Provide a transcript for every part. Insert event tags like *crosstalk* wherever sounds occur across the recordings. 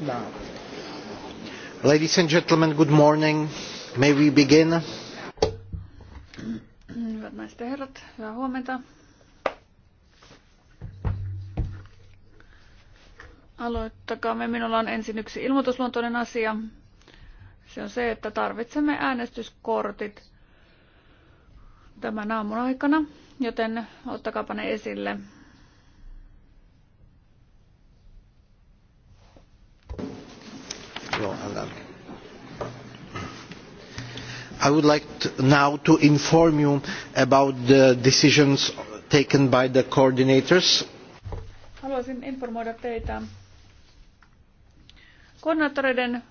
No. Ladies and gentlemen, good morning. May we begin? Hyvät naiset ja herrat, hyvää huomenta. Aloittakaamme. Minulla on ensin yksi ilmoitusluontoinen asia. Se on se, että tarvitsemme äänestyskortit tämän aamun aikana, joten ottakaapa ne esille. No, I would like to now to inform you about the decisions taken by the coordinators. Haluaisin informoida teitä koordinaattoreiden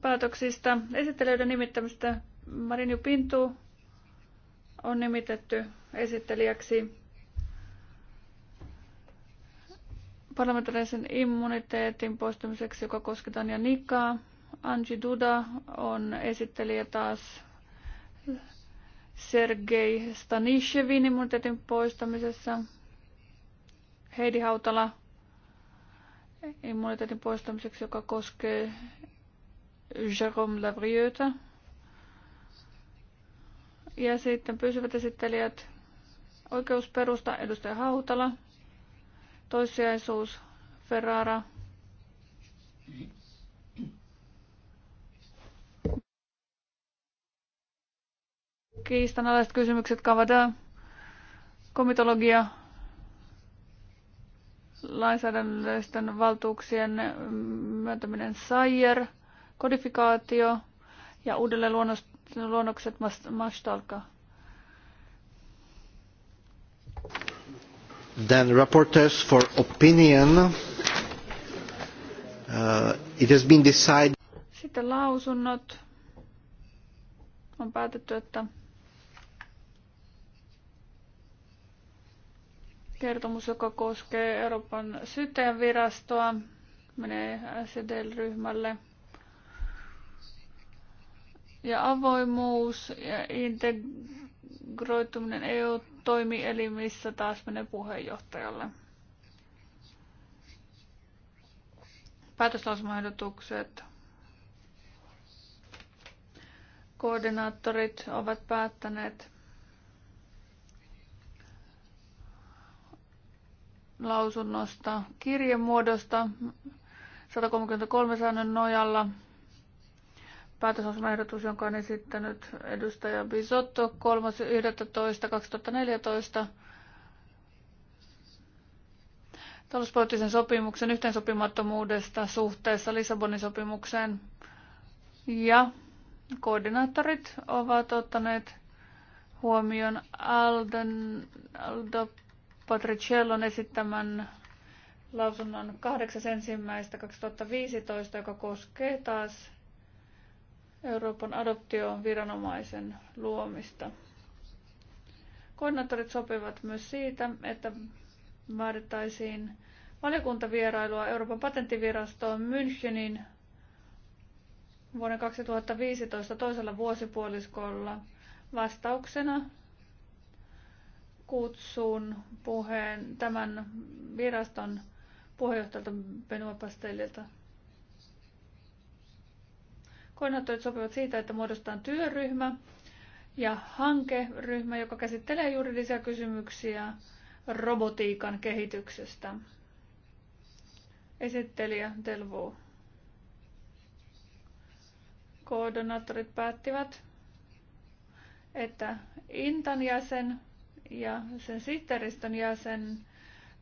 päätöksistä. Esittelijöiden nimittämistä Marinju Pintu on nimitetty esittelijäksi parlamentaarisen immuniteetin poistamiseksi, joka koski ja Nikaa. Anji Duda on esittelijä taas Sergei Stanishevin immuniteetin poistamisessa. Heidi Hautala immuniteetin poistamiseksi, joka koskee Jérôme Lavrieuta. Ja sitten pysyvät esittelijät oikeusperusta edustaja Hautala, toissijaisuus, Ferrara. Kiistanalaiset kysymykset, Kavada, komitologia, lainsäädännöllisten valtuuksien myöntäminen Sayer, kodifikaatio ja uudelleen luonnokset Mastalka. Then rapporteurs for opinion. Uh, it has been decided. Sitten lausunnot. On päätetty, että kertomus, joka koskee Euroopan syyttäjänvirastoa, menee SED-ryhmälle. Ja avoimuus ja integroituminen EU toimielimissä taas menee puheenjohtajalle. Päätöslausumaehdotukset. Koordinaattorit ovat päättäneet lausunnosta kirjemuodosta 133 säännön nojalla päätösosmaehdotus, jonka on esittänyt edustaja Bisotto 3.11.2014 talouspoliittisen sopimuksen yhteensopimattomuudesta suhteessa Lissabonin sopimukseen. Ja koordinaattorit ovat ottaneet huomioon Alden, Aldo Patriciellon esittämän lausunnon 8.1.2015, joka koskee taas Euroopan adoptioviranomaisen luomista. Koordinaattorit sopivat myös siitä, että vaadittaisiin valiokuntavierailua Euroopan patenttivirastoon Münchenin vuoden 2015 toisella vuosipuoliskolla vastauksena kutsuun puheen tämän viraston puheenjohtajalta Benoit Pastellilta Koordinaattorit sopivat siitä, että muodostetaan työryhmä ja hankeryhmä, joka käsittelee juridisia kysymyksiä robotiikan kehityksestä. Esittelijä Delvo. Koordinaattorit päättivät, että Intan jäsen ja sen sihteeristön jäsen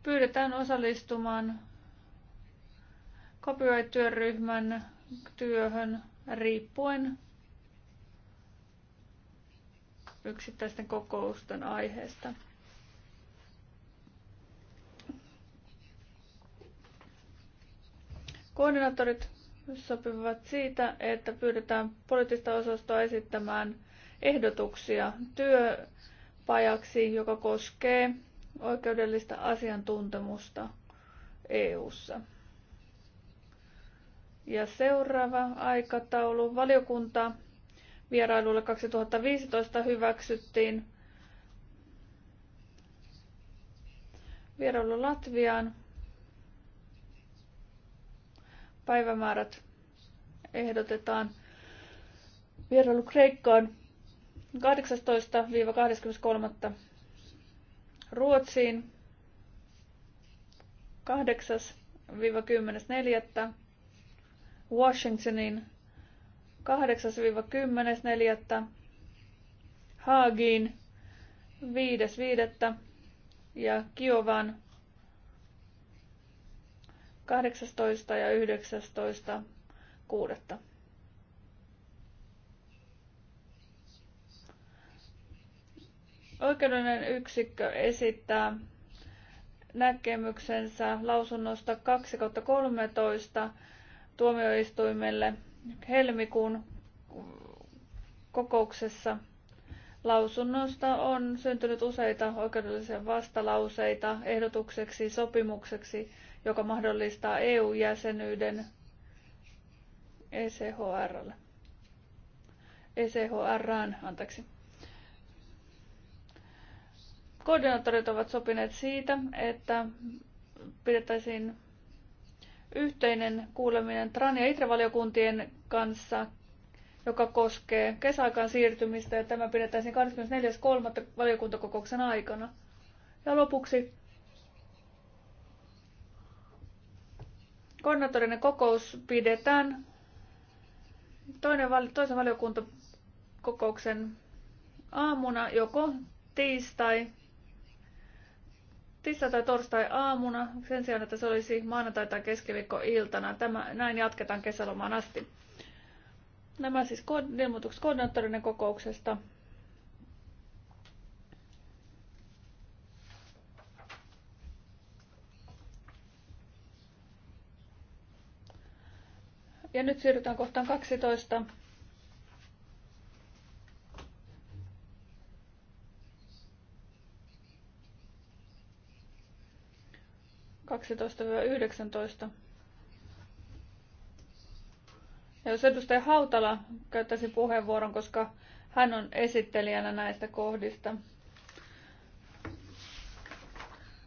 pyydetään osallistumaan copyright-työryhmän työhön riippuen yksittäisten kokousten aiheesta. Koordinaattorit sopivat siitä, että pyydetään poliittista osastoa esittämään ehdotuksia työpajaksi, joka koskee oikeudellista asiantuntemusta EU:ssa. ssa ja seuraava aikataulu valiokunta vierailulle 2015 hyväksyttiin vierailu Latviaan. Päivämäärät ehdotetaan vierailu Kreikkaan 18-23. Ruotsiin 8-10.4. Washingtoniin 8-10.4. Haagiin 5.5. ja Kiovan 18. ja 19. kuudetta. Oikeudellinen yksikkö esittää näkemyksensä lausunnosta 2 13 tuomioistuimelle helmikuun kokouksessa. Lausunnosta on syntynyt useita oikeudellisia vastalauseita ehdotukseksi sopimukseksi, joka mahdollistaa EU-jäsenyyden ECHRlle. ECHRään, anteeksi. Koordinaattorit ovat sopineet siitä, että pidettäisiin yhteinen kuuleminen TRAN ja ITRE-valiokuntien kanssa, joka koskee kesäaikaan siirtymistä ja tämä pidetään 24.3. valiokuntakokouksen aikana. Ja lopuksi koordinaattorinen kokous pidetään toinen, toisen valiokuntakokouksen aamuna joko tiistai tistai- tai torstai-aamuna sen sijaan, että se olisi maanantai- tai keskiviikko-iltana. Tämä, näin jatketaan kesälomaan asti. Nämä siis ilmoitukset koordinaattorinen kokouksesta. Ja nyt siirrytään kohtaan 12. 12-19. Ja jos edustaja Hautala käyttäisi puheenvuoron, koska hän on esittelijänä näistä kohdista.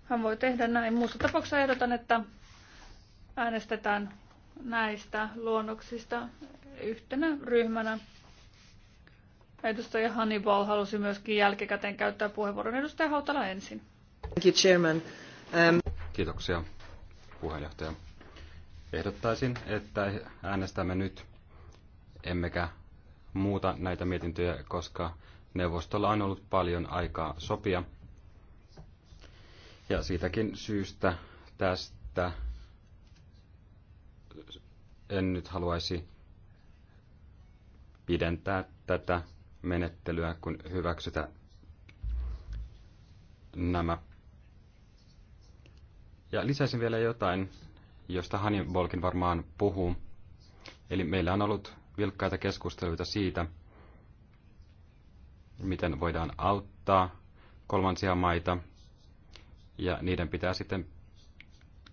Hän voi tehdä näin. Muussa tapauksessa ehdotan, että äänestetään näistä luonnoksista yhtenä ryhmänä. Edustaja Hannibal halusi myöskin jälkikäteen käyttää puheenvuoron. Edustaja Hautala ensin. Thank you, chairman. Um... Kiitoksia, puheenjohtaja. Ehdottaisin, että äänestämme nyt, emmekä muuta näitä mietintöjä, koska neuvostolla on ollut paljon aikaa sopia. Ja siitäkin syystä tästä en nyt haluaisi pidentää tätä menettelyä, kun hyväksytään nämä ja lisäisin vielä jotain, josta Hannibalkin varmaan puhuu. Eli meillä on ollut vilkkaita keskusteluita siitä, miten voidaan auttaa kolmansia maita, ja niiden pitää sitten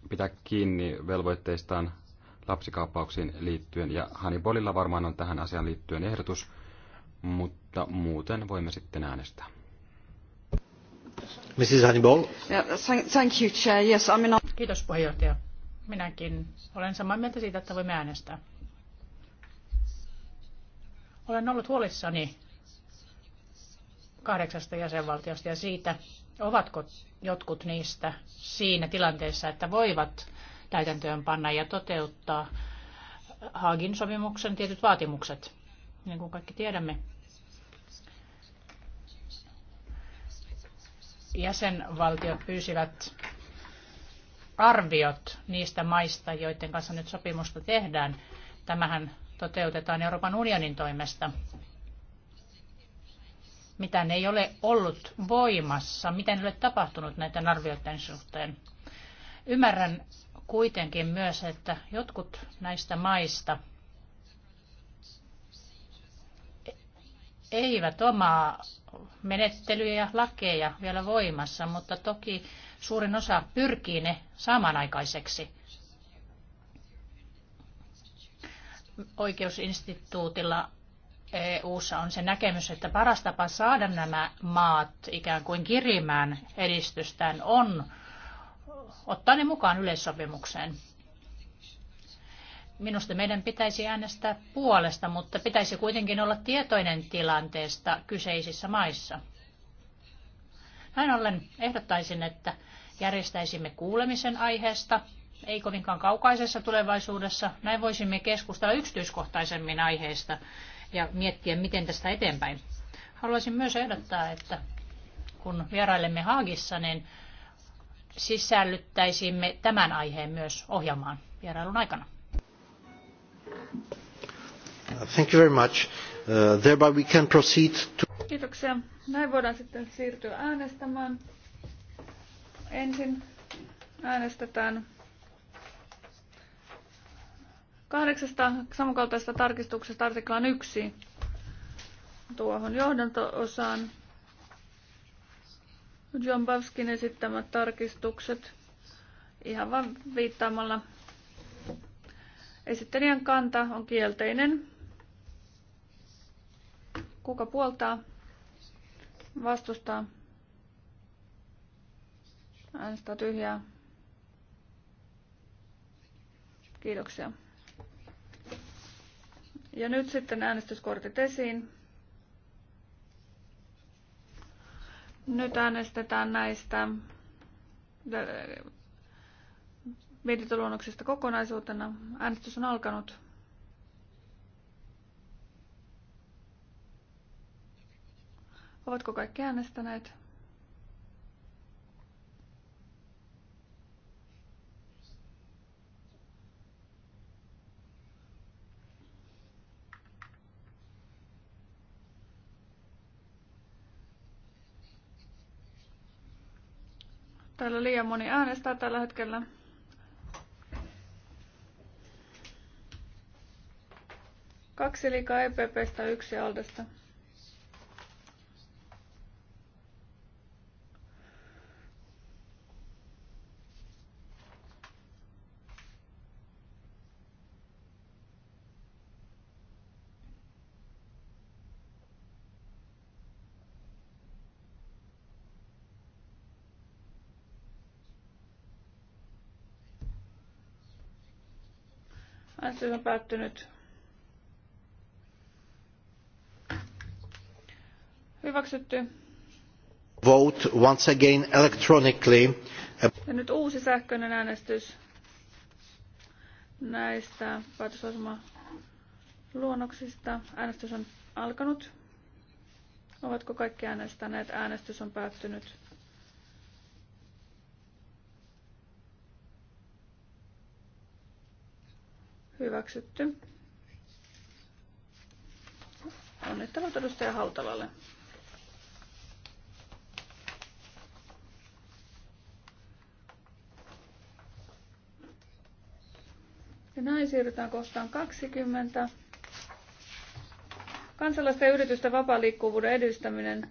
pitää kiinni velvoitteistaan lapsikaappauksiin liittyen, ja Hannibalilla varmaan on tähän asiaan liittyen ehdotus, mutta muuten voimme sitten äänestää. Mrs. puheenjohtaja. Minäkin olen samaa mieltä siitä, että voimme äänestää. Olen ollut huolissani kahdeksasta jäsenvaltiosta ja siitä, ovatko jotkut niistä siinä tilanteessa, että voivat täytäntöön panna ja toteuttaa Haagin sopimuksen tietyt vaatimukset. Niin kuin kaikki tiedämme, jäsenvaltiot pyysivät arviot niistä maista, joiden kanssa nyt sopimusta tehdään. Tämähän toteutetaan Euroopan unionin toimesta. Mitä ei ole ollut voimassa, Mitä ei ole tapahtunut näiden arvioiden suhteen. Ymmärrän kuitenkin myös, että jotkut näistä maista eivät omaa menettelyjä ja lakeja vielä voimassa, mutta toki suurin osa pyrkii ne samanaikaiseksi. Oikeusinstituutilla EU:ssa on se näkemys, että paras tapa saada nämä maat ikään kuin kirimään edistystään on ottaa ne mukaan yleissopimukseen. Minusta meidän pitäisi äänestää puolesta, mutta pitäisi kuitenkin olla tietoinen tilanteesta kyseisissä maissa. Näin ollen ehdottaisin, että järjestäisimme kuulemisen aiheesta, ei kovinkaan kaukaisessa tulevaisuudessa. Näin voisimme keskustella yksityiskohtaisemmin aiheesta ja miettiä, miten tästä eteenpäin. Haluaisin myös ehdottaa, että kun vierailemme Haagissa, niin sisällyttäisimme tämän aiheen myös ohjelmaan vierailun aikana. Uh, thank you very much. Uh, thereby we can proceed to... Kiitoksia. Näin voidaan sitten siirtyä äänestämään. Ensin äänestetään kahdeksasta samankaltaista tarkistuksesta artiklaan yksi tuohon johdanto-osaan. John Bavskin esittämät tarkistukset ihan vain viittaamalla Esittelijän kanta on kielteinen. Kuka puoltaa? Vastustaa. Äänestää tyhjää. Kiitoksia. Ja nyt sitten äänestyskortit esiin. Nyt äänestetään näistä mietintöluonnoksesta kokonaisuutena. Äänestys on alkanut. Ovatko kaikki äänestäneet? Täällä liian moni äänestää tällä hetkellä. Kaksi liikaa EPPstä, yksi Aldesta. Äänestys on päättynyt. Hyväksytty. Vote once again electronically. Ja nyt uusi sähköinen äänestys näistä päätösosuma luonnoksista. Äänestys on alkanut. Ovatko kaikki äänestäneet? Äänestys on päättynyt. Hyväksytty. Onnittelut edustaja Hautalalle. Ja näin siirrytään kohtaan 20. Kansalaisten yritysten vapaa liikkuvuuden edistäminen.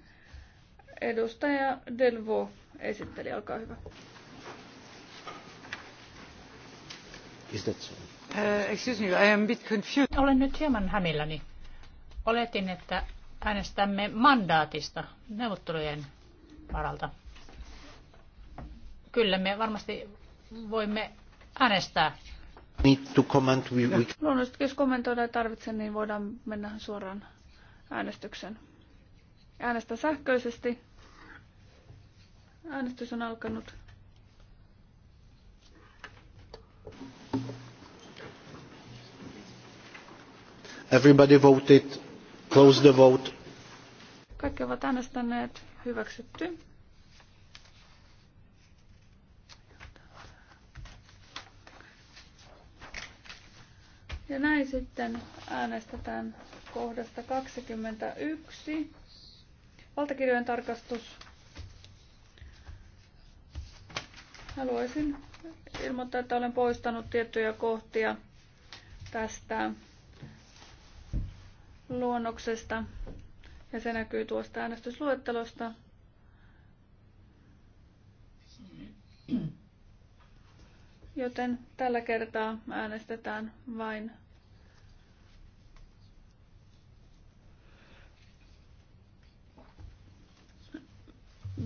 Edustaja Delvo esitteli, olkaa hyvä. Uh, excuse me, I am a bit confused. Olen nyt hieman hämilläni. Oletin, että äänestämme mandaatista neuvottelujen varalta. Kyllä me varmasti voimme äänestää Luonnollisesti jos kommentoida ei tarvitse, niin voidaan mennä suoraan äänestykseen. Äänestä sähköisesti. Äänestys on alkanut. Everybody voted. Close the vote. Kaikki ovat äänestäneet. Hyväksytty. Ja näin sitten äänestetään kohdasta 21. Valtakirjojen tarkastus. Haluaisin ilmoittaa, että olen poistanut tiettyjä kohtia tästä luonnoksesta ja se näkyy tuosta äänestysluettelosta. Joten tällä kertaa äänestetään vain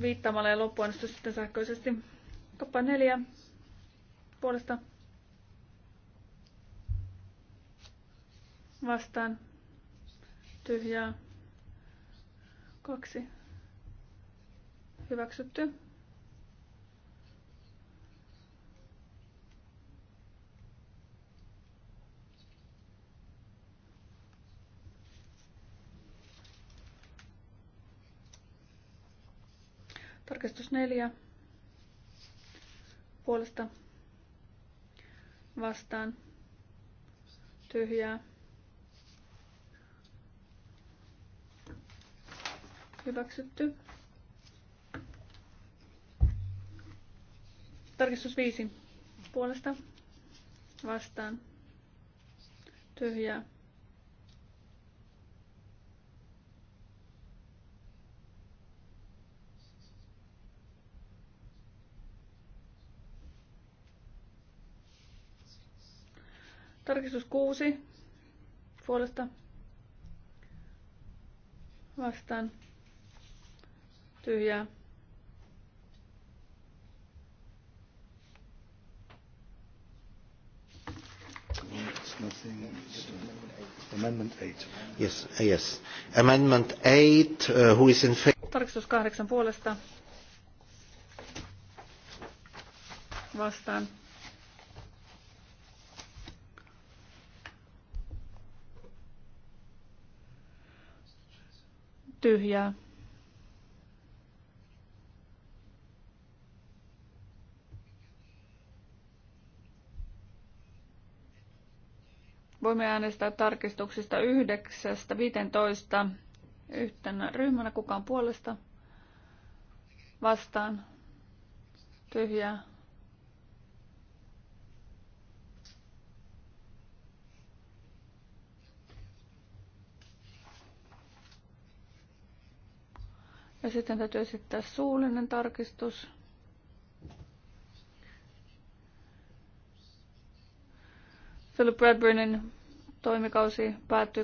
viittaamalla ja loppuäänestys sitten sähköisesti. Kappa neljä puolesta vastaan tyhjää kaksi hyväksytty. Tarkistus neljä puolesta vastaan tyhjää. Hyväksytty. Tarkistus viisi puolesta vastaan tyhjää. Tarkistus 6 puolesta vastaan tyhjää. Amendment 8. Yes, uh, yes. Amendment 8, uh, who is in favor? Tarkistus kahdeksan puolesta. Vastaan. Tyhjää. Voimme äänestää tarkistuksista 9.15 yhtenä ryhmänä. Kukaan puolesta? Vastaan. Tyhjää. sitten täytyy esittää suullinen tarkistus. Philip Bradburnin toimikausi päättyi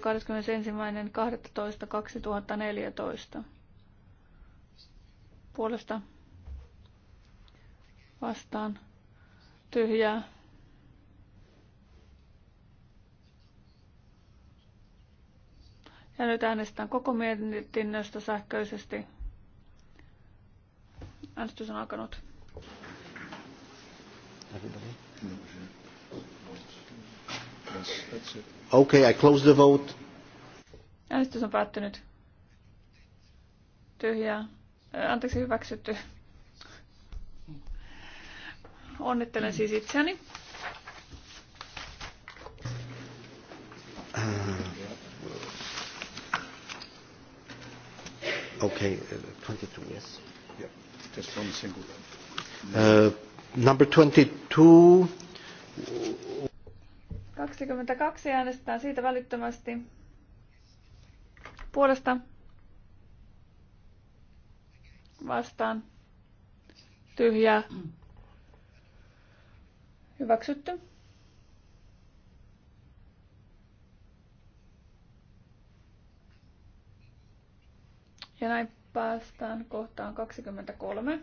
21.12.2014. Puolesta vastaan tyhjää. Ja nyt äänestän koko mietinnöstä sähköisesti. Äänestys on alkanut. Okay, I close the vote. Äänestys on päättynyt. Tyhjä. Anteeksi, hyväksytty. Onnittelen siis itseäni. Okay, 22 uh, yes. Uh, number 22. 22 äänestetään siitä välittömästi. Puolesta. Vastaan. Tyhjä. Hyväksytty. Ja näin päästään kohtaan 23.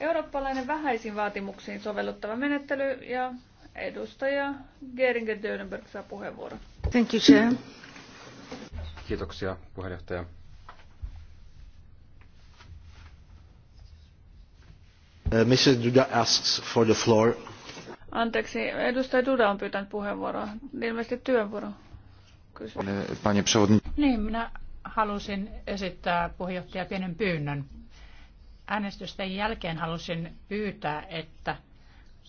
Eurooppalainen vähäisiin vaatimuksiin sovelluttava menettely ja edustaja Geringer Dönenberg saa puheenvuoron. Thank you, Chair. Kiitoksia puheenjohtaja. Uh, Mrs. Duda asks for the floor. Anteeksi, edustaja Duda on pyytänyt puheenvuoroa. Ilmeisesti työvuoro. Panie przewodniczący. Niin, minä halusin esittää puheenjohtaja pienen pyynnön. Äänestysten jälkeen halusin pyytää, että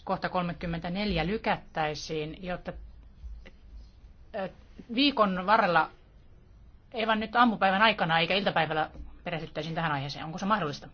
kohta 34 lykättäisiin, jotta viikon varrella, ei vaan nyt aamupäivän aikana eikä iltapäivällä perehdyttäisiin tähän aiheeseen. Onko se mahdollista?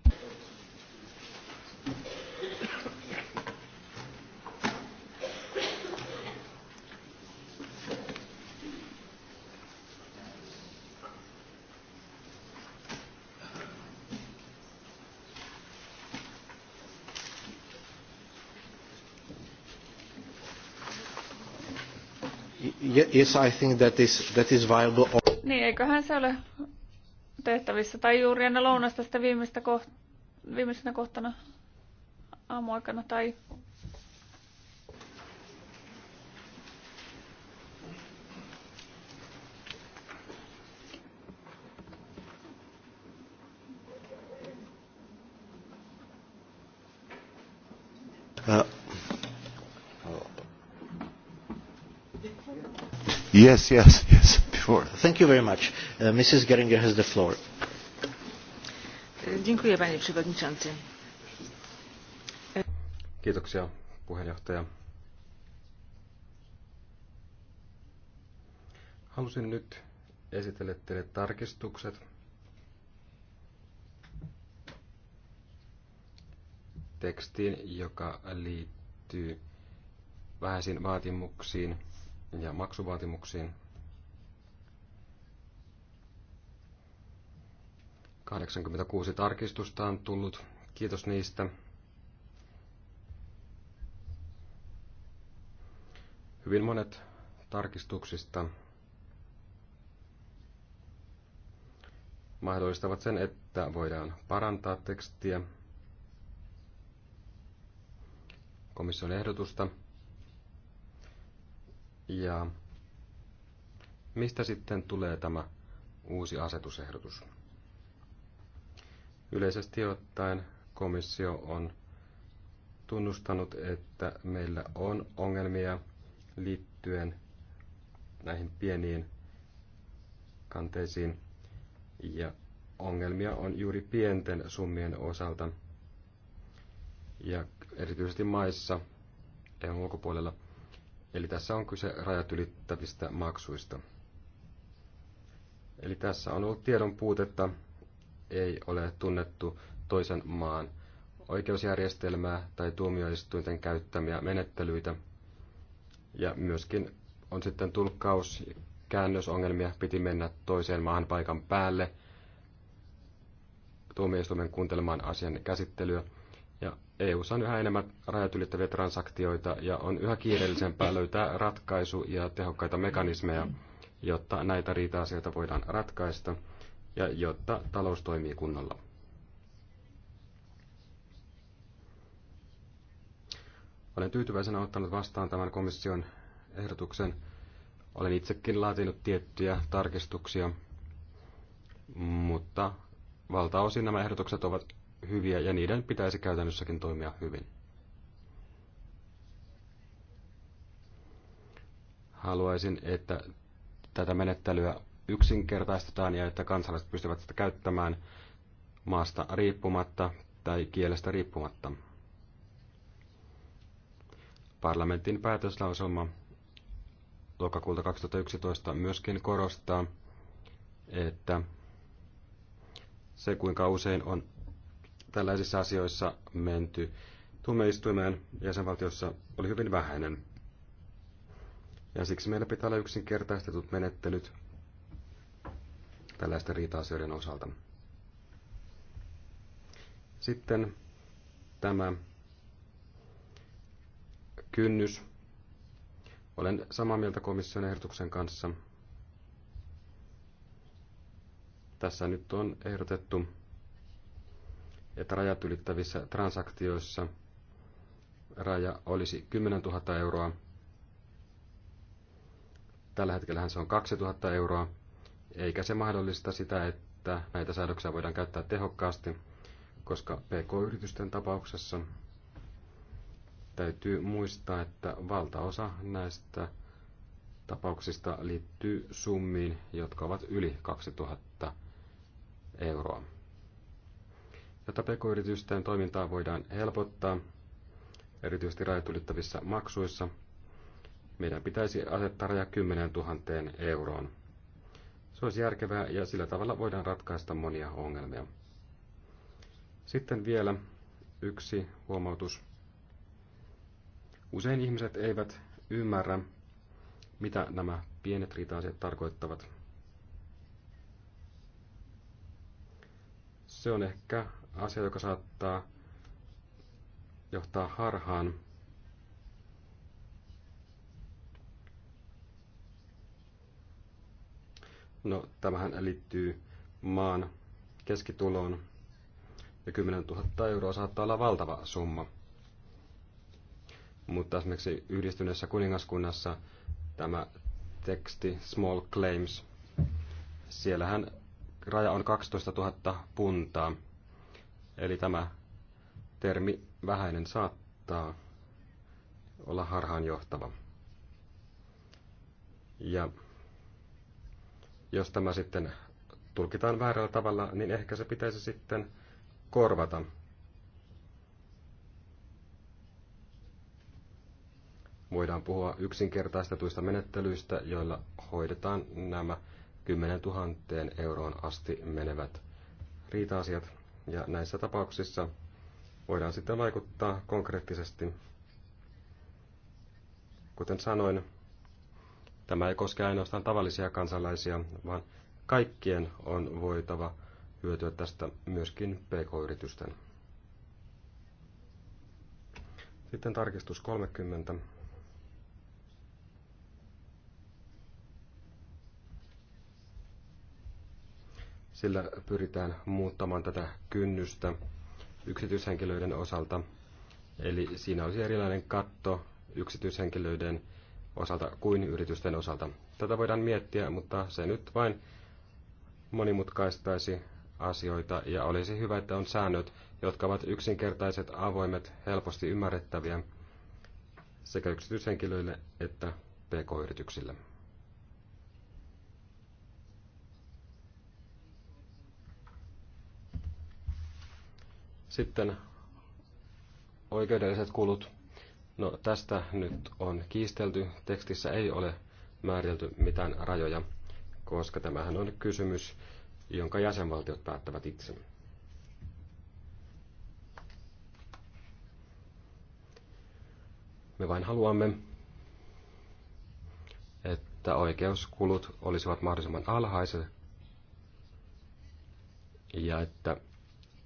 yes, I think that is, that is viable. Niin, eiköhän se ole tehtävissä. Tai juuri ennen lounasta sitä viimeistä koht- viimeisenä kohtana aamuaikana tai Yes, yes, yes, before. Thank you very much. Uh, Mrs. Geringer has the floor. Dziękuję, panie przewodniczący. Kiitoksia, puheenjohtaja. Halusin nyt esitellä teille tarkistukset. Tekstiin, joka liittyy vähäisiin vaatimuksiin – ja maksuvaatimuksiin. 86 tarkistusta on tullut. Kiitos niistä. Hyvin monet tarkistuksista mahdollistavat sen, että voidaan parantaa tekstiä komission ehdotusta. Ja mistä sitten tulee tämä uusi asetusehdotus? Yleisesti ottaen komissio on tunnustanut, että meillä on ongelmia liittyen näihin pieniin kanteisiin ja ongelmia on juuri pienten summien osalta ja erityisesti maissa eu ulkopuolella – Eli tässä on kyse rajat ylittävistä maksuista. Eli tässä on ollut tiedon puutetta, ei ole tunnettu toisen maan oikeusjärjestelmää tai tuomioistuinten käyttämiä menettelyitä. Ja myöskin on sitten tulkkaus, käännösongelmia, piti mennä toiseen maahan paikan päälle tuomioistuimen kuuntelemaan asian käsittelyä. EU on yhä enemmän rajat ylittäviä transaktioita ja on yhä kiireellisempää löytää ratkaisu ja tehokkaita mekanismeja, jotta näitä riita-asioita voidaan ratkaista ja jotta talous toimii kunnolla. Olen tyytyväisenä ottanut vastaan tämän komission ehdotuksen. Olen itsekin laatinut tiettyjä tarkistuksia, mutta valtaosin nämä ehdotukset ovat hyviä ja niiden pitäisi käytännössäkin toimia hyvin. Haluaisin, että tätä menettelyä yksinkertaistetaan ja että kansalaiset pystyvät sitä käyttämään maasta riippumatta tai kielestä riippumatta. Parlamentin päätöslauselma lokakuulta 2011 myöskin korostaa, että se kuinka usein on tällaisissa asioissa menty tuomioistuimeen jäsenvaltiossa oli hyvin vähäinen. Ja siksi meillä pitää olla yksinkertaistetut menettelyt tällaisten riita-asioiden osalta. Sitten tämä kynnys. Olen samaa mieltä komission ehdotuksen kanssa. Tässä nyt on ehdotettu että rajat ylittävissä transaktioissa raja olisi 10 000 euroa. Tällä hetkellä se on 2 000 euroa, eikä se mahdollista sitä, että näitä säädöksiä voidaan käyttää tehokkaasti, koska PK-yritysten tapauksessa täytyy muistaa, että valtaosa näistä tapauksista liittyy summiin, jotka ovat yli 2000 euroa. Jotta pk-yritysten toimintaa voidaan helpottaa, erityisesti rajat ylittävissä maksuissa, meidän pitäisi asettaa raja 10 000 euroon. Se olisi järkevää ja sillä tavalla voidaan ratkaista monia ongelmia. Sitten vielä yksi huomautus. Usein ihmiset eivät ymmärrä, mitä nämä pienet riita-asiat tarkoittavat. Se on ehkä asia, joka saattaa johtaa harhaan. No, tämähän liittyy maan keskituloon. Ja 10 000 euroa saattaa olla valtava summa. Mutta esimerkiksi yhdistyneessä kuningaskunnassa tämä teksti Small Claims, siellähän raja on 12 000 puntaa. Eli tämä termi vähäinen saattaa olla harhaanjohtava. Ja jos tämä sitten tulkitaan väärällä tavalla, niin ehkä se pitäisi sitten korvata. Voidaan puhua yksinkertaistetuista menettelyistä, joilla hoidetaan nämä 10 000 euroon asti menevät riita-asiat. Ja näissä tapauksissa voidaan sitten vaikuttaa konkreettisesti. Kuten sanoin, tämä ei koske ainoastaan tavallisia kansalaisia, vaan kaikkien on voitava hyötyä tästä myöskin pk-yritysten. Sitten tarkistus 30. Sillä pyritään muuttamaan tätä kynnystä yksityishenkilöiden osalta. Eli siinä olisi erilainen katto yksityishenkilöiden osalta kuin yritysten osalta. Tätä voidaan miettiä, mutta se nyt vain monimutkaistaisi asioita ja olisi hyvä, että on säännöt, jotka ovat yksinkertaiset, avoimet, helposti ymmärrettäviä sekä yksityishenkilöille että pk-yrityksille. Sitten oikeudelliset kulut. No tästä nyt on kiistelty. Tekstissä ei ole määritelty mitään rajoja, koska tämähän on kysymys, jonka jäsenvaltiot päättävät itse. Me vain haluamme, että oikeuskulut olisivat mahdollisimman alhaiset ja että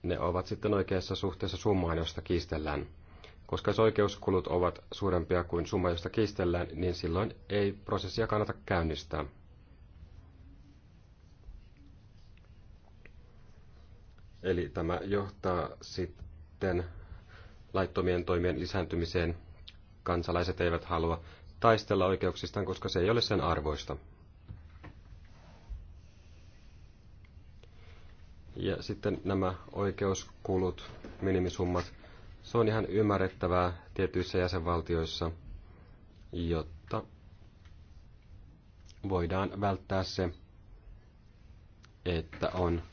ne ovat sitten oikeassa suhteessa summaan, josta kiistellään. Koska jos oikeuskulut ovat suurempia kuin summa, josta kiistellään, niin silloin ei prosessia kannata käynnistää. Eli tämä johtaa sitten laittomien toimien lisääntymiseen. Kansalaiset eivät halua taistella oikeuksistaan, koska se ei ole sen arvoista. Ja sitten nämä oikeuskulut, minimisummat, se on ihan ymmärrettävää tietyissä jäsenvaltioissa, jotta voidaan välttää se, että on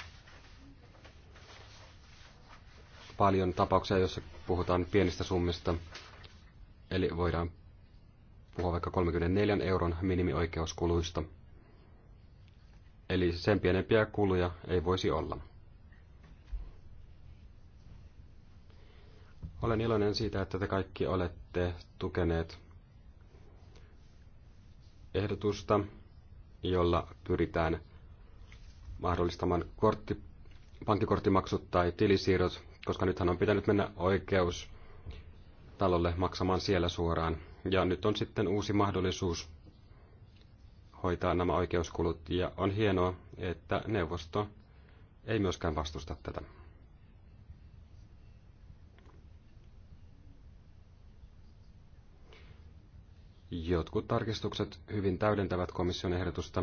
paljon tapauksia, joissa puhutaan pienistä summista. Eli voidaan puhua vaikka 34 euron minimioikeuskuluista. Eli sen pienempiä kuluja ei voisi olla. Olen iloinen siitä, että te kaikki olette tukeneet ehdotusta, jolla pyritään mahdollistamaan kortti, pankkikorttimaksut tai tilisiirrot, koska nythän on pitänyt mennä oikeus talolle maksamaan siellä suoraan. Ja nyt on sitten uusi mahdollisuus hoitaa nämä oikeuskulut, ja on hienoa, että neuvosto ei myöskään vastusta tätä. Jotkut tarkistukset hyvin täydentävät komission ehdotusta,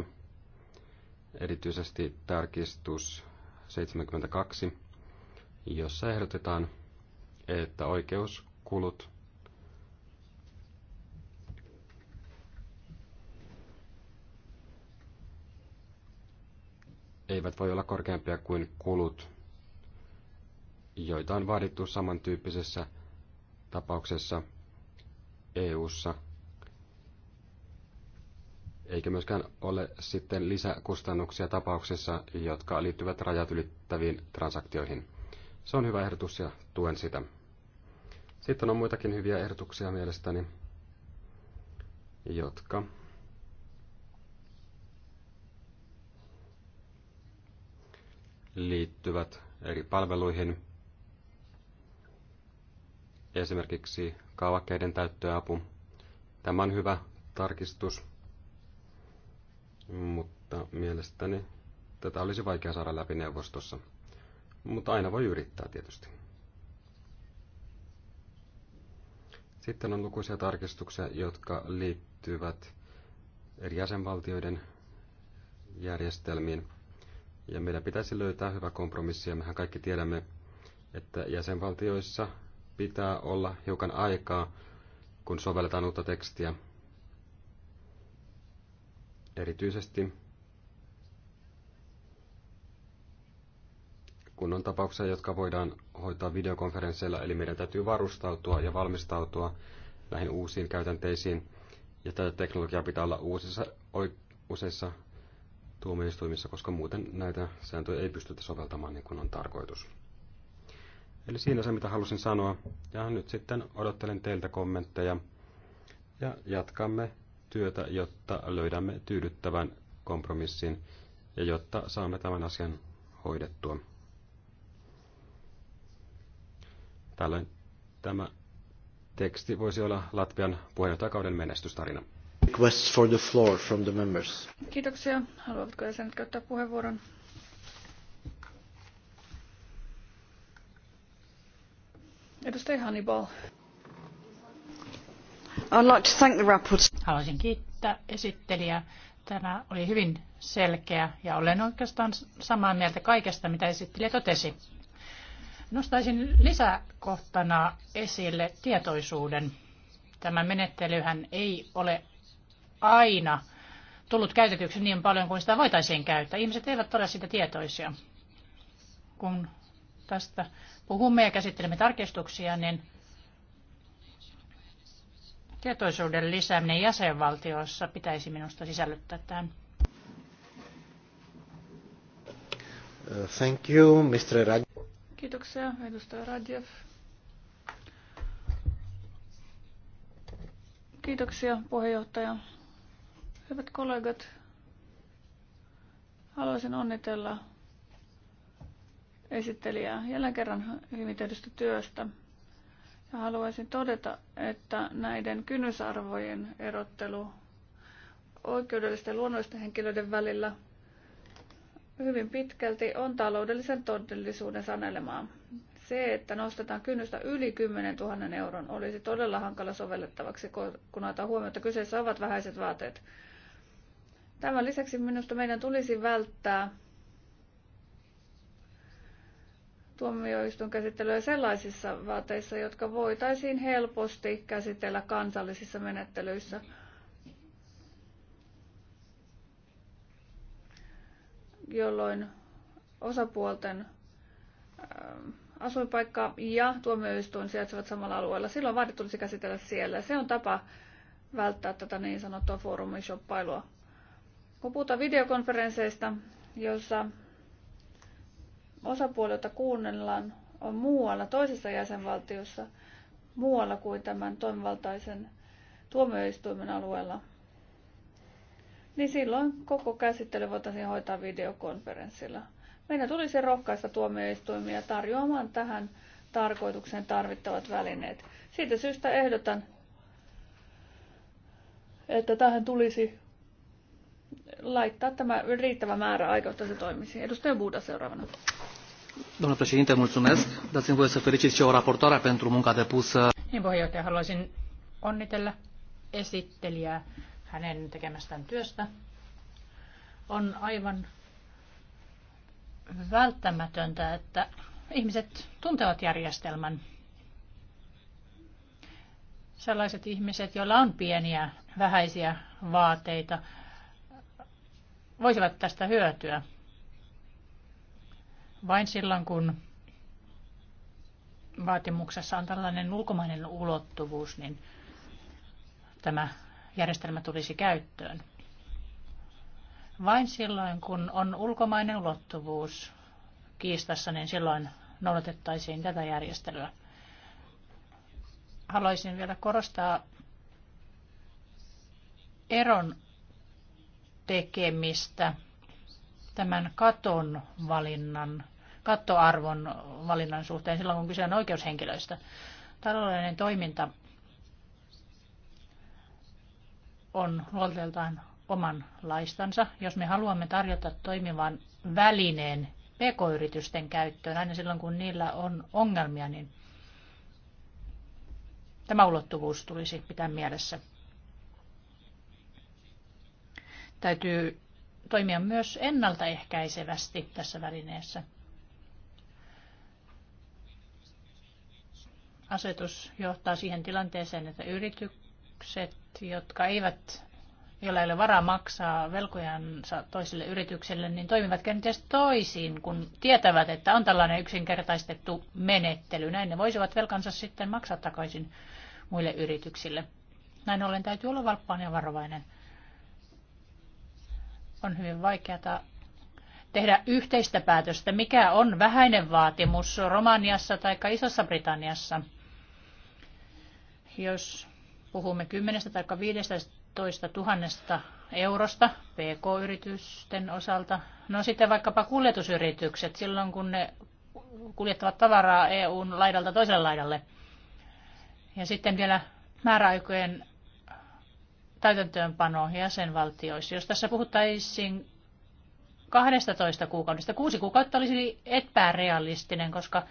erityisesti tarkistus 72, jossa ehdotetaan, että oikeuskulut eivät voi olla korkeampia kuin kulut, joita on vaadittu samantyyppisessä tapauksessa EU:ssa – eikä myöskään ole sitten lisäkustannuksia tapauksissa, jotka liittyvät rajat ylittäviin transaktioihin. Se on hyvä ehdotus ja tuen sitä. Sitten on muitakin hyviä ehdotuksia mielestäni, jotka liittyvät eri palveluihin, esimerkiksi kaavakkeiden täyttöapu. Tämä on hyvä tarkistus mutta mielestäni tätä olisi vaikea saada läpi neuvostossa. Mutta aina voi yrittää tietysti. Sitten on lukuisia tarkistuksia, jotka liittyvät eri jäsenvaltioiden järjestelmiin. Ja meidän pitäisi löytää hyvä kompromissi, ja mehän kaikki tiedämme, että jäsenvaltioissa pitää olla hiukan aikaa, kun sovelletaan uutta tekstiä erityisesti kun on tapauksia, jotka voidaan hoitaa videokonferensseilla, eli meidän täytyy varustautua ja valmistautua näihin uusiin käytänteisiin. Ja tätä teknologiaa pitää olla uusissa, useissa tuomioistuimissa, koska muuten näitä sääntöjä ei pystytä soveltamaan niin kuin on tarkoitus. Eli siinä se, mitä halusin sanoa. Ja nyt sitten odottelen teiltä kommentteja. Ja jatkamme työtä, jotta löydämme tyydyttävän kompromissin ja jotta saamme tämän asian hoidettua. Tällöin tämä teksti voisi olla Latvian puheenjohtajakauden menestystarina. Request for the floor from the members. Kiitoksia. Haluatko jäsenet käyttää puheenvuoron? Edustaja Hannibal. Haluaisin kiittää esittelijää. Tämä oli hyvin selkeä ja olen oikeastaan samaa mieltä kaikesta, mitä esittelijä totesi. Nostaisin lisäkohtana esille tietoisuuden. Tämä menettelyhän ei ole aina tullut käytetyksi niin paljon kuin sitä voitaisiin käyttää. Ihmiset eivät ole sitä tietoisia. Kun tästä puhumme ja käsittelemme tarkistuksia, niin tietoisuuden lisääminen jäsenvaltioissa pitäisi minusta sisällyttää tähän. Uh, thank you, Mr. Raj- Kiitoksia, edustaja Radjev. Kiitoksia, puheenjohtaja. Hyvät kollegat, haluaisin onnitella esittelijää jälleen kerran hyvin tehdystä työstä. Haluaisin todeta, että näiden kynnysarvojen erottelu oikeudellisten ja luonnollisten henkilöiden välillä hyvin pitkälti on taloudellisen todellisuuden sanelemaa. Se, että nostetaan kynnystä yli 10 000 euron, olisi todella hankala sovellettavaksi, kun otetaan huomioon, että kyseessä ovat vähäiset vaateet. Tämän lisäksi minusta meidän tulisi välttää tuomioistuinkäsittelyä sellaisissa vaateissa, jotka voitaisiin helposti käsitellä kansallisissa menettelyissä. jolloin osapuolten ähm, asuinpaikka ja tuomioistuin sijaitsevat samalla alueella. Silloin vaadit tulisi käsitellä siellä. Se on tapa välttää tätä niin sanottua shoppailua. Kun puhutaan videokonferensseista, joissa osapuolilta kuunnellaan on muualla, toisessa jäsenvaltiossa, muualla kuin tämän toimivaltaisen tuomioistuimen alueella, niin silloin koko käsittely voitaisiin hoitaa videokonferenssilla. Meidän tulisi rohkaista tuomioistuimia tarjoamaan tähän tarkoitukseen tarvittavat välineet. Siitä syystä ehdotan, että tähän tulisi laittaa tämä riittävä määrä aikaa, että se toimisi. Edustaja Buda seuraavana. Domnule președinte, mulțumesc. Dați-mi voie să felicit și o raportoare pentru munca depusă. Niin puheenjohtaja, haluaisin onnitella esittelijää hänen tekemästään työstä. On aivan välttämätöntä, että ihmiset tuntevat järjestelmän. Sellaiset ihmiset, joilla on pieniä, vähäisiä vaateita, voisivat tästä hyötyä. Vain silloin, kun vaatimuksessa on tällainen ulkomainen ulottuvuus, niin tämä järjestelmä tulisi käyttöön. Vain silloin, kun on ulkomainen ulottuvuus kiistassa, niin silloin noudatettaisiin tätä järjestelyä. Haluaisin vielä korostaa eron tekemistä tämän katon valinnan, kattoarvon valinnan suhteen silloin, kun kyse on oikeushenkilöistä. Taloudellinen toiminta on luonteeltaan laistansa. Jos me haluamme tarjota toimivan välineen pk-yritysten käyttöön aina silloin, kun niillä on ongelmia, niin tämä ulottuvuus tulisi pitää mielessä. Täytyy toimia myös ennaltaehkäisevästi tässä välineessä. Asetus johtaa siihen tilanteeseen, että yritykset, jotka eivät joilla ei ole varaa maksaa velkojansa toisille yrityksille, niin toimivat kenties toisin, kun tietävät, että on tällainen yksinkertaistettu menettely. Näin ne voisivat velkansa sitten maksaa takaisin muille yrityksille. Näin ollen täytyy olla valppaan ja varovainen on hyvin vaikeata tehdä yhteistä päätöstä, mikä on vähäinen vaatimus Romaniassa tai Isossa Britanniassa. Jos puhumme 10 tai 15 000 eurosta PK-yritysten osalta, no sitten vaikkapa kuljetusyritykset silloin, kun ne kuljettavat tavaraa EUn laidalta toiselle laidalle. Ja sitten vielä määräaikojen täytäntöönpano jäsenvaltioissa. Jos tässä puhuttaisiin 12 kuukaudesta, kuusi kuukautta olisi epärealistinen, koska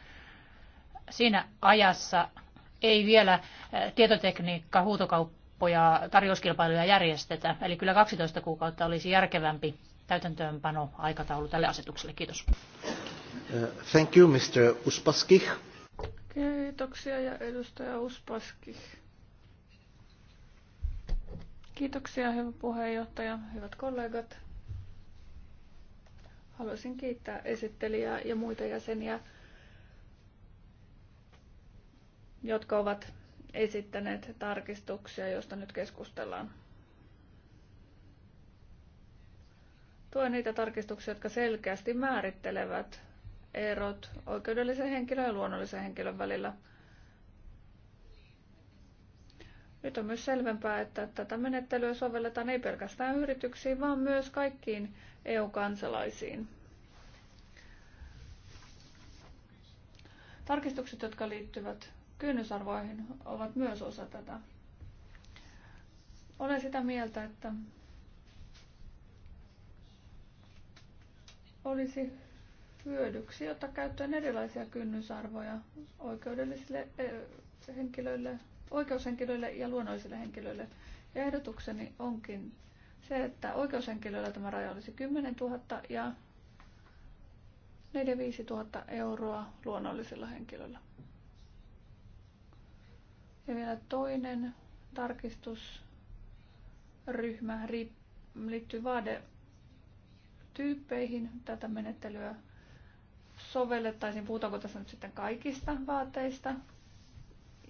siinä ajassa ei vielä tietotekniikka, huutokauppoja, tarjouskilpailuja järjestetä. Eli kyllä 12 kuukautta olisi järkevämpi täytäntöönpano aikataulu tälle asetukselle. Kiitos. Uh, thank you, Mr. Uspaskich. Kiitoksia ja edustaja Uspaski. Kiitoksia, hyvä puheenjohtaja, hyvät kollegat. Haluaisin kiittää esittelijää ja muita jäseniä, jotka ovat esittäneet tarkistuksia, joista nyt keskustellaan. Tuen niitä tarkistuksia, jotka selkeästi määrittelevät erot oikeudellisen henkilön ja luonnollisen henkilön välillä – Nyt on myös selvempää, että tätä menettelyä sovelletaan ei pelkästään yrityksiin, vaan myös kaikkiin EU-kansalaisiin. Tarkistukset, jotka liittyvät kynnysarvoihin, ovat myös osa tätä. Olen sitä mieltä, että olisi hyödyksi ottaa käyttöön erilaisia kynnysarvoja oikeudellisille eh, henkilöille oikeushenkilöille ja luonnollisille henkilöille. Ja ehdotukseni onkin se, että oikeushenkilöillä tämä raja olisi 10 000 ja 4 5 000 euroa luonnollisilla henkilöillä. Ja vielä toinen tarkistusryhmä liittyy vaadetyyppeihin tätä menettelyä sovellettaisiin. Puhutaanko tässä nyt sitten kaikista vaateista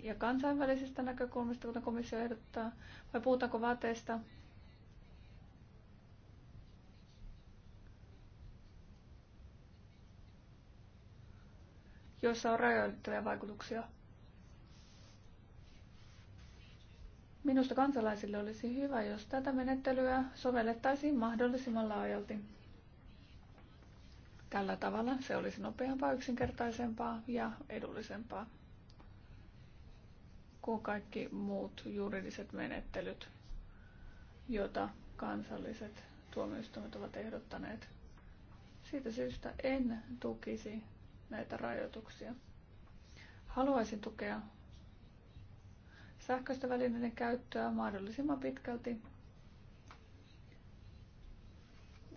ja kansainvälisistä näkökulmasta, kuten komissio ehdottaa, vai puhutaanko vaateista? joissa on rajoittavia vaikutuksia. Minusta kansalaisille olisi hyvä, jos tätä menettelyä sovellettaisiin mahdollisimman laajalti. Tällä tavalla se olisi nopeampaa, yksinkertaisempaa ja edullisempaa kuin kaikki muut juridiset menettelyt, joita kansalliset tuomioistuimet ovat ehdottaneet. Siitä syystä en tukisi näitä rajoituksia. Haluaisin tukea sähköistä välineiden käyttöä mahdollisimman pitkälti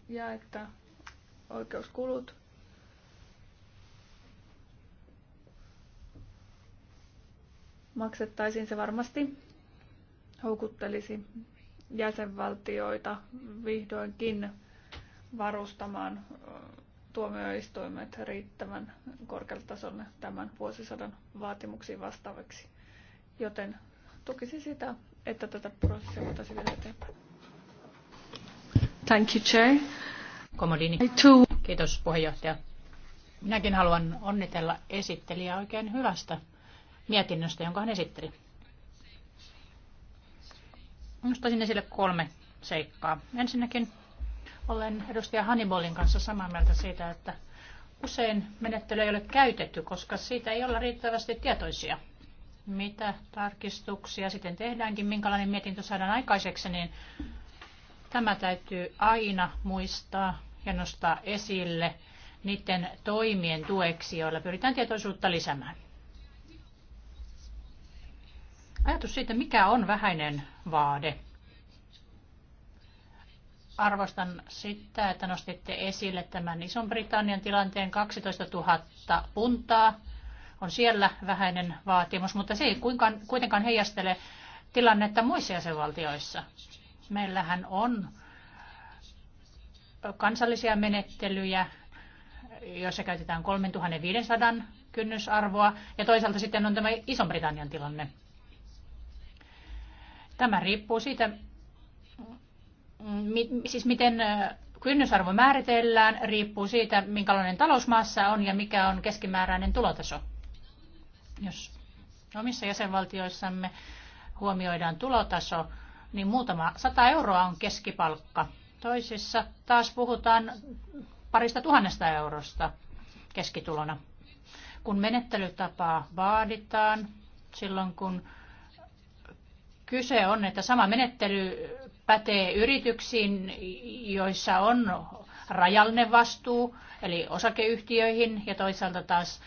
ja että oikeuskulut maksettaisiin, se varmasti houkuttelisi jäsenvaltioita vihdoinkin varustamaan tuomioistuimet riittävän korkealla tasolla tämän vuosisadan vaatimuksiin vastaaviksi. Joten tukisi sitä, että tätä prosessia voitaisiin vielä eteenpäin. Thank you, Chair. Komodini. Kiitos puheenjohtaja. Minäkin haluan onnitella esittelijää oikein hyvästä mietinnöstä, jonka hän esitteli. Nostaisin esille kolme seikkaa. Ensinnäkin olen edustaja Hannibalin kanssa samaa mieltä siitä, että usein menettely ei ole käytetty, koska siitä ei olla riittävästi tietoisia. Mitä tarkistuksia sitten tehdäänkin, minkälainen mietintö saadaan aikaiseksi, niin tämä täytyy aina muistaa ja nostaa esille niiden toimien tueksi, joilla pyritään tietoisuutta lisäämään. Ajatus siitä, mikä on vähäinen vaade. Arvostan sitä, että nostitte esille tämän Ison-Britannian tilanteen 12 000 puntaa. On siellä vähäinen vaatimus, mutta se ei kuitenkaan heijastele tilannetta muissa jäsenvaltioissa. Meillähän on kansallisia menettelyjä, joissa käytetään 3500 kynnysarvoa, ja toisaalta sitten on tämä Ison-Britannian tilanne. Tämä riippuu siitä, mi, siis miten kynnysarvo määritellään, riippuu siitä, minkälainen talousmaassa on ja mikä on keskimääräinen tulotaso. Jos omissa jäsenvaltioissamme huomioidaan tulotaso, niin muutama sata euroa on keskipalkka. Toisissa taas puhutaan parista tuhannesta eurosta keskitulona. Kun menettelytapaa vaaditaan silloin, kun kyse on, että sama menettely pätee yrityksiin, joissa on rajallinen vastuu, eli osakeyhtiöihin ja toisaalta taas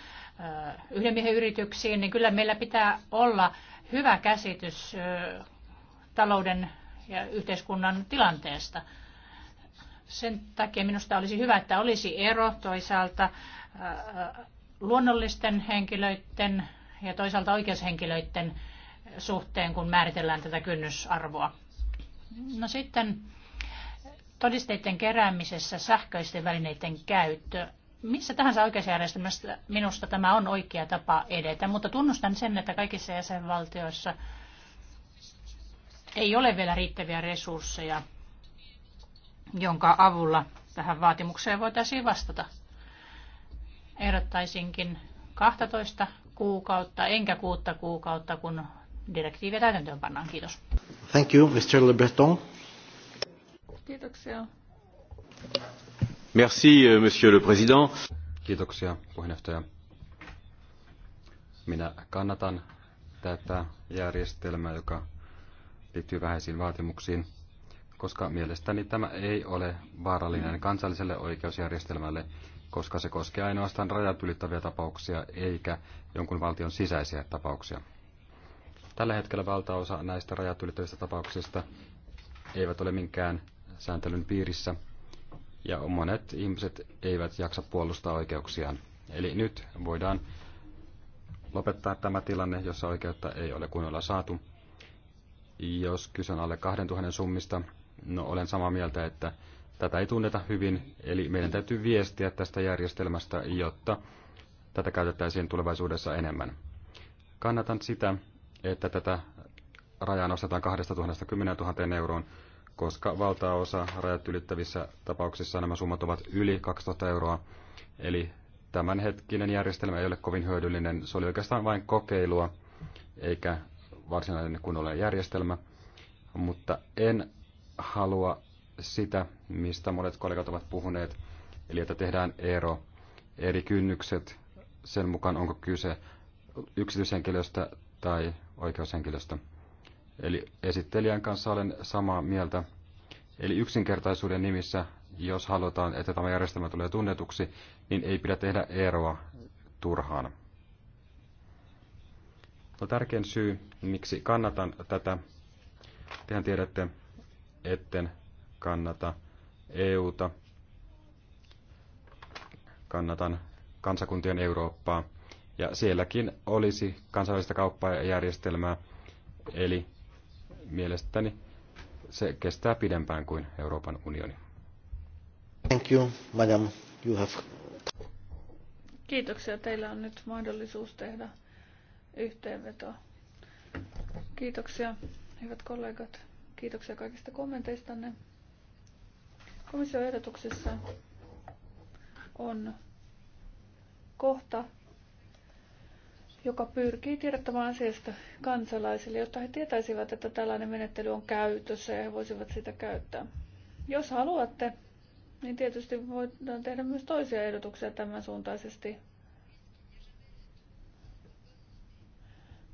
yhden miehen yrityksiin, niin kyllä meillä pitää olla hyvä käsitys talouden ja yhteiskunnan tilanteesta. Sen takia minusta olisi hyvä, että olisi ero toisaalta luonnollisten henkilöiden ja toisaalta oikeushenkilöiden suhteen, kun määritellään tätä kynnysarvoa. No sitten todisteiden keräämisessä sähköisten välineiden käyttö. Missä tahansa oikeusjärjestelmässä minusta tämä on oikea tapa edetä, mutta tunnustan sen, että kaikissa jäsenvaltioissa ei ole vielä riittäviä resursseja, jonka avulla tähän vaatimukseen voitaisiin vastata. Ehdottaisinkin 12 kuukautta, enkä kuutta kuukautta, kun direktiiviä täytäntöön pannaan. Kiitos. Thank you, Mr. Le Breton. Kiitoksia. Merci, euh, Monsieur le Président. Kiitoksia, puheenjohtaja. Minä kannatan tätä järjestelmää, joka liittyy vähäisiin vaatimuksiin, koska mielestäni tämä ei ole vaarallinen kansalliselle oikeusjärjestelmälle, koska se koskee ainoastaan rajat ylittäviä tapauksia eikä jonkun valtion sisäisiä tapauksia. Tällä hetkellä valtaosa näistä rajat ylittävistä tapauksista eivät ole minkään sääntelyn piirissä, ja monet ihmiset eivät jaksa puolustaa oikeuksiaan. Eli nyt voidaan lopettaa tämä tilanne, jossa oikeutta ei ole kunnolla saatu. Jos kyse on alle 2000 summista, no olen samaa mieltä, että tätä ei tunneta hyvin, eli meidän täytyy viestiä tästä järjestelmästä, jotta tätä käytettäisiin tulevaisuudessa enemmän. Kannatan sitä, että tätä rajaa nostetaan 2000 10 000 euroon, koska valtaosa rajat ylittävissä tapauksissa nämä summat ovat yli 2000 euroa. Eli tämänhetkinen järjestelmä ei ole kovin hyödyllinen. Se oli oikeastaan vain kokeilua, eikä varsinainen kunnollinen järjestelmä. Mutta en halua sitä, mistä monet kollegat ovat puhuneet, eli että tehdään ero, eri kynnykset sen mukaan, onko kyse yksityishenkilöstä tai oikeushenkilöstö. Eli esittelijän kanssa olen samaa mieltä. Eli yksinkertaisuuden nimissä, jos halutaan, että tämä järjestelmä tulee tunnetuksi, niin ei pidä tehdä eroa turhaan. No, tärkein syy, miksi kannatan tätä, tehän tiedätte, etten kannata EUta, kannatan kansakuntien Eurooppaa ja sielläkin olisi kansainvälistä kauppajärjestelmää, eli mielestäni se kestää pidempään kuin Euroopan unioni. Thank you, madam. You have... Kiitoksia. Teillä on nyt mahdollisuus tehdä yhteenvetoa. Kiitoksia, hyvät kollegat. Kiitoksia kaikista kommenteistanne. Komission ehdotuksessa on kohta joka pyrkii tiedottamaan asiasta kansalaisille, jotta he tietäisivät, että tällainen menettely on käytössä ja he voisivat sitä käyttää. Jos haluatte, niin tietysti voidaan tehdä myös toisia ehdotuksia tämän suuntaisesti,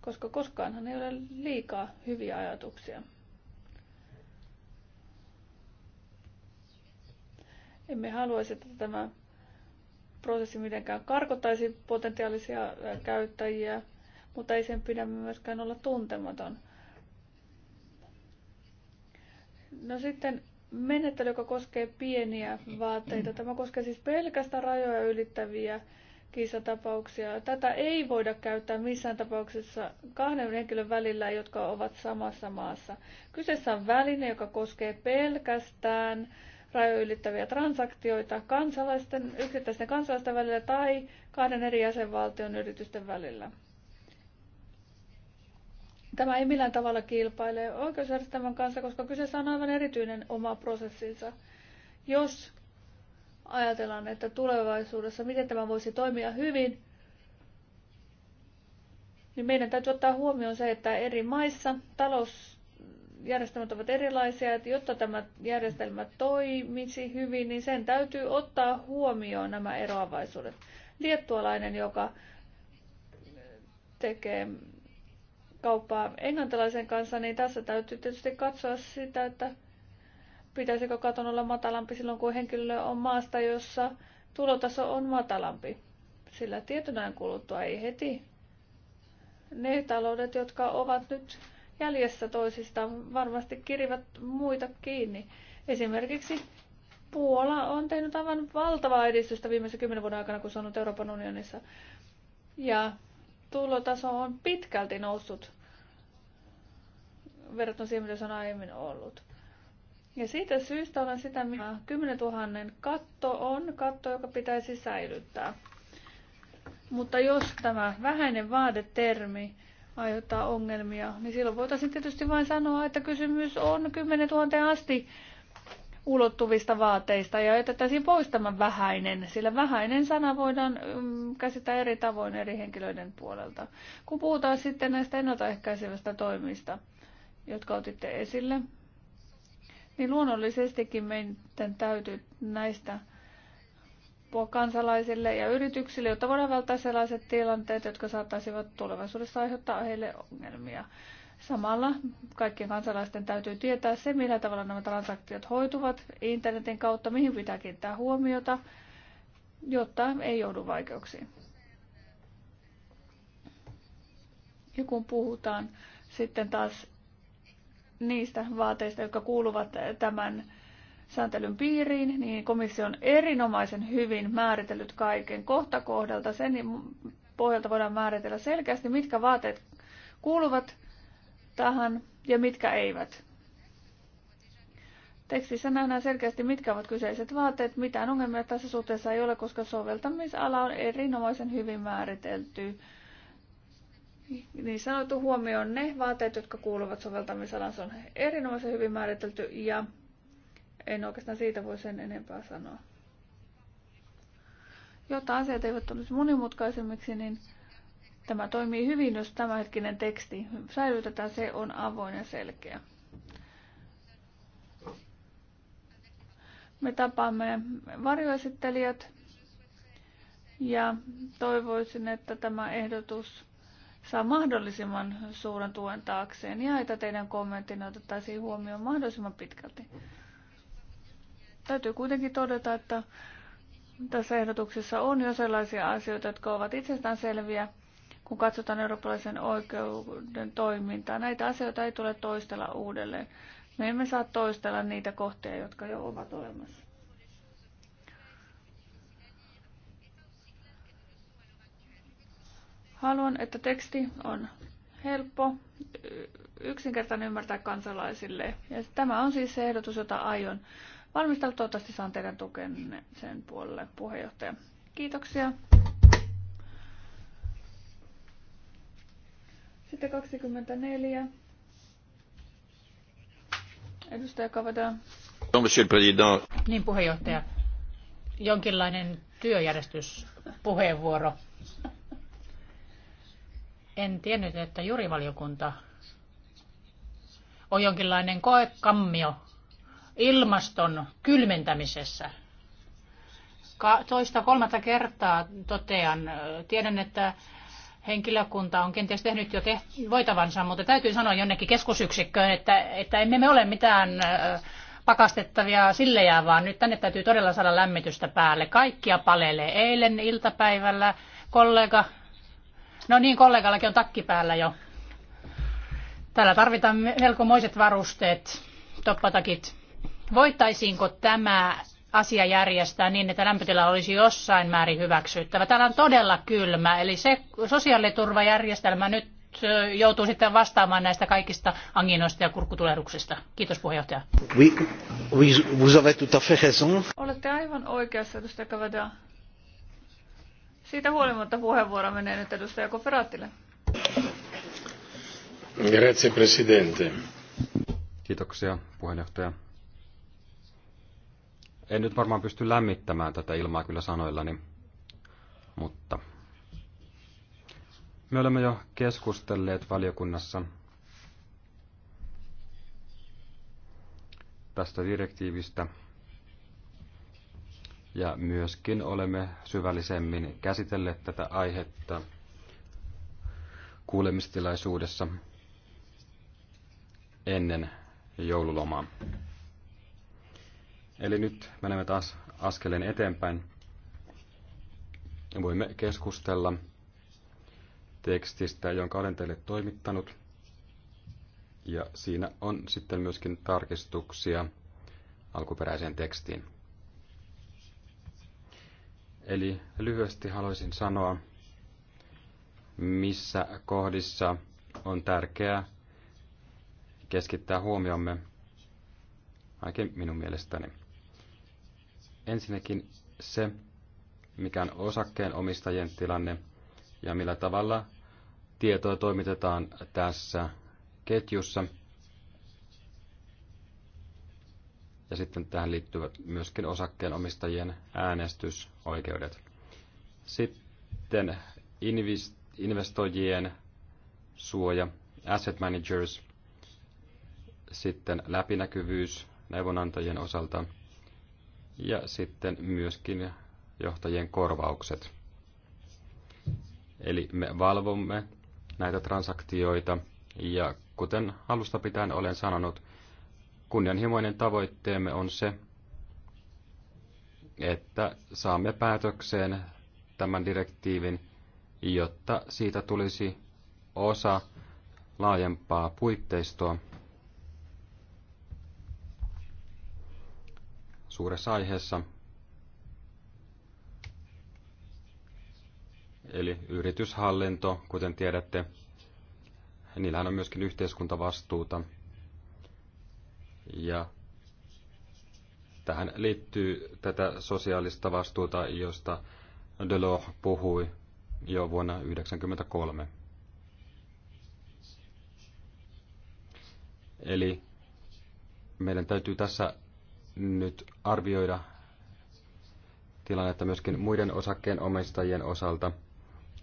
koska koskaanhan ei ole liikaa hyviä ajatuksia. Emme haluaisi, että tämä prosessi mitenkään karkottaisi potentiaalisia käyttäjiä, mutta ei sen pidä myöskään olla tuntematon. No sitten menettely, joka koskee pieniä vaatteita. Tämä koskee siis pelkästään rajoja ylittäviä kisatapauksia. Tätä ei voida käyttää missään tapauksessa kahden henkilön välillä, jotka ovat samassa maassa. Kyseessä on väline, joka koskee pelkästään rajoja ylittäviä transaktioita kansalaisten, yksittäisten kansalaisten välillä tai kahden eri jäsenvaltion yritysten välillä. Tämä ei millään tavalla kilpaile oikeusjärjestelmän kanssa, koska kyseessä on aivan erityinen oma prosessinsa. Jos ajatellaan, että tulevaisuudessa miten tämä voisi toimia hyvin, niin meidän täytyy ottaa huomioon se, että eri maissa talous järjestelmät ovat erilaisia, että jotta tämä järjestelmä toimisi hyvin, niin sen täytyy ottaa huomioon nämä eroavaisuudet. Liettualainen, joka tekee kauppaa englantilaisen kanssa, niin tässä täytyy tietysti katsoa sitä, että pitäisikö katon olla matalampi silloin, kun henkilö on maasta, jossa tulotaso on matalampi. Sillä tietyn ajan kuluttua ei heti ne taloudet, jotka ovat nyt jäljessä toisistaan varmasti kirivät muita kiinni. Esimerkiksi Puola on tehnyt aivan valtavaa edistystä viimeisen kymmenen vuoden aikana, kun se on ollut Euroopan unionissa. Ja tulotaso on pitkälti noussut verrattuna siihen, mitä se on aiemmin ollut. Ja siitä syystä olen sitä, että 10 000 katto on katto, joka pitäisi säilyttää. Mutta jos tämä vähäinen vaadetermi aiheuttaa ongelmia, niin silloin voitaisiin tietysti vain sanoa, että kysymys on 10 000 asti ulottuvista vaateista ja jätettäisiin pois tämä vähäinen, sillä vähäinen sana voidaan mm, käsittää eri tavoin eri henkilöiden puolelta. Kun puhutaan sitten näistä ennaltaehkäisevistä toimista, jotka otitte esille, niin luonnollisestikin meidän täytyy näistä apua kansalaisille ja yrityksille, jotta voidaan välttää sellaiset tilanteet, jotka saattaisivat tulevaisuudessa aiheuttaa heille ongelmia. Samalla kaikkien kansalaisten täytyy tietää se, millä tavalla nämä transaktiot hoituvat internetin kautta, mihin pitää kiinnittää huomiota, jotta ei joudu vaikeuksiin. Ja kun puhutaan sitten taas niistä vaateista, jotka kuuluvat tämän sääntelyn piiriin, niin komissio on erinomaisen hyvin määritellyt kaiken kohta kohdalta. Sen pohjalta voidaan määritellä selkeästi, mitkä vaateet kuuluvat tähän ja mitkä eivät. Tekstissä nähdään selkeästi, mitkä ovat kyseiset vaateet. Mitään ongelmia tässä suhteessa ei ole, koska soveltamisala on erinomaisen hyvin määritelty. Niin sanottu huomioon ne vaateet, jotka kuuluvat soveltamisalaan, se on erinomaisen hyvin määritelty ja en oikeastaan siitä voi sen enempää sanoa. Jotta asiat eivät tulisi monimutkaisemmiksi, niin tämä toimii hyvin, jos tämänhetkinen teksti säilytetään. Se on avoin ja selkeä. Me tapaamme varjoesittelijät ja toivoisin, että tämä ehdotus saa mahdollisimman suuren tuen taakseen ja että teidän kommenttinne otettaisiin huomioon mahdollisimman pitkälti. Täytyy kuitenkin todeta, että tässä ehdotuksessa on jo sellaisia asioita, jotka ovat itsestään selviä, kun katsotaan eurooppalaisen oikeuden toimintaa. Näitä asioita ei tule toistella uudelleen. Me emme saa toistella niitä kohtia, jotka jo ovat olemassa. Haluan, että teksti on helppo, yksinkertainen ymmärtää kansalaisille. Ja tämä on siis se ehdotus, jota aion valmistella. Toivottavasti saan teidän tukenne sen puolelle, puheenjohtaja. Kiitoksia. Sitten 24. Edustaja Kavada. Monsieur le Président. Niin, puheenjohtaja. Jonkinlainen työjärjestyspuheenvuoro. En tiennyt, että jurivaliokunta on jonkinlainen koekammio ilmaston kylmentämisessä. Ka- toista kolmatta kertaa totean, tiedän, että henkilökunta on kenties tehnyt jo teht- voitavansa, mutta täytyy sanoa jonnekin keskusyksikköön, että, että emme me ole mitään pakastettavia sillejä, vaan nyt tänne täytyy todella saada lämmitystä päälle. Kaikkia palelee. Eilen iltapäivällä kollega, no niin kollegallakin on takki päällä jo. Täällä tarvitaan melkomoiset varusteet, toppatakit. Voitaisiinko tämä asia järjestää niin, että lämpötila olisi jossain määrin hyväksyttävä? Täällä on todella kylmä, eli se sosiaaliturvajärjestelmä nyt joutuu sitten vastaamaan näistä kaikista anginoista ja kurkkutulehduksista. Kiitos puheenjohtaja. Oui, oui, vous avez tout à fait raison. Olette aivan oikeassa, edustaja Kavada. Siitä huolimatta puheenvuoro menee nyt edustaja Koferaattille. Grazie, presidente. Kiitoksia, puheenjohtaja. En nyt varmaan pysty lämmittämään tätä ilmaa kyllä sanoillani, mutta me olemme jo keskustelleet valiokunnassa tästä direktiivistä ja myöskin olemme syvällisemmin käsitelleet tätä aihetta kuulemistilaisuudessa ennen joululomaa. Eli nyt menemme taas askeleen eteenpäin. Voimme keskustella tekstistä, jonka olen teille toimittanut. Ja siinä on sitten myöskin tarkistuksia alkuperäiseen tekstiin. Eli lyhyesti haluaisin sanoa, missä kohdissa on tärkeää keskittää huomiomme, ainakin minun mielestäni. Ensinnäkin se, mikä on osakkeen omistajien tilanne ja millä tavalla tietoa toimitetaan tässä ketjussa. Ja sitten tähän liittyvät myöskin osakkeen omistajien äänestysoikeudet. Sitten investoijien suoja, asset managers, sitten läpinäkyvyys neuvonantajien osalta – ja sitten myöskin johtajien korvaukset. Eli me valvomme näitä transaktioita ja kuten alusta pitäen olen sanonut, kunnianhimoinen tavoitteemme on se, että saamme päätökseen tämän direktiivin, jotta siitä tulisi osa laajempaa puitteistoa, suuressa aiheessa. Eli yrityshallinto, kuten tiedätte, niillähän on myöskin yhteiskuntavastuuta. Ja tähän liittyy tätä sosiaalista vastuuta, josta Delors puhui jo vuonna 1993. Eli meidän täytyy tässä nyt arvioida tilannetta myöskin muiden osakkeen omistajien osalta,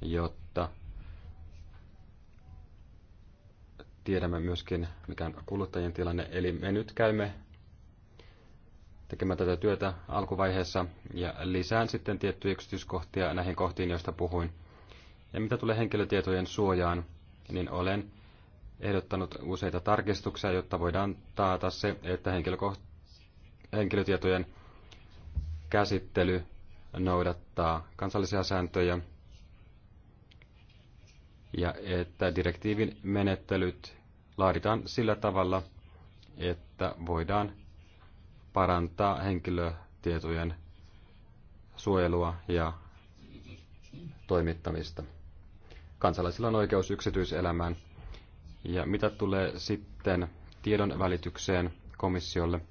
jotta tiedämme myöskin, mikä on kuluttajien tilanne. Eli me nyt käymme tekemään tätä työtä alkuvaiheessa ja lisään sitten tiettyjä yksityiskohtia näihin kohtiin, joista puhuin. Ja mitä tulee henkilötietojen suojaan, niin olen ehdottanut useita tarkistuksia, jotta voidaan taata se, että henkilökohtaisesti henkilötietojen käsittely noudattaa kansallisia sääntöjä ja että direktiivin menettelyt laaditaan sillä tavalla, että voidaan parantaa henkilötietojen suojelua ja toimittamista. Kansalaisilla on oikeus yksityiselämään. Ja mitä tulee sitten tiedon välitykseen komissiolle –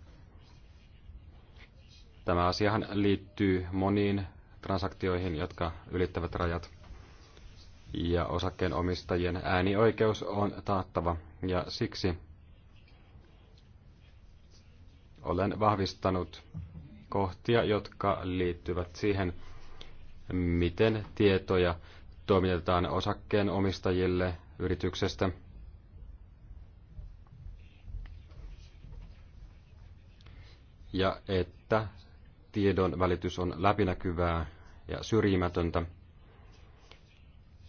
Tämä asiahan liittyy moniin transaktioihin, jotka ylittävät rajat. Ja osakkeenomistajien äänioikeus on taattava. Ja siksi olen vahvistanut kohtia, jotka liittyvät siihen, miten tietoja toimitetaan osakkeenomistajille yrityksestä. Ja että tiedon välitys on läpinäkyvää ja syrjimätöntä.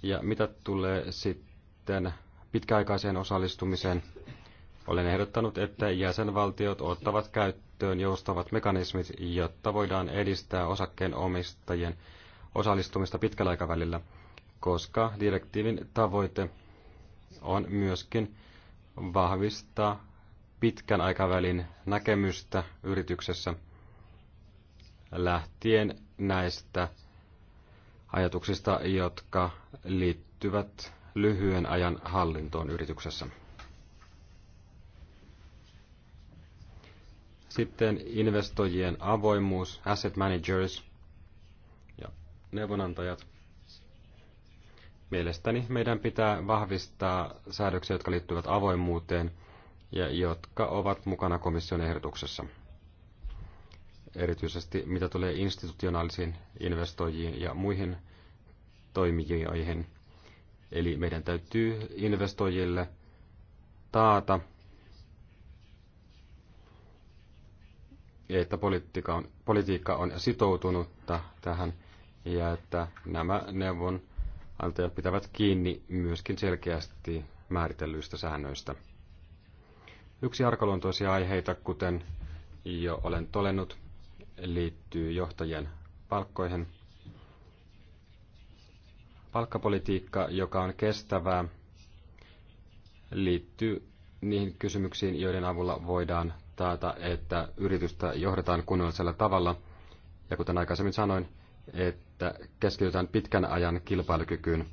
Ja mitä tulee sitten pitkäaikaiseen osallistumiseen, olen ehdottanut, että jäsenvaltiot ottavat käyttöön joustavat mekanismit, jotta voidaan edistää osakkeen omistajien osallistumista pitkällä aikavälillä, koska direktiivin tavoite on myöskin vahvistaa pitkän aikavälin näkemystä yrityksessä – lähtien näistä ajatuksista, jotka liittyvät lyhyen ajan hallintoon yrityksessä. Sitten investoijien avoimuus, asset managers ja neuvonantajat. Mielestäni meidän pitää vahvistaa säädöksiä, jotka liittyvät avoimuuteen ja jotka ovat mukana komission ehdotuksessa erityisesti mitä tulee institutionaalisiin investoijiin ja muihin toimijoihin. Eli meidän täytyy investoijille taata, että politiikka on, politiikka on sitoutunut tähän ja että nämä neuvonantajat pitävät kiinni myöskin selkeästi määritellyistä säännöistä. Yksi arkaluontoisia aiheita, kuten jo olen tolennut, liittyy johtajien palkkoihin. Palkkapolitiikka, joka on kestävää, liittyy niihin kysymyksiin, joiden avulla voidaan taata, että yritystä johdetaan kunnollisella tavalla. Ja kuten aikaisemmin sanoin, että keskitytään pitkän ajan kilpailukykyyn.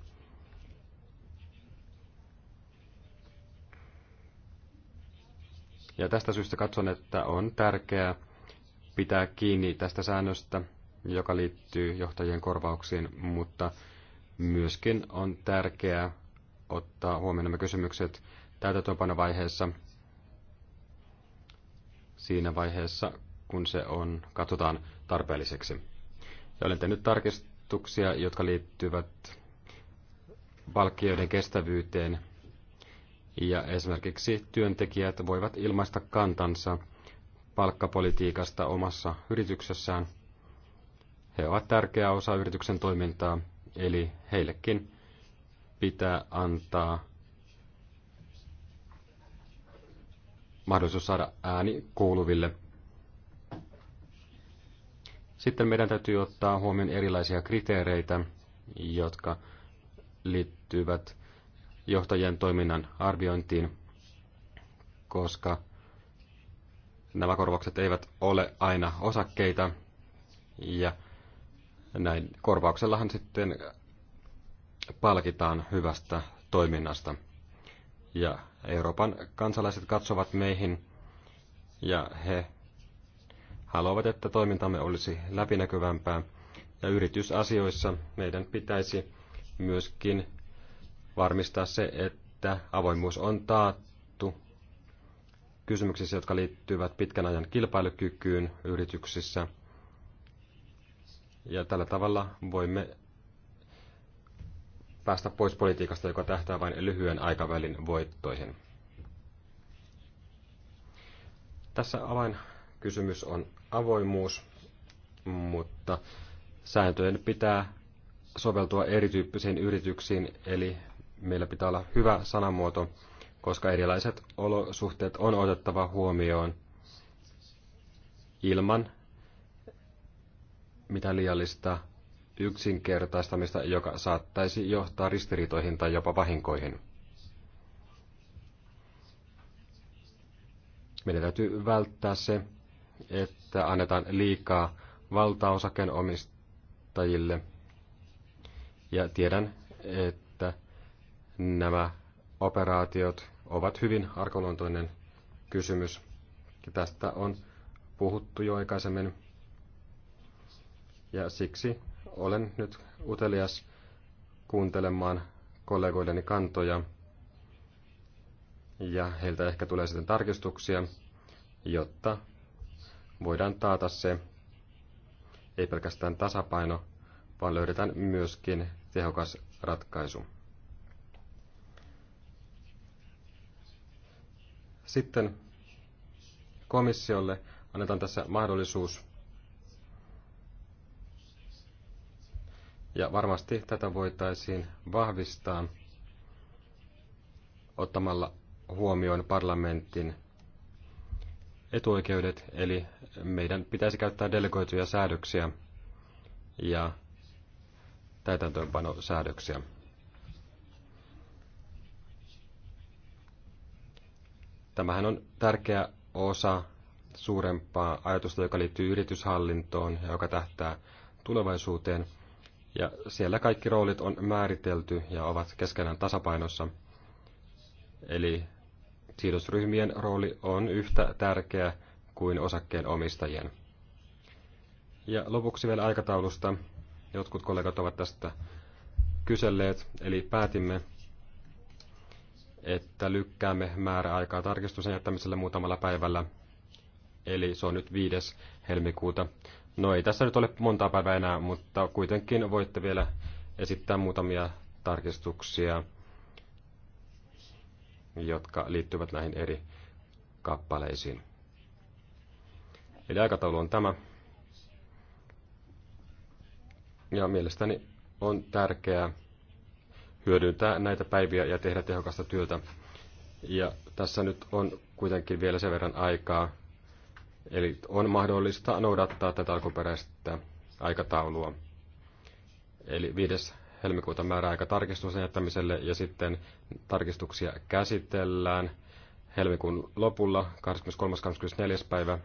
Ja tästä syystä katson, että on tärkeää, pitää kiinni tästä säännöstä, joka liittyy johtajien korvauksiin, mutta myöskin on tärkeää ottaa huomioon nämä kysymykset täytäntöönpanovaiheessa siinä vaiheessa, kun se on, katsotaan tarpeelliseksi. Ja olen tehnyt tarkistuksia, jotka liittyvät palkkioiden kestävyyteen. Ja esimerkiksi työntekijät voivat ilmaista kantansa – palkkapolitiikasta omassa yrityksessään. He ovat tärkeä osa yrityksen toimintaa, eli heillekin pitää antaa mahdollisuus saada ääni kuuluville. Sitten meidän täytyy ottaa huomioon erilaisia kriteereitä, jotka liittyvät johtajien toiminnan arviointiin, koska nämä korvaukset eivät ole aina osakkeita ja näin korvauksellahan sitten palkitaan hyvästä toiminnasta. Ja Euroopan kansalaiset katsovat meihin ja he haluavat, että toimintamme olisi läpinäkyvämpää. Ja yritysasioissa meidän pitäisi myöskin varmistaa se, että avoimuus on taattu kysymyksissä, jotka liittyvät pitkän ajan kilpailukykyyn yrityksissä. Ja tällä tavalla voimme päästä pois politiikasta, joka tähtää vain lyhyen aikavälin voittoihin. Tässä avainkysymys on avoimuus, mutta sääntöjen pitää soveltua erityyppisiin yrityksiin, eli meillä pitää olla hyvä sanamuoto, koska erilaiset olosuhteet on otettava huomioon ilman mitä liiallista yksinkertaistamista, joka saattaisi johtaa ristiriitoihin tai jopa vahinkoihin. Meidän täytyy välttää se, että annetaan liikaa valtaosaken omistajille. Ja tiedän, että nämä operaatiot ovat hyvin arkaluontoinen kysymys. Ja tästä on puhuttu jo aikaisemmin. Ja siksi olen nyt utelias kuuntelemaan kollegoideni kantoja. Ja heiltä ehkä tulee sitten tarkistuksia, jotta voidaan taata se, ei pelkästään tasapaino, vaan löydetään myöskin tehokas ratkaisu. Sitten komissiolle annetaan tässä mahdollisuus. Ja varmasti tätä voitaisiin vahvistaa ottamalla huomioon parlamentin etuoikeudet, eli meidän pitäisi käyttää delegoituja säädöksiä ja täytäntöönpanosäädöksiä. Tämähän on tärkeä osa suurempaa ajatusta, joka liittyy yrityshallintoon ja joka tähtää tulevaisuuteen. Ja siellä kaikki roolit on määritelty ja ovat keskenään tasapainossa. Eli sidosryhmien rooli on yhtä tärkeä kuin osakkeen omistajien. Ja lopuksi vielä aikataulusta. Jotkut kollegat ovat tästä kyselleet, eli päätimme, että lykkäämme määräaikaa tarkistuksen jättämiselle muutamalla päivällä. Eli se on nyt 5. helmikuuta. No ei tässä nyt ole montaa päivää enää, mutta kuitenkin voitte vielä esittää muutamia tarkistuksia, jotka liittyvät näihin eri kappaleisiin. Eli aikataulu on tämä. Ja mielestäni on tärkeää, hyödyntää näitä päiviä ja tehdä tehokasta työtä. Ja tässä nyt on kuitenkin vielä sen verran aikaa, eli on mahdollista noudattaa tätä alkuperäistä aikataulua. Eli 5. helmikuuta määräaika tarkistuksen jättämiselle ja sitten tarkistuksia käsitellään helmikuun lopulla 23.24. päivä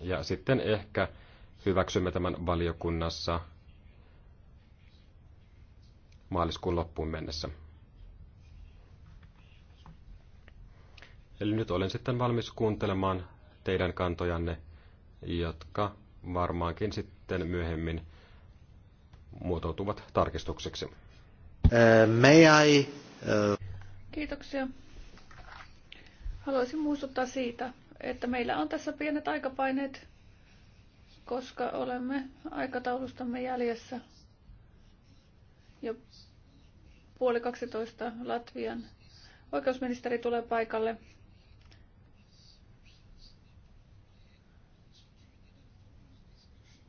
ja sitten ehkä hyväksymme tämän valiokunnassa maaliskuun loppuun mennessä. Eli nyt olen sitten valmis kuuntelemaan teidän kantojanne, jotka varmaankin sitten myöhemmin muotoutuvat tarkistukseksi. Uh, äh, may I, uh... Kiitoksia. Haluaisin muistuttaa siitä, että meillä on tässä pienet aikapaineet, koska olemme aikataulustamme jäljessä. Ja puoli 12 Latvian oikeusministeri tulee paikalle.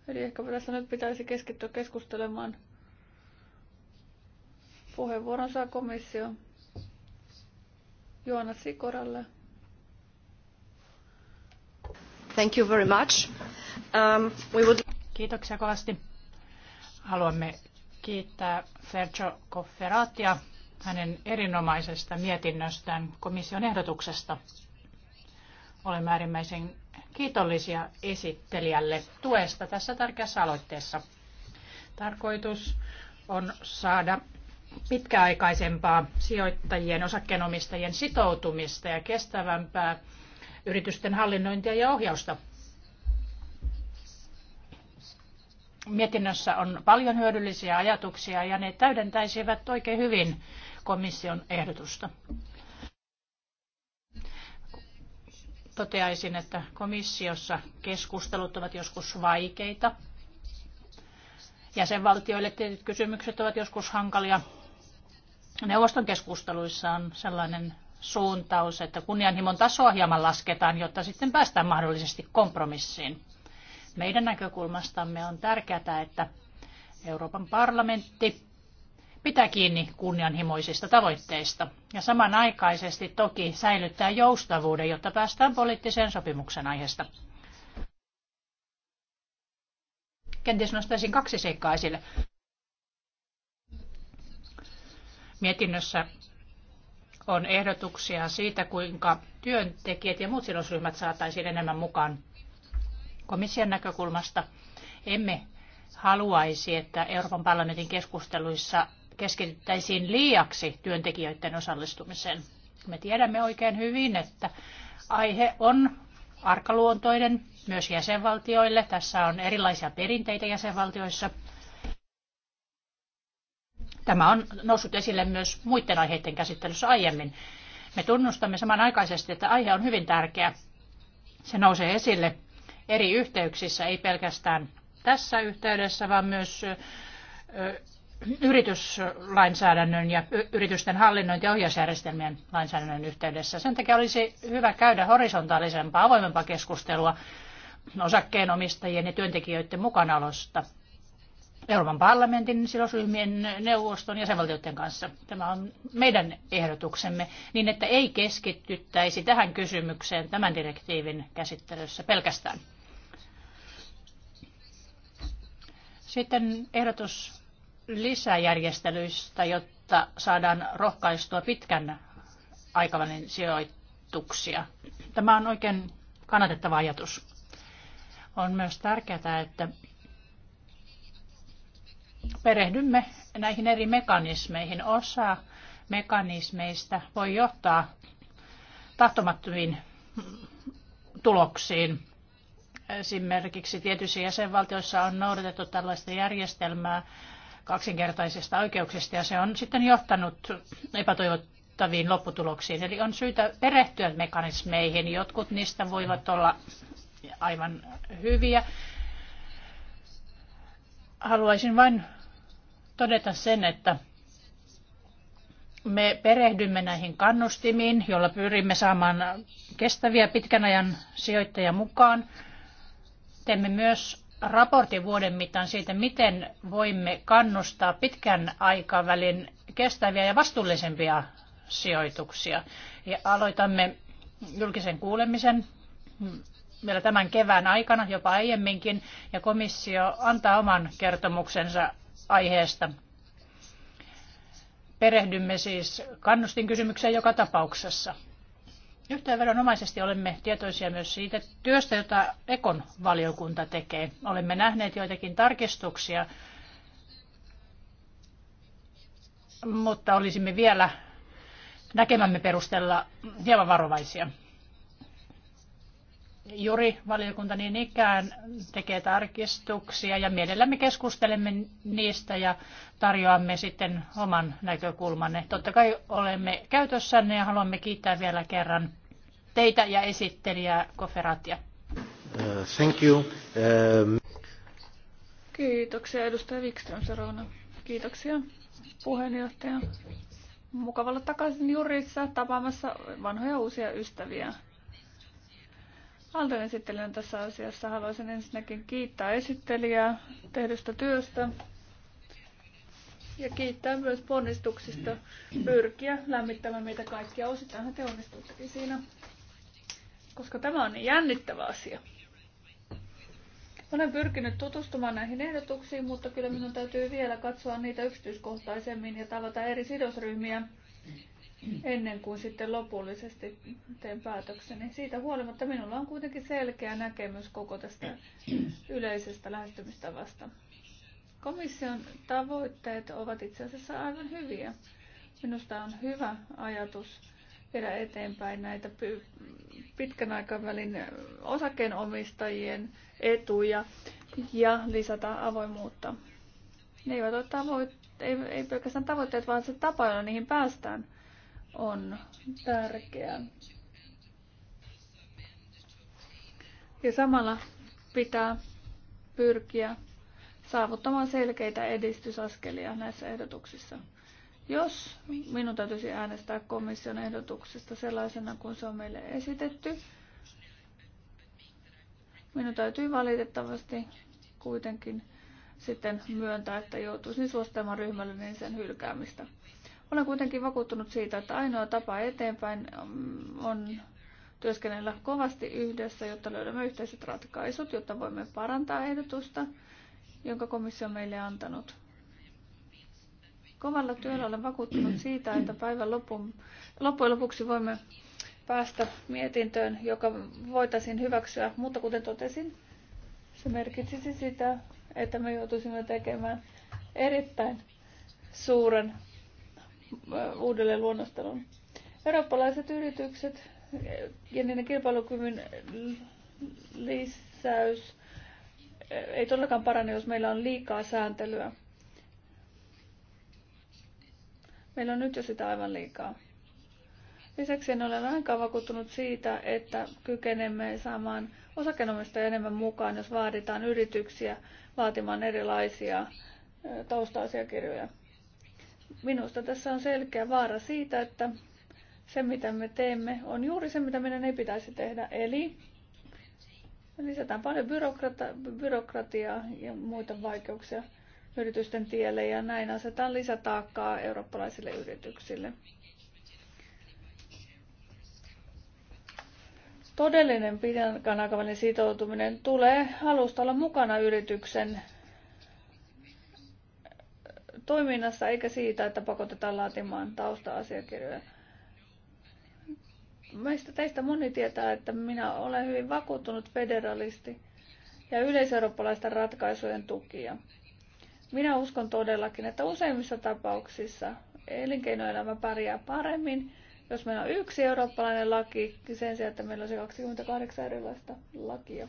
Eli ehkä tässä nyt pitäisi keskittyä keskustelemaan. Puheenvuoron saa komissio Joona Sikoralle. Thank you very much. Um, we would... Kiitoksia kovasti. Haluamme kiittää Sergio Cofferatia hänen erinomaisesta mietinnöstään komission ehdotuksesta. Olemme äärimmäisen kiitollisia esittelijälle tuesta tässä tärkeässä aloitteessa. Tarkoitus on saada pitkäaikaisempaa sijoittajien, osakkeenomistajien sitoutumista ja kestävämpää yritysten hallinnointia ja ohjausta Mietinnössä on paljon hyödyllisiä ajatuksia ja ne täydentäisivät oikein hyvin komission ehdotusta. Toteaisin, että komissiossa keskustelut ovat joskus vaikeita. Jäsenvaltioille tietyt kysymykset ovat joskus hankalia. Neuvoston keskusteluissa on sellainen suuntaus, että kunnianhimon tasoa hieman lasketaan, jotta sitten päästään mahdollisesti kompromissiin. Meidän näkökulmastamme on tärkeää, että Euroopan parlamentti pitää kiinni kunnianhimoisista tavoitteista ja samanaikaisesti toki säilyttää joustavuuden, jotta päästään poliittiseen sopimuksen aiheesta. Kenties nostaisin kaksi seikkaa esille. Mietinnössä on ehdotuksia siitä, kuinka työntekijät ja muut sidosryhmät saataisiin enemmän mukaan Komission näkökulmasta emme haluaisi, että Euroopan parlamentin keskusteluissa keskityttäisiin liiaksi työntekijöiden osallistumiseen. Me tiedämme oikein hyvin, että aihe on arkaluontoinen myös jäsenvaltioille. Tässä on erilaisia perinteitä jäsenvaltioissa. Tämä on noussut esille myös muiden aiheiden käsittelyssä aiemmin. Me tunnustamme samanaikaisesti, että aihe on hyvin tärkeä. Se nousee esille eri yhteyksissä, ei pelkästään tässä yhteydessä, vaan myös yrityslainsäädännön ja yritysten hallinnointi- ja ohjausjärjestelmien lainsäädännön yhteydessä. Sen takia olisi hyvä käydä horisontaalisempaa, avoimempaa keskustelua osakkeenomistajien ja työntekijöiden mukanaolosta Euroopan parlamentin, sidosryhmien, neuvoston ja sen kanssa. Tämä on meidän ehdotuksemme, niin että ei keskittyttäisi tähän kysymykseen tämän direktiivin käsittelyssä pelkästään. Sitten ehdotus lisäjärjestelyistä, jotta saadaan rohkaistua pitkän aikavälin sijoituksia. Tämä on oikein kannatettava ajatus. On myös tärkeää, että perehdymme näihin eri mekanismeihin. Osa mekanismeista voi johtaa tahtomattomiin tuloksiin. Esimerkiksi tietyissä jäsenvaltioissa on noudatettu tällaista järjestelmää kaksinkertaisista oikeuksista ja se on sitten johtanut epätoivottaviin lopputuloksiin. Eli on syytä perehtyä mekanismeihin. Jotkut niistä voivat olla aivan hyviä. Haluaisin vain todeta sen, että me perehdymme näihin kannustimiin, joilla pyrimme saamaan kestäviä pitkän ajan sijoittajia mukaan. Teemme myös raportin vuoden mittaan siitä, miten voimme kannustaa pitkän aikavälin kestäviä ja vastuullisempia sijoituksia. Ja aloitamme julkisen kuulemisen vielä tämän kevään aikana, jopa aiemminkin, ja komissio antaa oman kertomuksensa aiheesta. Perehdymme siis kannustinkysymykseen joka tapauksessa. Yhtäveronomaisesti olemme tietoisia myös siitä työstä, jota Ekon valiokunta tekee. Olemme nähneet joitakin tarkistuksia, mutta olisimme vielä näkemämme perusteella hieman varovaisia. Juri valiokunta niin ikään tekee tarkistuksia ja mielellämme keskustelemme niistä ja tarjoamme sitten oman näkökulmanne. Totta kai olemme käytössänne ja haluamme kiittää vielä kerran teitä ja esittelijää Koferatia. Uh, thank you. Um... Kiitoksia edustaja Wikström Sarona. Kiitoksia puheenjohtaja. Mukavalla takaisin jurissa tapaamassa vanhoja uusia ystäviä. Alden esittelijän tässä asiassa haluaisin ensinnäkin kiittää esittelijää tehdystä työstä ja kiittää myös ponnistuksista pyrkiä lämmittämään meitä kaikkia. Osittainhan te onnistuttekin siinä, koska tämä on niin jännittävä asia. Olen pyrkinyt tutustumaan näihin ehdotuksiin, mutta kyllä minun täytyy vielä katsoa niitä yksityiskohtaisemmin ja tavata eri sidosryhmiä ennen kuin sitten lopullisesti teen päätökseni. Niin siitä huolimatta minulla on kuitenkin selkeä näkemys koko tästä yleisestä lähestymistavasta. Komission tavoitteet ovat itse asiassa aivan hyviä. Minusta on hyvä ajatus viedä eteenpäin näitä pitkän aikavälin osakkeenomistajien etuja ja lisätä avoimuutta. Ne eivät ole tavoitteet, ei, ei pelkästään tavoitteet, vaan se tapa, jolla niihin päästään on tärkeä. Ja samalla pitää pyrkiä saavuttamaan selkeitä edistysaskelia näissä ehdotuksissa. Jos minun täytyisi äänestää komission ehdotuksesta sellaisena kuin se on meille esitetty, minun täytyy valitettavasti kuitenkin sitten myöntää, että joutuisin suostamaan ryhmälle niin sen hylkäämistä. Olen kuitenkin vakuuttunut siitä, että ainoa tapa eteenpäin mm, on työskennellä kovasti yhdessä, jotta löydämme yhteiset ratkaisut, jotta voimme parantaa ehdotusta, jonka komissio on meille antanut. Kovalla työllä olen vakuuttunut siitä, että päivän lopun, loppujen lopuksi voimme päästä mietintöön, joka voitaisiin hyväksyä, mutta kuten totesin, se merkitsisi sitä, että me joutuisimme tekemään erittäin suuren uudelleen luonnostelun. Eurooppalaiset yritykset ja niiden kilpailukyvyn lisäys ei todellakaan parane, jos meillä on liikaa sääntelyä. Meillä on nyt jo sitä aivan liikaa. Lisäksi en ole lainkaan vakuuttunut siitä, että kykenemme saamaan osakenomista enemmän mukaan, jos vaaditaan yrityksiä vaatimaan erilaisia tausta-asiakirjoja. Minusta tässä on selkeä vaara siitä, että se mitä me teemme on juuri se, mitä meidän ei pitäisi tehdä. Eli lisätään paljon byrokrata- byrokratiaa ja muita vaikeuksia yritysten tielle ja näin asetaan lisätaakkaa eurooppalaisille yrityksille. Todellinen pidän aikavälin sitoutuminen tulee alustalla mukana yrityksen toiminnassa eikä siitä, että pakotetaan laatimaan tausta-asiakirjoja. Meistä teistä moni tietää, että minä olen hyvin vakuuttunut federalisti ja yleiseurooppalaisten ratkaisujen tukija. Minä uskon todellakin, että useimmissa tapauksissa elinkeinoelämä pärjää paremmin, jos meillä on yksi eurooppalainen laki sen sijaan, että meillä on se 28 erilaista lakia.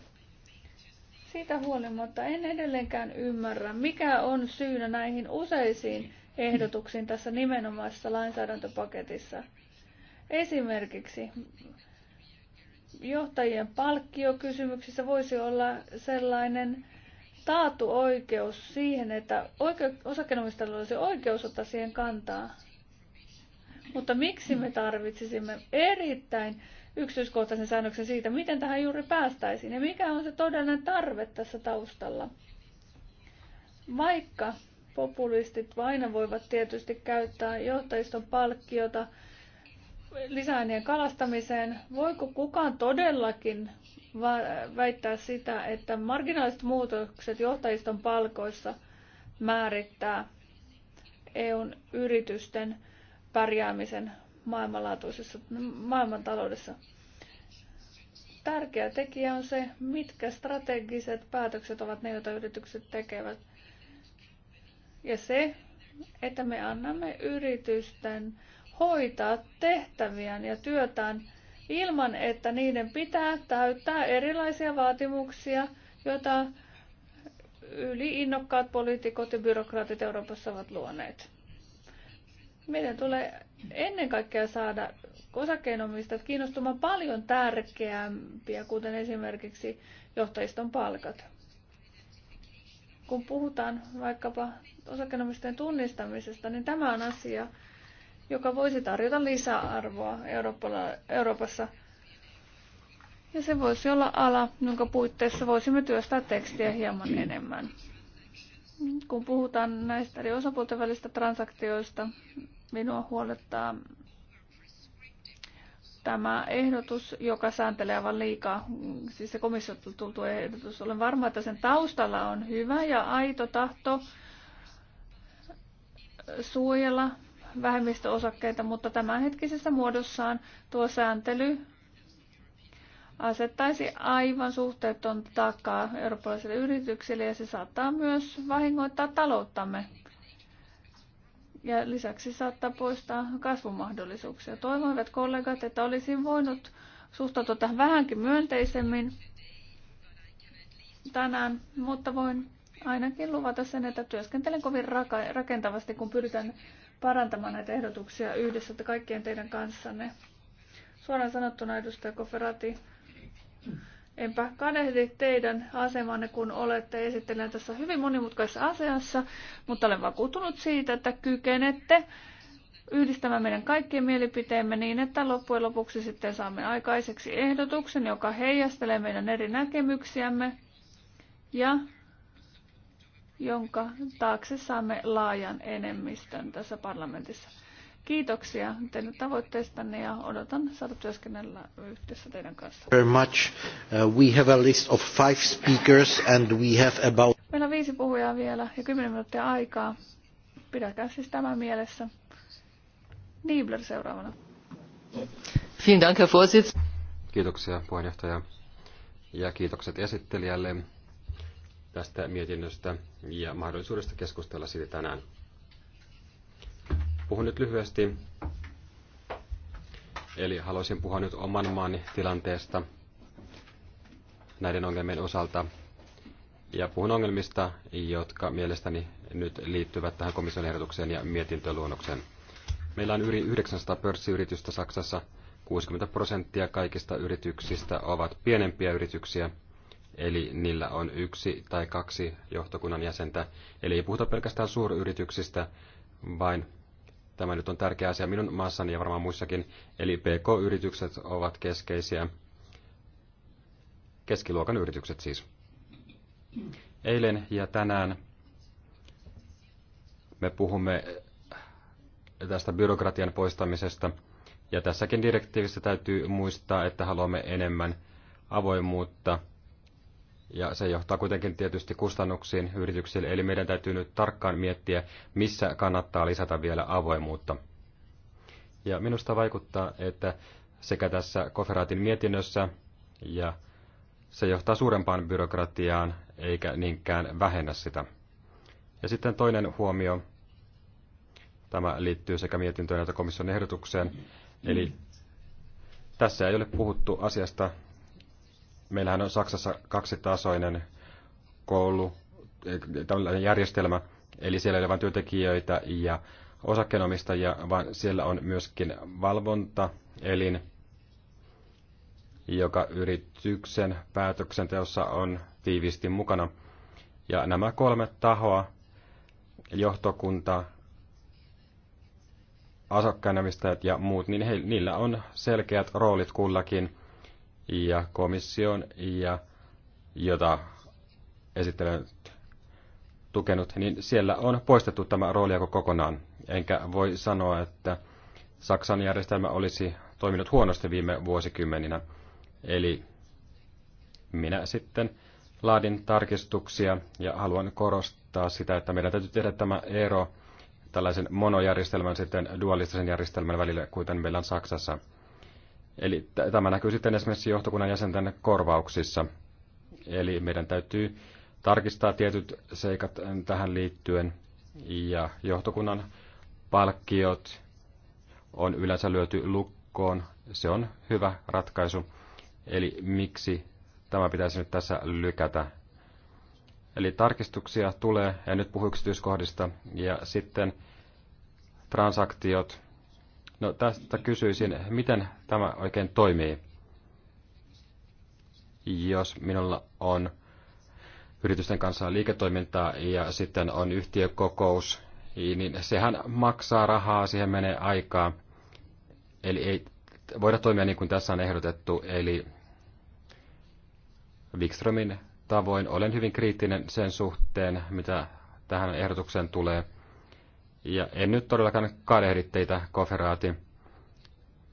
Siitä huolimatta en edelleenkään ymmärrä, mikä on syynä näihin useisiin ehdotuksiin tässä nimenomaisessa lainsäädäntöpaketissa. Esimerkiksi johtajien palkkiokysymyksissä voisi olla sellainen taattu oikeus siihen, että oike- osakkeenomistajalla olisi oikeus ottaa siihen kantaa. Mutta miksi me tarvitsisimme erittäin yksityiskohtaisen säännöksen siitä, miten tähän juuri päästäisiin ja mikä on se todellinen tarve tässä taustalla. Vaikka populistit aina voivat tietysti käyttää johtajiston palkkiota lisäaineen kalastamiseen, voiko kukaan todellakin väittää sitä, että marginaaliset muutokset johtajiston palkoissa määrittää EUn yritysten pärjäämisen maailmanlaatuisessa maailmantaloudessa. Tärkeä tekijä on se, mitkä strategiset päätökset ovat ne, joita yritykset tekevät. Ja se, että me annamme yritysten hoitaa tehtäviään ja työtään ilman, että niiden pitää täyttää erilaisia vaatimuksia, joita yliinnokkaat poliitikot ja byrokraatit Euroopassa ovat luoneet. Meidän tulee ennen kaikkea saada osakkeenomistajat kiinnostumaan paljon tärkeämpiä, kuten esimerkiksi johtajiston palkat. Kun puhutaan vaikkapa osakkeenomistajien tunnistamisesta, niin tämä on asia, joka voisi tarjota lisäarvoa Euroopassa. Ja se voisi olla ala, jonka puitteissa voisimme työstää tekstiä hieman enemmän. Kun puhutaan näistä eri osapuolten välistä transaktioista, Minua huolettaa tämä ehdotus, joka sääntelee aivan liikaa, siis se komissiolta tultu ehdotus. Olen varma, että sen taustalla on hyvä ja aito tahto suojella vähemmistöosakkeita, mutta tämänhetkisessä muodossaan tuo sääntely asettaisi aivan suhteeton taakkaa eurooppalaisille yrityksille ja se saattaa myös vahingoittaa talouttamme. Ja lisäksi saattaa poistaa kasvumahdollisuuksia. Toivoivat kollegat, että olisin voinut suhtautua tähän vähänkin myönteisemmin tänään, mutta voin ainakin luvata sen, että työskentelen kovin rakentavasti, kun pyritään parantamaan näitä ehdotuksia yhdessä kaikkien teidän kanssanne. Suoraan sanottuna, edustaja Koferati, Enpä kadehdi teidän asemanne, kun olette esittelijä tässä hyvin monimutkaisessa asiassa, mutta olen vakuuttunut siitä, että kykenette yhdistämään meidän kaikkien mielipiteemme niin, että loppujen lopuksi sitten saamme aikaiseksi ehdotuksen, joka heijastelee meidän eri näkemyksiämme ja jonka taakse saamme laajan enemmistön tässä parlamentissa. Kiitoksia teidän tavoitteistanne ja odotan saada työskennellä yhdessä teidän kanssa. Very much. Uh, we have a list of five speakers and we have about... Meillä on viisi puhujaa vielä ja kymmenen minuuttia aikaa. Pidäkää siis tämä mielessä. Niebler seuraavana. Vielen Dank, Herr Vorsitz. Kiitoksia puheenjohtaja ja kiitokset esittelijälle tästä mietinnöstä ja mahdollisuudesta keskustella siitä tänään. Puhun nyt lyhyesti. Eli haluaisin puhua nyt oman maani tilanteesta näiden ongelmien osalta. Ja puhun ongelmista, jotka mielestäni nyt liittyvät tähän komission ehdotukseen ja mietintöluonnokseen. Meillä on yli 900 pörssiyritystä Saksassa. 60 prosenttia kaikista yrityksistä ovat pienempiä yrityksiä, eli niillä on yksi tai kaksi johtokunnan jäsentä. Eli ei puhuta pelkästään suuryrityksistä, vain Tämä nyt on tärkeä asia minun maassani ja varmaan muissakin. Eli PK-yritykset ovat keskeisiä. Keskiluokan yritykset siis. Eilen ja tänään me puhumme tästä byrokratian poistamisesta. Ja tässäkin direktiivissä täytyy muistaa, että haluamme enemmän avoimuutta – ja se johtaa kuitenkin tietysti kustannuksiin yrityksille, eli meidän täytyy nyt tarkkaan miettiä, missä kannattaa lisätä vielä avoimuutta. Ja minusta vaikuttaa, että sekä tässä koferaatin mietinnössä ja se johtaa suurempaan byrokratiaan eikä niinkään vähennä sitä. Ja sitten toinen huomio, tämä liittyy sekä mietintöön että komission ehdotukseen, eli tässä ei ole puhuttu asiasta, Meillähän on Saksassa kaksitasoinen koulu, eh, tällainen järjestelmä, eli siellä ei ole vain työntekijöitä ja osakkeenomistajia, vaan siellä on myöskin valvontaelin, joka yrityksen päätöksenteossa on tiiviisti mukana. Ja nämä kolme tahoa, johtokunta, asakkaanomistajat ja muut, niin he, niillä on selkeät roolit kullakin ja komission, ja jota esittelen tukenut, niin siellä on poistettu tämä roolijako kokonaan. Enkä voi sanoa, että Saksan järjestelmä olisi toiminut huonosti viime vuosikymmeninä. Eli minä sitten laadin tarkistuksia ja haluan korostaa sitä, että meidän täytyy tehdä tämä ero tällaisen monojärjestelmän sitten dualistisen järjestelmän välillä, kuten meillä on Saksassa. Eli tämä näkyy sitten esimerkiksi johtokunnan jäsenten korvauksissa. Eli meidän täytyy tarkistaa tietyt seikat eh, tähän liittyen. Ja johtokunnan palkkiot on yleensä lyöty lukkoon. Se on hyvä ratkaisu. Eli miksi tämä pitäisi nyt tässä lykätä? Eli tarkistuksia tulee, en nyt puhu yksityiskohdista, ja sitten transaktiot, No tästä kysyisin, miten tämä oikein toimii? Jos minulla on yritysten kanssa liiketoimintaa ja sitten on yhtiökokous, niin sehän maksaa rahaa, siihen menee aikaa. Eli ei voida toimia niin kuin tässä on ehdotettu, eli Wikströmin tavoin olen hyvin kriittinen sen suhteen, mitä tähän ehdotukseen tulee – ja en nyt todellakaan kadehdi teitä, koferaati.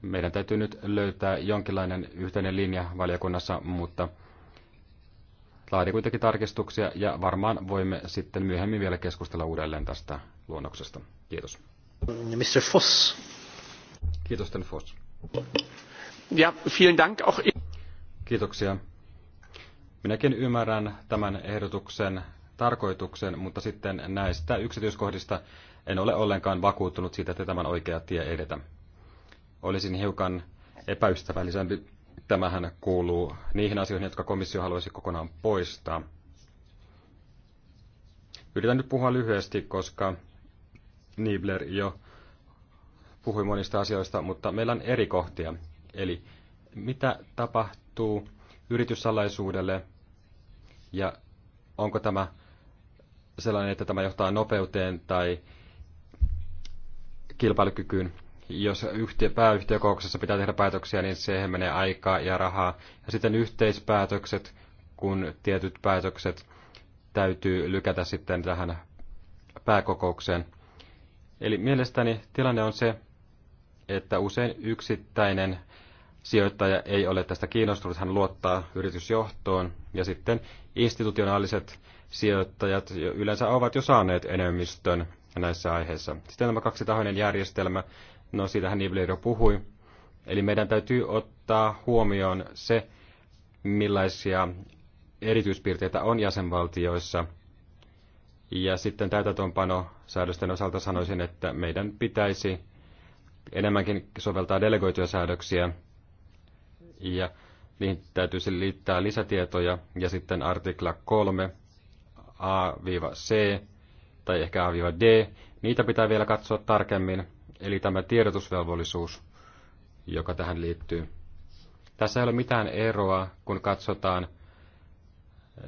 Meidän täytyy nyt löytää jonkinlainen yhteinen linja valiokunnassa, mutta laadi kuitenkin tarkistuksia ja varmaan voimme sitten myöhemmin vielä keskustella uudelleen tästä luonnoksesta. Kiitos. Mr. Foss. Kiitos, Ten Foss. Ja, vielen Dank auch. Kiitoksia. Minäkin ymmärrän tämän ehdotuksen tarkoituksen, mutta sitten näistä yksityiskohdista en ole ollenkaan vakuuttunut siitä, että tämän oikea tie edetä. Olisin hiukan epäystävällisempi. Tämähän kuuluu niihin asioihin, jotka komissio haluaisi kokonaan poistaa. Yritän nyt puhua lyhyesti, koska Niebler jo puhui monista asioista, mutta meillä on eri kohtia. Eli mitä tapahtuu yrityssalaisuudelle ja onko tämä sellainen, että tämä johtaa nopeuteen tai kilpailukykyyn. Jos yhtiö, pääyhtiökokouksessa pitää tehdä päätöksiä, niin siihen menee aikaa ja rahaa. Ja sitten yhteispäätökset, kun tietyt päätökset täytyy lykätä sitten tähän pääkokoukseen. Eli mielestäni tilanne on se, että usein yksittäinen sijoittaja ei ole tästä kiinnostunut, hän luottaa yritysjohtoon ja sitten institutionaaliset sijoittajat yleensä ovat jo saaneet enemmistön näissä aiheissa. Sitten tämä kaksitahoinen järjestelmä, no siitähän Nibler jo puhui. Eli meidän täytyy ottaa huomioon se, millaisia erityispiirteitä on jäsenvaltioissa. Ja sitten täytäntöönpano säädösten osalta sanoisin, että meidän pitäisi enemmänkin soveltaa delegoituja säädöksiä ja niihin täytyisi liittää lisätietoja ja sitten artikla 3 a-c tai ehkä A-D, niitä pitää vielä katsoa tarkemmin, eli tämä tiedotusvelvollisuus, joka tähän liittyy. Tässä ei ole mitään eroa, kun katsotaan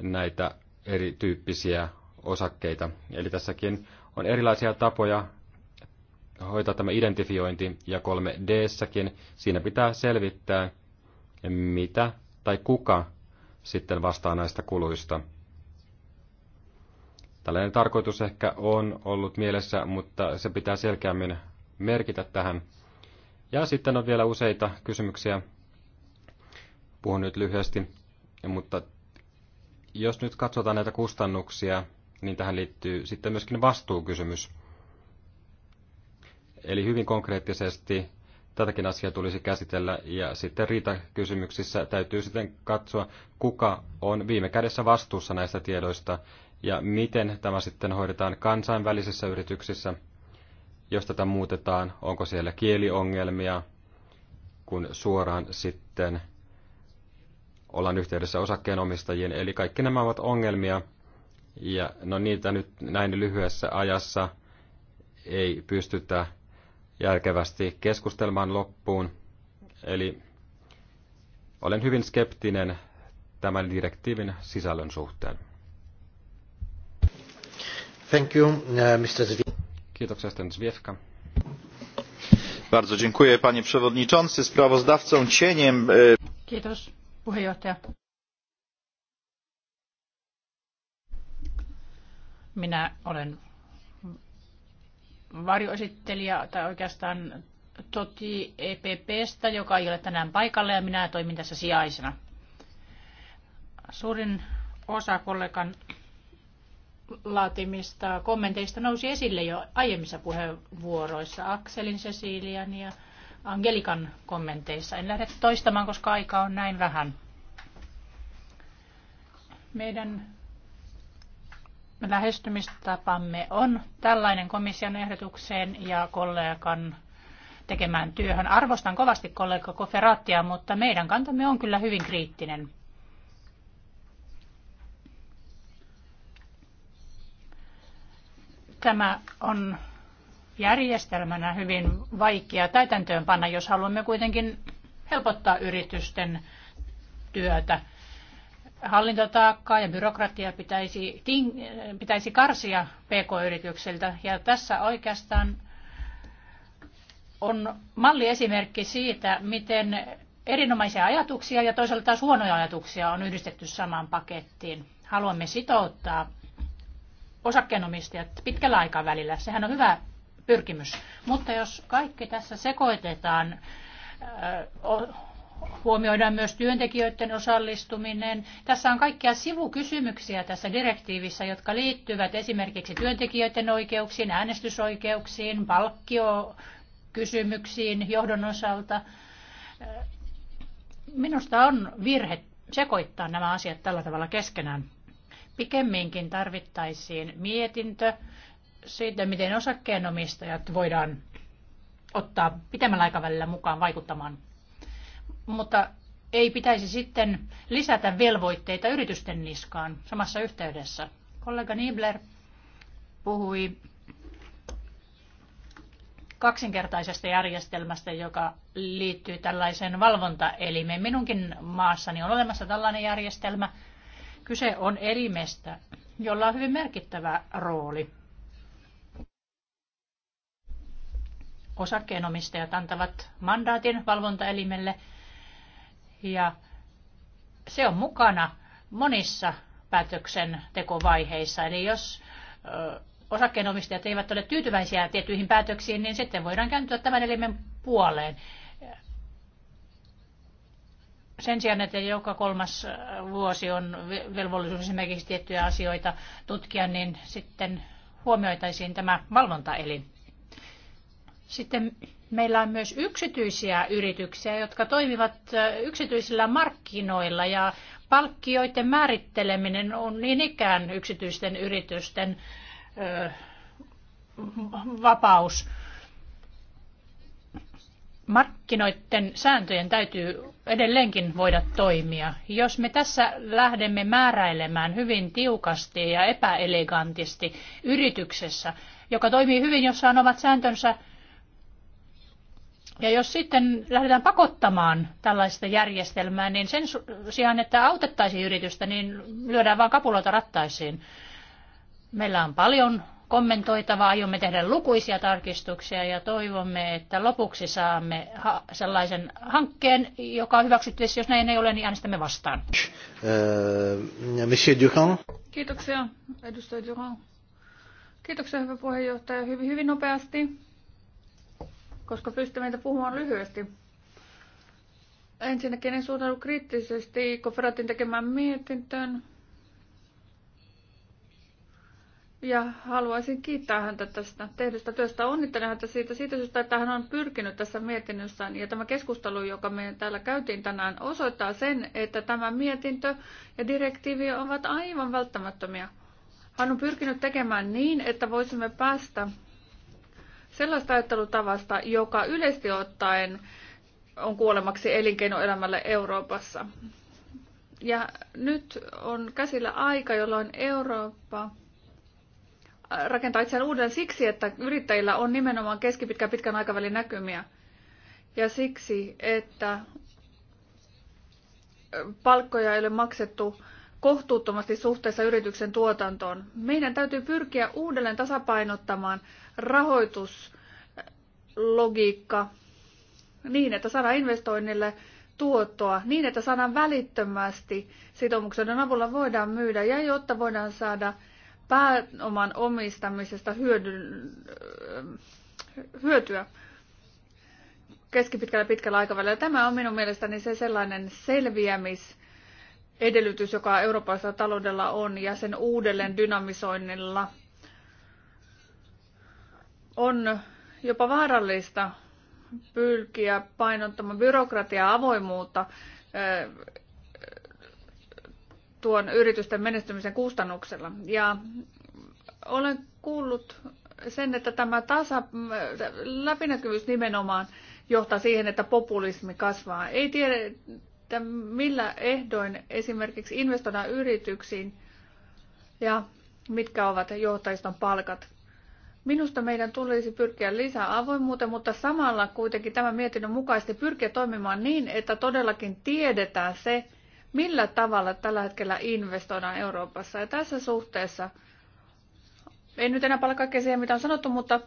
näitä erityyppisiä osakkeita. Eli tässäkin on erilaisia tapoja hoitaa tämä identifiointi, ja 3 d siinä pitää selvittää, mitä tai kuka sitten vastaa näistä kuluista – Tällainen tarkoitus ehkä on ollut mielessä, mutta se pitää selkeämmin merkitä tähän. Ja sitten on vielä useita kysymyksiä. Puhun nyt lyhyesti, mutta jos nyt katsotaan näitä kustannuksia, niin tähän liittyy sitten myöskin vastuukysymys. Eli hyvin konkreettisesti tätäkin asiaa tulisi käsitellä ja sitten riitakysymyksissä täytyy sitten katsoa, kuka on viime kädessä vastuussa näistä tiedoista ja miten tämä sitten hoidetaan kansainvälisissä yrityksissä, jos tätä muutetaan, onko siellä kieliongelmia, kun suoraan sitten ollaan yhteydessä osakkeenomistajien. Eli kaikki nämä ovat ongelmia, ja no niitä nyt näin lyhyessä ajassa ei pystytä järkevästi keskustelmaan loppuun. Eli olen hyvin skeptinen tämän direktiivin sisällön suhteen. Thank you, uh, Mr. Kiitoksia, Sten Zwiefka. Bardzo dziękuję, panie przewodniczący. Sprawozdawcą cieniem... E, Kiitos, puheenjohtaja. Minä olen varjoesittelijä, tai oikeastaan Toti EPPstä, joka ei ole tänään paikalla, ja minä toimin tässä sijaisena. Suurin osa kollegan laatimista kommenteista nousi esille jo aiemmissa puheenvuoroissa Akselin, Cecilian ja Angelikan kommenteissa. En lähde toistamaan, koska aika on näin vähän. Meidän lähestymistapamme on tällainen komission ehdotukseen ja kollegan tekemään työhön. Arvostan kovasti kollega Koferaattia, mutta meidän kantamme on kyllä hyvin kriittinen. Tämä on järjestelmänä hyvin vaikea täytäntöönpanna, jos haluamme kuitenkin helpottaa yritysten työtä. Hallintotaakkaa ja byrokratiaa pitäisi, pitäisi karsia pk-yrityksiltä ja tässä oikeastaan on malliesimerkki siitä, miten erinomaisia ajatuksia ja toisaalta taas huonoja ajatuksia on yhdistetty samaan pakettiin. Haluamme sitouttaa osakkeenomistajat pitkällä aikavälillä. Sehän on hyvä pyrkimys. Mutta jos kaikki tässä sekoitetaan, huomioidaan myös työntekijöiden osallistuminen. Tässä on kaikkia sivukysymyksiä tässä direktiivissä, jotka liittyvät esimerkiksi työntekijöiden oikeuksiin, äänestysoikeuksiin, palkkiokysymyksiin johdon osalta. Minusta on virhe sekoittaa nämä asiat tällä tavalla keskenään pikemminkin tarvittaisiin mietintö siitä, miten osakkeenomistajat voidaan ottaa pitemmällä aikavälillä mukaan vaikuttamaan. Mutta ei pitäisi sitten lisätä velvoitteita yritysten niskaan samassa yhteydessä. Kollega Niebler puhui kaksinkertaisesta järjestelmästä, joka liittyy tällaiseen valvontaelimeen. Minunkin maassani on olemassa tällainen järjestelmä – Kyse on elimestä, jolla on hyvin merkittävä rooli. Osakkeenomistajat antavat mandaatin valvontaelimelle ja se on mukana monissa päätöksentekovaiheissa. Eli jos osakkeenomistajat eivät ole tyytyväisiä tiettyihin päätöksiin, niin sitten voidaan kääntyä tämän elimen puoleen sen sijaan, että joka kolmas vuosi on velvollisuus esimerkiksi tiettyjä asioita tutkia, niin sitten huomioitaisiin tämä valvontaelin. Sitten meillä on myös yksityisiä yrityksiä, jotka toimivat yksityisillä markkinoilla ja palkkioiden määritteleminen on niin ikään yksityisten yritysten vapaus markkinoiden sääntöjen täytyy edelleenkin voida toimia. Jos me tässä lähdemme määräilemään hyvin tiukasti ja epäelegantisti yrityksessä, joka toimii hyvin, jossa on omat sääntönsä, ja jos sitten lähdetään pakottamaan tällaista järjestelmää, niin sen sijaan, että autettaisiin yritystä, niin lyödään vain kapuloita rattaisiin. Meillä on paljon kommentoitavaa. Aiomme tehdä lukuisia tarkistuksia ja toivomme, että lopuksi saamme ha- sellaisen hankkeen, joka on hyväksyttävissä. Jos näin ei ole, niin äänestämme vastaan. Äh, Monsieur Durand. Kiitoksia, edustaja Durand. Kiitoksia, hyvä puheenjohtaja. Hyvin, hyvin nopeasti, koska pystymme meitä puhumaan lyhyesti. Ensinnäkin en suhtaudu kriittisesti Koferatin tekemään mietintöön. Ja haluaisin kiittää häntä tästä tehdystä työstä. Onnittelen häntä siitä, siitä syystä, että hän on pyrkinyt tässä mietinnössään. Ja tämä keskustelu, joka me täällä käytiin tänään, osoittaa sen, että tämä mietintö ja direktiivi ovat aivan välttämättömiä. Hän on pyrkinyt tekemään niin, että voisimme päästä sellaista ajattelutavasta, joka yleisesti ottaen on kuolemaksi elinkeinoelämälle Euroopassa. Ja nyt on käsillä aika, jolloin Eurooppa rakentaa itseään uudelleen siksi, että yrittäjillä on nimenomaan keskipitkän pitkän aikavälin näkymiä. Ja siksi, että palkkoja ei ole maksettu kohtuuttomasti suhteessa yrityksen tuotantoon. Meidän täytyy pyrkiä uudelleen tasapainottamaan rahoituslogiikka niin, että saadaan investoinnille tuottoa, niin että saadaan välittömästi sitoumuksen avulla voidaan myydä ja jotta voidaan saada pääoman omistamisesta hyödyn, hyötyä keskipitkällä ja pitkällä aikavälillä. Tämä on minun mielestäni se sellainen selviämis edellytys, joka eurooppalaisella taloudella on, ja sen uudelleen dynamisoinnilla on jopa vaarallista pyrkiä painottamaan byrokratiaa avoimuutta tuon yritysten menestymisen kustannuksella. Ja olen kuullut sen, että tämä tasa, läpinäkyvyys nimenomaan johtaa siihen, että populismi kasvaa. Ei tiedä, että millä ehdoin esimerkiksi investoidaan yrityksiin ja mitkä ovat johtajiston palkat. Minusta meidän tulisi pyrkiä lisää avoimuuteen, mutta samalla kuitenkin tämä mietinnön mukaisesti pyrkiä toimimaan niin, että todellakin tiedetään se, millä tavalla tällä hetkellä investoidaan Euroopassa. Ja tässä suhteessa, en nyt enää pala kaikkea siihen, mitä on sanottu, mutta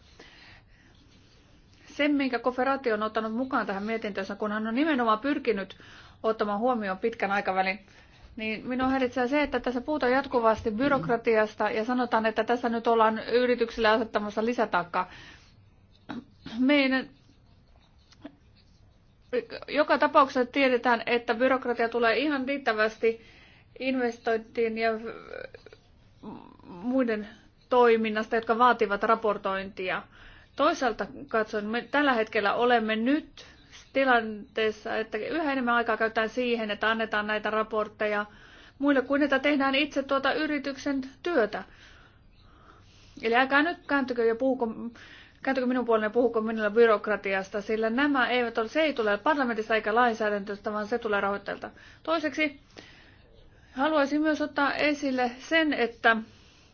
sen, minkä Koferaatio on ottanut mukaan tähän mietintöönsä, kun hän on nimenomaan pyrkinyt ottamaan huomioon pitkän aikavälin, niin minua häiritsee se, että tässä puhutaan jatkuvasti mm-hmm. byrokratiasta ja sanotaan, että tässä nyt ollaan yrityksille asettamassa lisätaakkaa. Meidän joka tapauksessa tiedetään, että byrokratia tulee ihan riittävästi investointiin ja muiden toiminnasta, jotka vaativat raportointia. Toisaalta katsoen, me tällä hetkellä olemme nyt tilanteessa, että yhä enemmän aikaa käytetään siihen, että annetaan näitä raportteja muille kuin että tehdään itse tuota yrityksen työtä. Eli älkää nyt kääntykö ja puhuko kääntykö minun puoleni puhuko minulle byrokratiasta, sillä nämä eivät ole, se ei tule parlamentista eikä lainsäädäntöstä, vaan se tulee rahoittajilta. Toiseksi haluaisin myös ottaa esille sen, että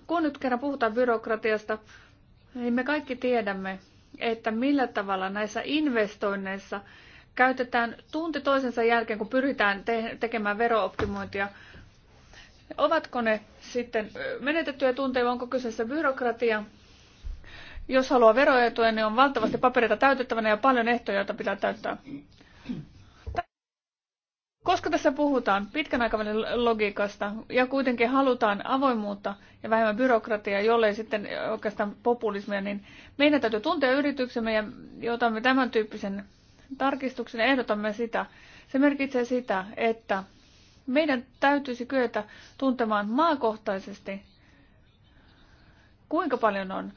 kun nyt kerran puhutaan byrokratiasta, niin me kaikki tiedämme, että millä tavalla näissä investoinneissa käytetään tunti toisensa jälkeen, kun pyritään te- tekemään verooptimointia. Ovatko ne sitten menetettyjä tunteja, onko kyseessä byrokratia jos haluaa veroetuja, niin on valtavasti papereita täytettävänä ja paljon ehtoja, joita pitää täyttää. Koska tässä puhutaan pitkän aikavälin logiikasta ja kuitenkin halutaan avoimuutta ja vähemmän byrokratiaa, jollei sitten oikeastaan populismia, niin meidän täytyy tuntea yrityksemme ja otamme tämän tyyppisen tarkistuksen ja ehdotamme sitä. Se merkitsee sitä, että meidän täytyisi kyetä tuntemaan maakohtaisesti, kuinka paljon on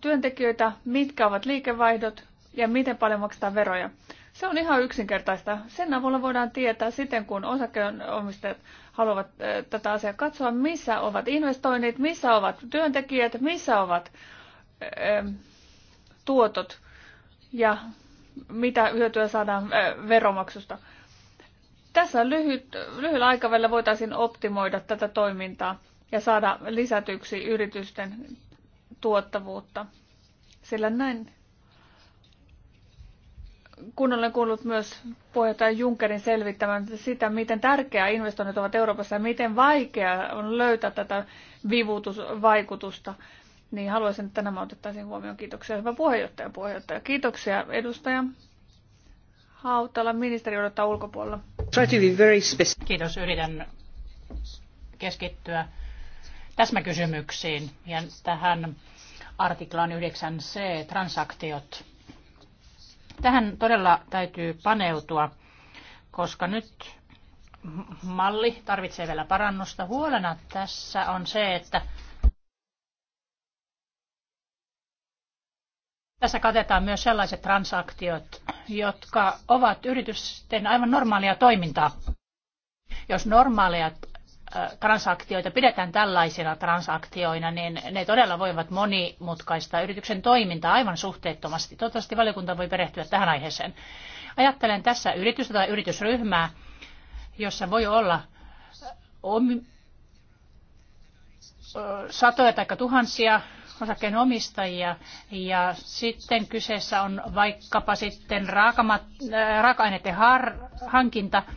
työntekijöitä, mitkä ovat liikevaihdot ja miten paljon maksetaan veroja. Se on ihan yksinkertaista. Sen avulla voidaan tietää siten, kun osakeomistajat haluavat tätä asiaa katsoa, missä ovat investoinnit, missä ovat työntekijät, missä ovat tuotot ja mitä hyötyä saadaan veromaksusta. Tässä lyhyt, lyhyellä aikavälillä voitaisiin optimoida tätä toimintaa ja saada lisätyksi yritysten tuottavuutta. Sillä näin kun olen kuullut myös puheenjohtaja Junckerin selvittämään sitä, miten tärkeää investoinnit ovat Euroopassa ja miten vaikeaa on löytää tätä vivutusvaikutusta, niin haluaisin, että nämä otettaisiin huomioon. Kiitoksia, hyvä puheenjohtaja, puheenjohtaja. Kiitoksia, edustaja. Hautala, ministeri odottaa ulkopuolella. Kiitos, yritän keskittyä täsmäkysymyksiin ja tähän artiklaan 9c transaktiot. Tähän todella täytyy paneutua, koska nyt malli tarvitsee vielä parannusta. Huolena tässä on se, että Tässä katetaan myös sellaiset transaktiot, jotka ovat yritysten aivan normaalia toimintaa. Jos normaaleja transaktioita pidetään tällaisina transaktioina, niin ne todella voivat monimutkaista. yrityksen toimintaa aivan suhteettomasti. Toivottavasti valiokunta voi perehtyä tähän aiheeseen. Ajattelen tässä yritystä tai yritysryhmää, jossa voi olla satoja tai tuhansia osakkeenomistajia ja sitten kyseessä on vaikkapa sitten raaka-aineiden hankinta –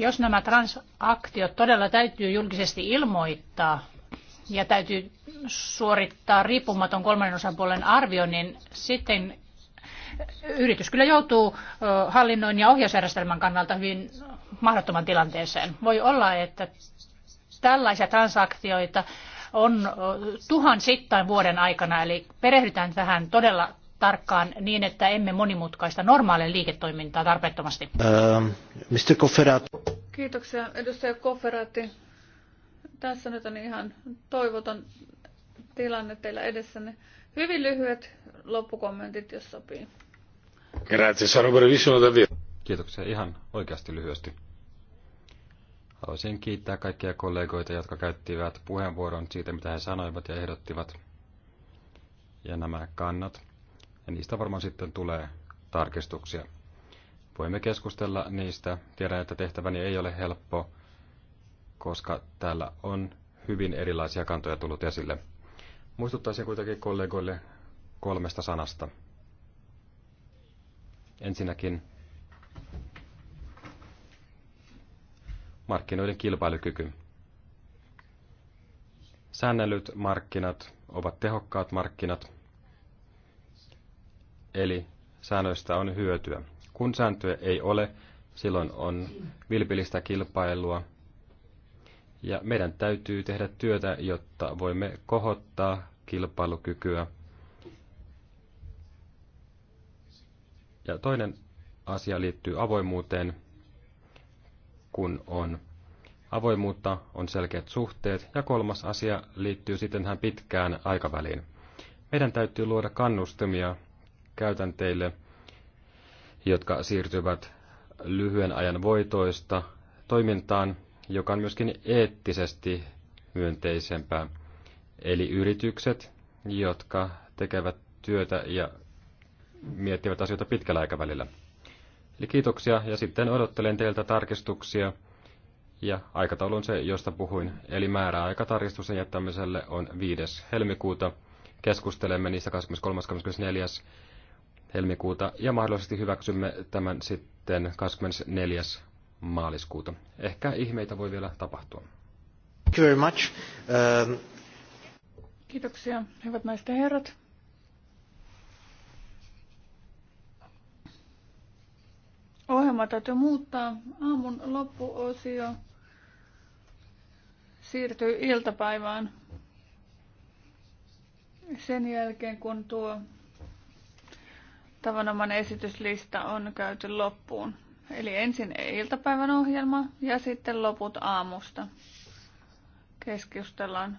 jos nämä transaktiot todella täytyy julkisesti ilmoittaa ja täytyy suorittaa riippumaton kolmannen osapuolen arvio, niin sitten yritys kyllä joutuu hallinnon ja ohjausjärjestelmän kannalta hyvin mahdottoman tilanteeseen. Voi olla, että tällaisia transaktioita on tuhansittain vuoden aikana, eli perehdytään tähän todella tarkkaan niin, että emme monimutkaista normaalia liiketoimintaa tarpeettomasti. Ähm, Mr. Kofferati. Kiitoksia, edustaja Kofferati. Tässä nyt on ihan toivoton tilanne teillä edessänne. Hyvin lyhyet loppukommentit, jos sopii. Grazie, Kiitoksia ihan oikeasti lyhyesti. Haluaisin kiittää kaikkia kollegoita, jotka käyttivät puheenvuoron siitä, mitä he sanoivat ja ehdottivat. Ja nämä kannat ja niistä varmaan sitten tulee tarkistuksia. Voimme keskustella niistä. Tiedän, että tehtäväni ei ole helppo, koska täällä on hyvin erilaisia kantoja tullut esille. Muistuttaisin kuitenkin kollegoille kolmesta sanasta. Ensinnäkin markkinoiden kilpailukyky. Säännellyt markkinat ovat tehokkaat markkinat, eli säännöistä on hyötyä. Kun sääntöjä ei ole, silloin on vilpillistä kilpailua, ja meidän täytyy tehdä työtä, jotta voimme kohottaa kilpailukykyä. Ja toinen asia liittyy avoimuuteen. Kun on avoimuutta, on selkeät suhteet. Ja kolmas asia liittyy sitten tähän pitkään aikaväliin. Meidän täytyy luoda kannustimia käytänteille, jotka siirtyvät lyhyen ajan voitoista toimintaan, joka on myöskin eettisesti myönteisempää. Eli yritykset, jotka tekevät työtä ja miettivät asioita pitkällä aikavälillä. Eli kiitoksia ja sitten odottelen teiltä tarkistuksia. Ja aikataulu on se, josta puhuin. Eli määräaika tarkistuksen jättämiselle on 5. helmikuuta. Keskustelemme niistä 23.24 helmikuuta ja mahdollisesti hyväksymme tämän sitten 24. maaliskuuta. Ehkä ihmeitä voi vielä tapahtua. Thank you very much. Um... Kiitoksia, hyvät naiset ja herrat. Ohjelma täytyy muuttaa. Aamun loppuosio siirtyy iltapäivään sen jälkeen, kun tuo Tavanomainen esityslista on käyty loppuun. Eli ensin iltapäivän ohjelma ja sitten loput aamusta. Keskustellaan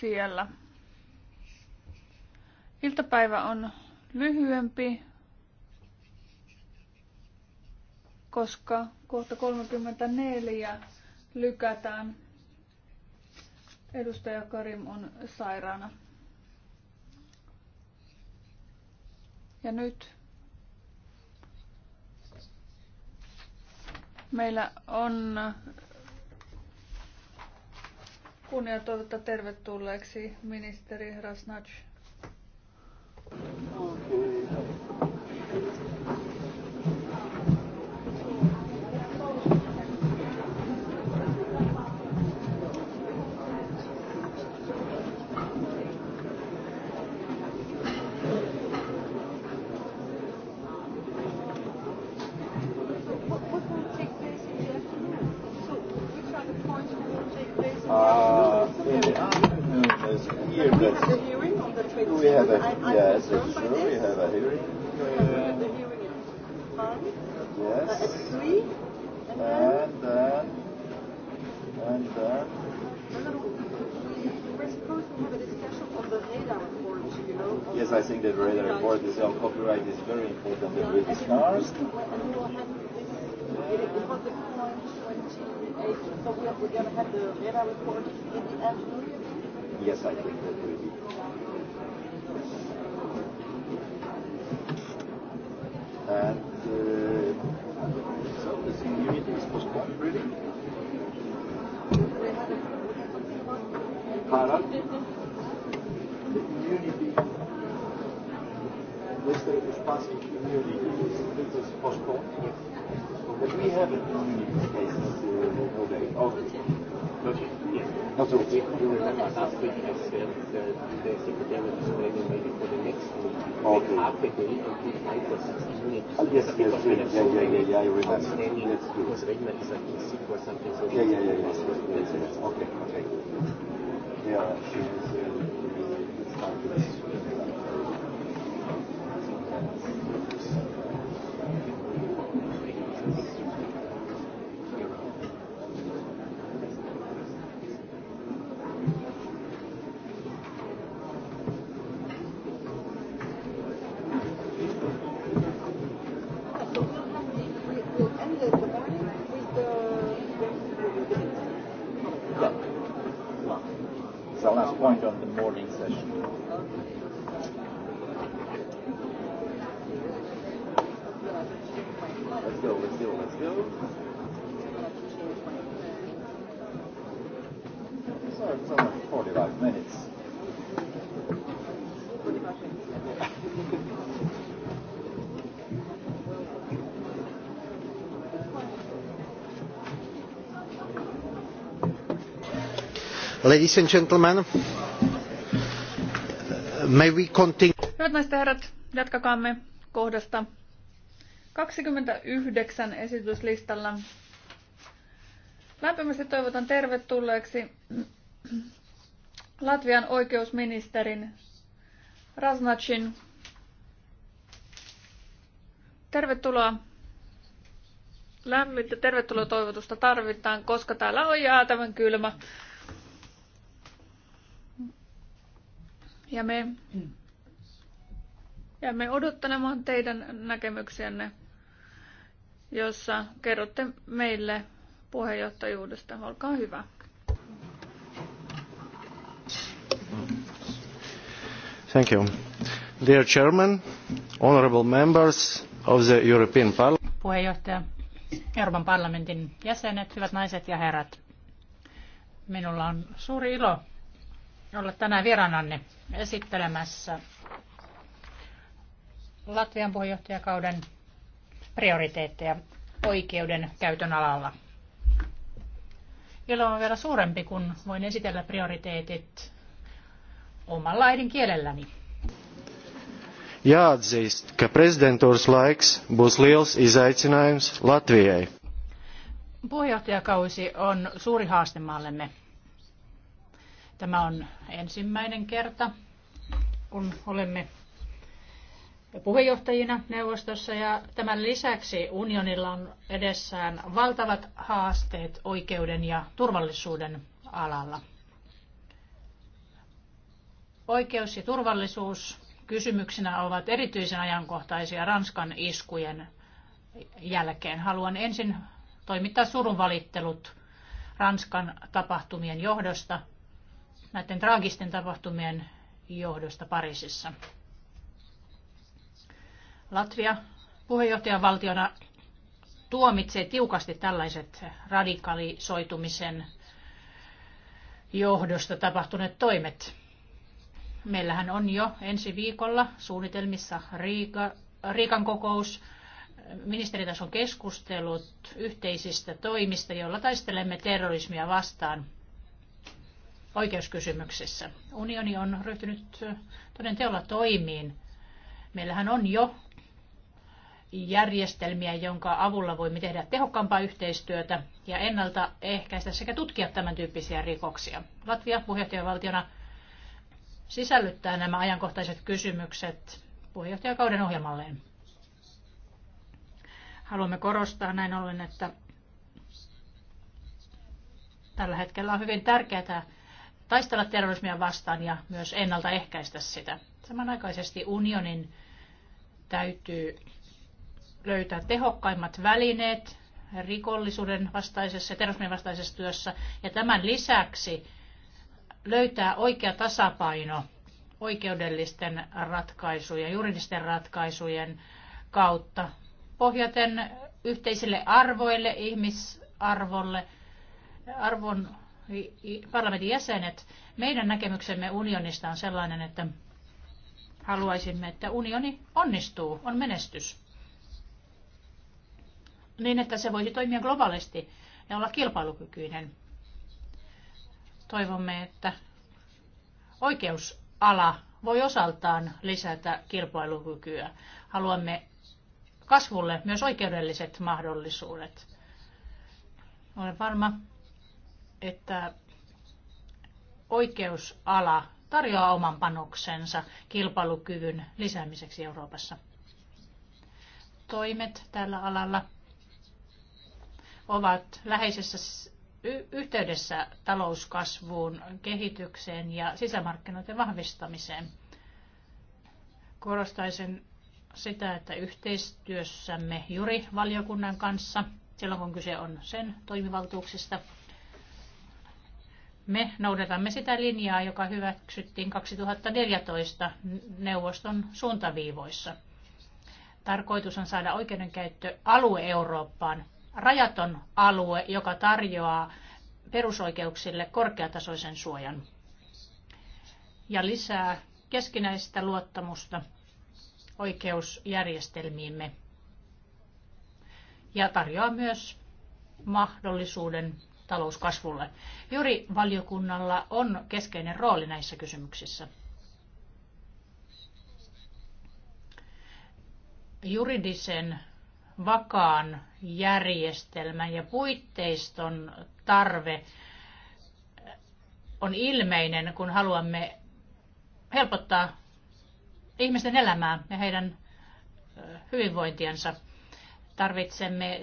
siellä. Iltapäivä on lyhyempi, koska kohta 34 lykätään. Edustaja Karim on sairaana. Ja nyt meillä on kunnia toivottaa tervetulleeksi ministeri Rasnach. Okay. Yes, I der Sekretär wird das Plenum melden vor dem nächsten Meeting. Okay. Abbequem und nicht weiter 60 Minutes. Uh, yes, yes, yes, yeah, yeah, yeah, yeah, I remember. Outstanding. Let's do it. is like in sick or something. So yeah, yeah, yeah, yeah, yes, yes, yes. Okay, okay. Yeah, she's, uh, it's like Ladies and gentlemen, may we continue? Hyvät naiset ja herrat, jatkakaamme kohdasta 29 esityslistalla. Lämpimästi toivotan tervetulleeksi Latvian oikeusministerin Rasnacin. Tervetuloa lämmintä tervetuloa toivotusta tarvitaan, koska täällä on jäätävän kylmä. Ja me jäämme odottelemaan teidän näkemyksiänne, jossa kerrotte meille puheenjohtajuudesta. Olkaa hyvä. Thank you. Dear Chairman, honorable members of the European Parliament. Puheenjohtaja, Euroopan parlamentin jäsenet, hyvät naiset ja herrat. Minulla on suuri ilo olla tänään vieraananne esittelemässä Latvian puheenjohtajakauden prioriteetteja oikeuden käytön alalla. Ilo on vielä suurempi, kun voin esitellä prioriteetit omalla äidinkielelläni. Jāatzīst, ka presidentuurs laiks bus liels izaicinājums Latvijai. Puheenjohtajakausi on suuri haaste maallemme. Tämä on ensimmäinen kerta, kun olemme puheenjohtajina neuvostossa ja tämän lisäksi unionilla on edessään valtavat haasteet oikeuden ja turvallisuuden alalla. Oikeus ja turvallisuus kysymyksinä ovat erityisen ajankohtaisia Ranskan iskujen jälkeen. Haluan ensin toimittaa surunvalittelut Ranskan tapahtumien johdosta näiden traagisten tapahtumien johdosta Pariisissa. Latvia puheenjohtajavaltiona tuomitsee tiukasti tällaiset radikalisoitumisen johdosta tapahtuneet toimet. Meillähän on jo ensi viikolla suunnitelmissa Riika, Riikan kokous, ministeritason keskustelut yhteisistä toimista, joilla taistelemme terrorismia vastaan – Oikeuskysymyksessä. Unioni on ryhtynyt äh, toden teolla toimiin. Meillähän on jo järjestelmiä, jonka avulla voimme tehdä tehokkaampaa yhteistyötä ja ennaltaehkäistä sekä tutkia tämän tyyppisiä rikoksia. Latvia puheenjohtajavaltiona sisällyttää nämä ajankohtaiset kysymykset puheenjohtajakauden ohjelmalleen. Haluamme korostaa näin ollen, että tällä hetkellä on hyvin tärkeää taistella terrorismia vastaan ja myös ennaltaehkäistä sitä. Samanaikaisesti unionin täytyy löytää tehokkaimmat välineet rikollisuuden vastaisessa ja terrorismin vastaisessa työssä ja tämän lisäksi löytää oikea tasapaino oikeudellisten ratkaisujen, juridisten ratkaisujen kautta pohjaten yhteisille arvoille, ihmisarvolle, arvon parlamentin jäsenet, meidän näkemyksemme unionista on sellainen, että haluaisimme, että unioni onnistuu, on menestys. Niin, että se voisi toimia globaalisti ja olla kilpailukykyinen. Toivomme, että oikeusala voi osaltaan lisätä kilpailukykyä. Haluamme kasvulle myös oikeudelliset mahdollisuudet. Olen varma, että oikeusala tarjoaa oman panoksensa kilpailukyvyn lisäämiseksi Euroopassa. Toimet tällä alalla ovat läheisessä yhteydessä talouskasvuun, kehitykseen ja sisämarkkinoiden vahvistamiseen. Korostaisin sitä, että yhteistyössämme juri valiokunnan kanssa, silloin kun kyse on sen toimivaltuuksista, me noudatamme sitä linjaa, joka hyväksyttiin 2014 neuvoston suuntaviivoissa. Tarkoitus on saada oikeudenkäyttö alue Eurooppaan, rajaton alue, joka tarjoaa perusoikeuksille korkeatasoisen suojan ja lisää keskinäistä luottamusta oikeusjärjestelmiimme ja tarjoaa myös mahdollisuuden talouskasvulle. Juuri valiokunnalla on keskeinen rooli näissä kysymyksissä. Juridisen vakaan järjestelmän ja puitteiston tarve on ilmeinen, kun haluamme helpottaa ihmisten elämää ja heidän hyvinvointiansa. Tarvitsemme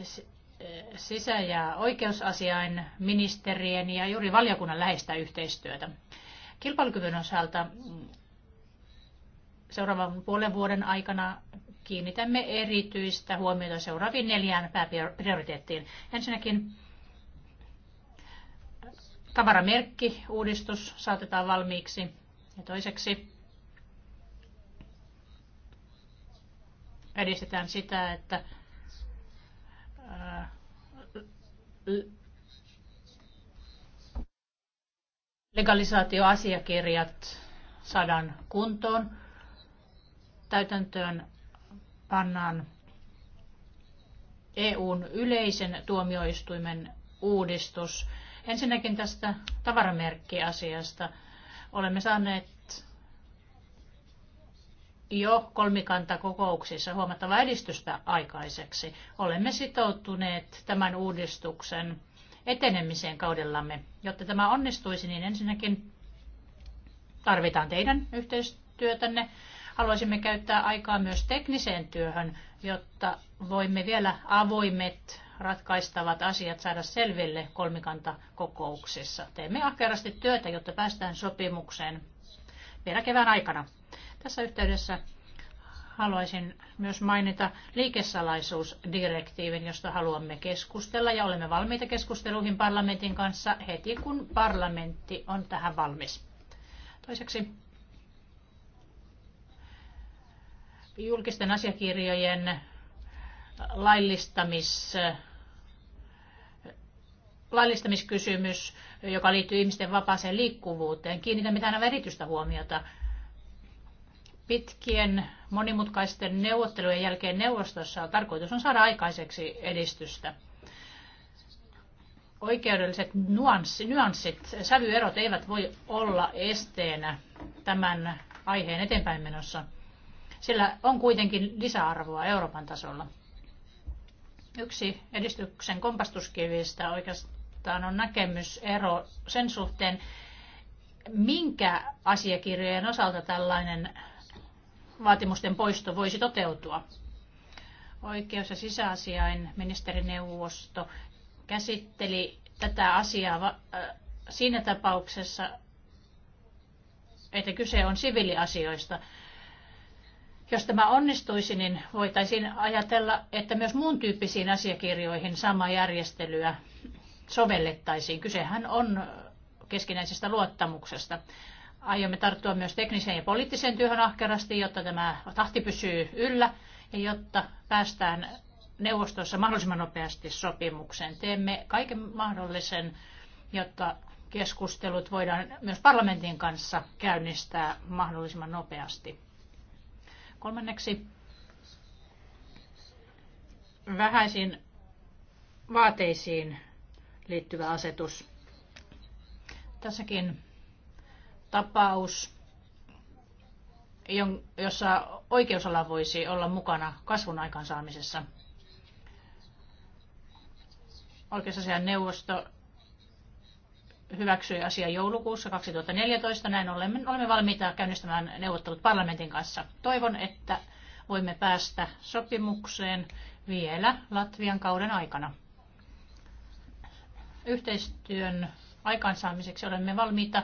Eh, sisä- ja oikeusasiain ministerien ja juuri valiokunnan läheistä yhteistyötä. Kilpailukyvyn osalta mm, seuraavan puolen vuoden aikana kiinnitämme erityistä huomiota seuraaviin neljään pääprioriteettiin. Ensinnäkin tavaramerkki, uudistus saatetaan valmiiksi. Ja toiseksi edistetään sitä, että legalisaatioasiakirjat saadaan kuntoon. Täytäntöön pannaan EUn yleisen tuomioistuimen uudistus. Ensinnäkin tästä tavaramerkkiasiasta. Olemme saaneet jo kolmikantakokouksissa huomattavaa edistystä aikaiseksi. Olemme sitoutuneet tämän uudistuksen etenemiseen kaudellamme. Jotta tämä onnistuisi, niin ensinnäkin tarvitaan teidän yhteistyötänne. Haluaisimme käyttää aikaa myös tekniseen työhön, jotta voimme vielä avoimet ratkaistavat asiat saada selville kolmikantakokouksissa. Teemme ahkerasti työtä, jotta päästään sopimukseen vielä kevään aikana. Tässä yhteydessä haluaisin myös mainita liikesalaisuusdirektiivin, josta haluamme keskustella ja olemme valmiita keskusteluihin parlamentin kanssa heti, kun parlamentti on tähän valmis. Toiseksi julkisten asiakirjojen laillistamis, laillistamiskysymys, joka liittyy ihmisten vapaaseen liikkuvuuteen. Kiinnitämme tähän erityistä huomiota Pitkien monimutkaisten neuvottelujen jälkeen neuvostossa tarkoitus on saada aikaiseksi edistystä. Oikeudelliset nyanssit, sävyerot eivät voi olla esteenä tämän aiheen eteenpäin menossa. Sillä on kuitenkin lisäarvoa Euroopan tasolla. Yksi edistyksen kompastuskivistä oikeastaan on näkemysero sen suhteen, minkä asiakirjojen osalta tällainen vaatimusten poisto voisi toteutua. Oikeus- ja sisäasiain ministerineuvosto käsitteli tätä asiaa äh, siinä tapauksessa, että kyse on siviiliasioista. Jos tämä onnistuisi, niin voitaisiin ajatella, että myös muun tyyppisiin asiakirjoihin sama järjestelyä sovellettaisiin. Kysehän on keskinäisestä luottamuksesta. Aiomme tarttua myös tekniseen ja poliittiseen työhön ahkerasti, jotta tämä tahti pysyy yllä ja jotta päästään neuvostossa mahdollisimman nopeasti sopimukseen. Teemme kaiken mahdollisen, jotta keskustelut voidaan myös parlamentin kanssa käynnistää mahdollisimman nopeasti. Kolmanneksi vähäisiin vaateisiin liittyvä asetus. Tässäkin tapaus, jossa oikeusala voisi olla mukana kasvun aikaansaamisessa. Oikeusasian neuvosto hyväksyi asia joulukuussa 2014. Näin olemme, olemme valmiita käynnistämään neuvottelut parlamentin kanssa. Toivon, että voimme päästä sopimukseen vielä Latvian kauden aikana. Yhteistyön aikaansaamiseksi olemme valmiita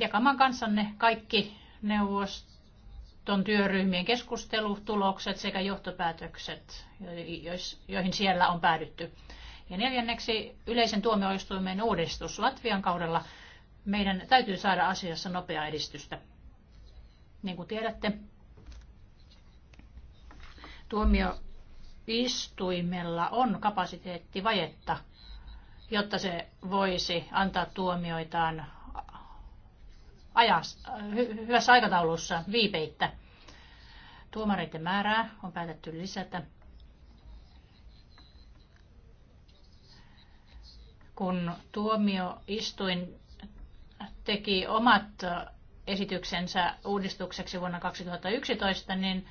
jakamaan kanssanne kaikki neuvoston työryhmien keskustelutulokset sekä johtopäätökset, joihin siellä on päädytty. Ja neljänneksi yleisen tuomioistuimen uudistus Latvian kaudella. Meidän täytyy saada asiassa nopeaa edistystä. Niin kuin tiedätte, tuomioistuimella on kapasiteettivajetta, jotta se voisi antaa tuomioitaan ajas, äh, hy- hyvässä aikataulussa viipeittä. Tuomareiden määrää on päätetty lisätä. Kun tuomioistuin teki omat esityksensä uudistukseksi vuonna 2011, niin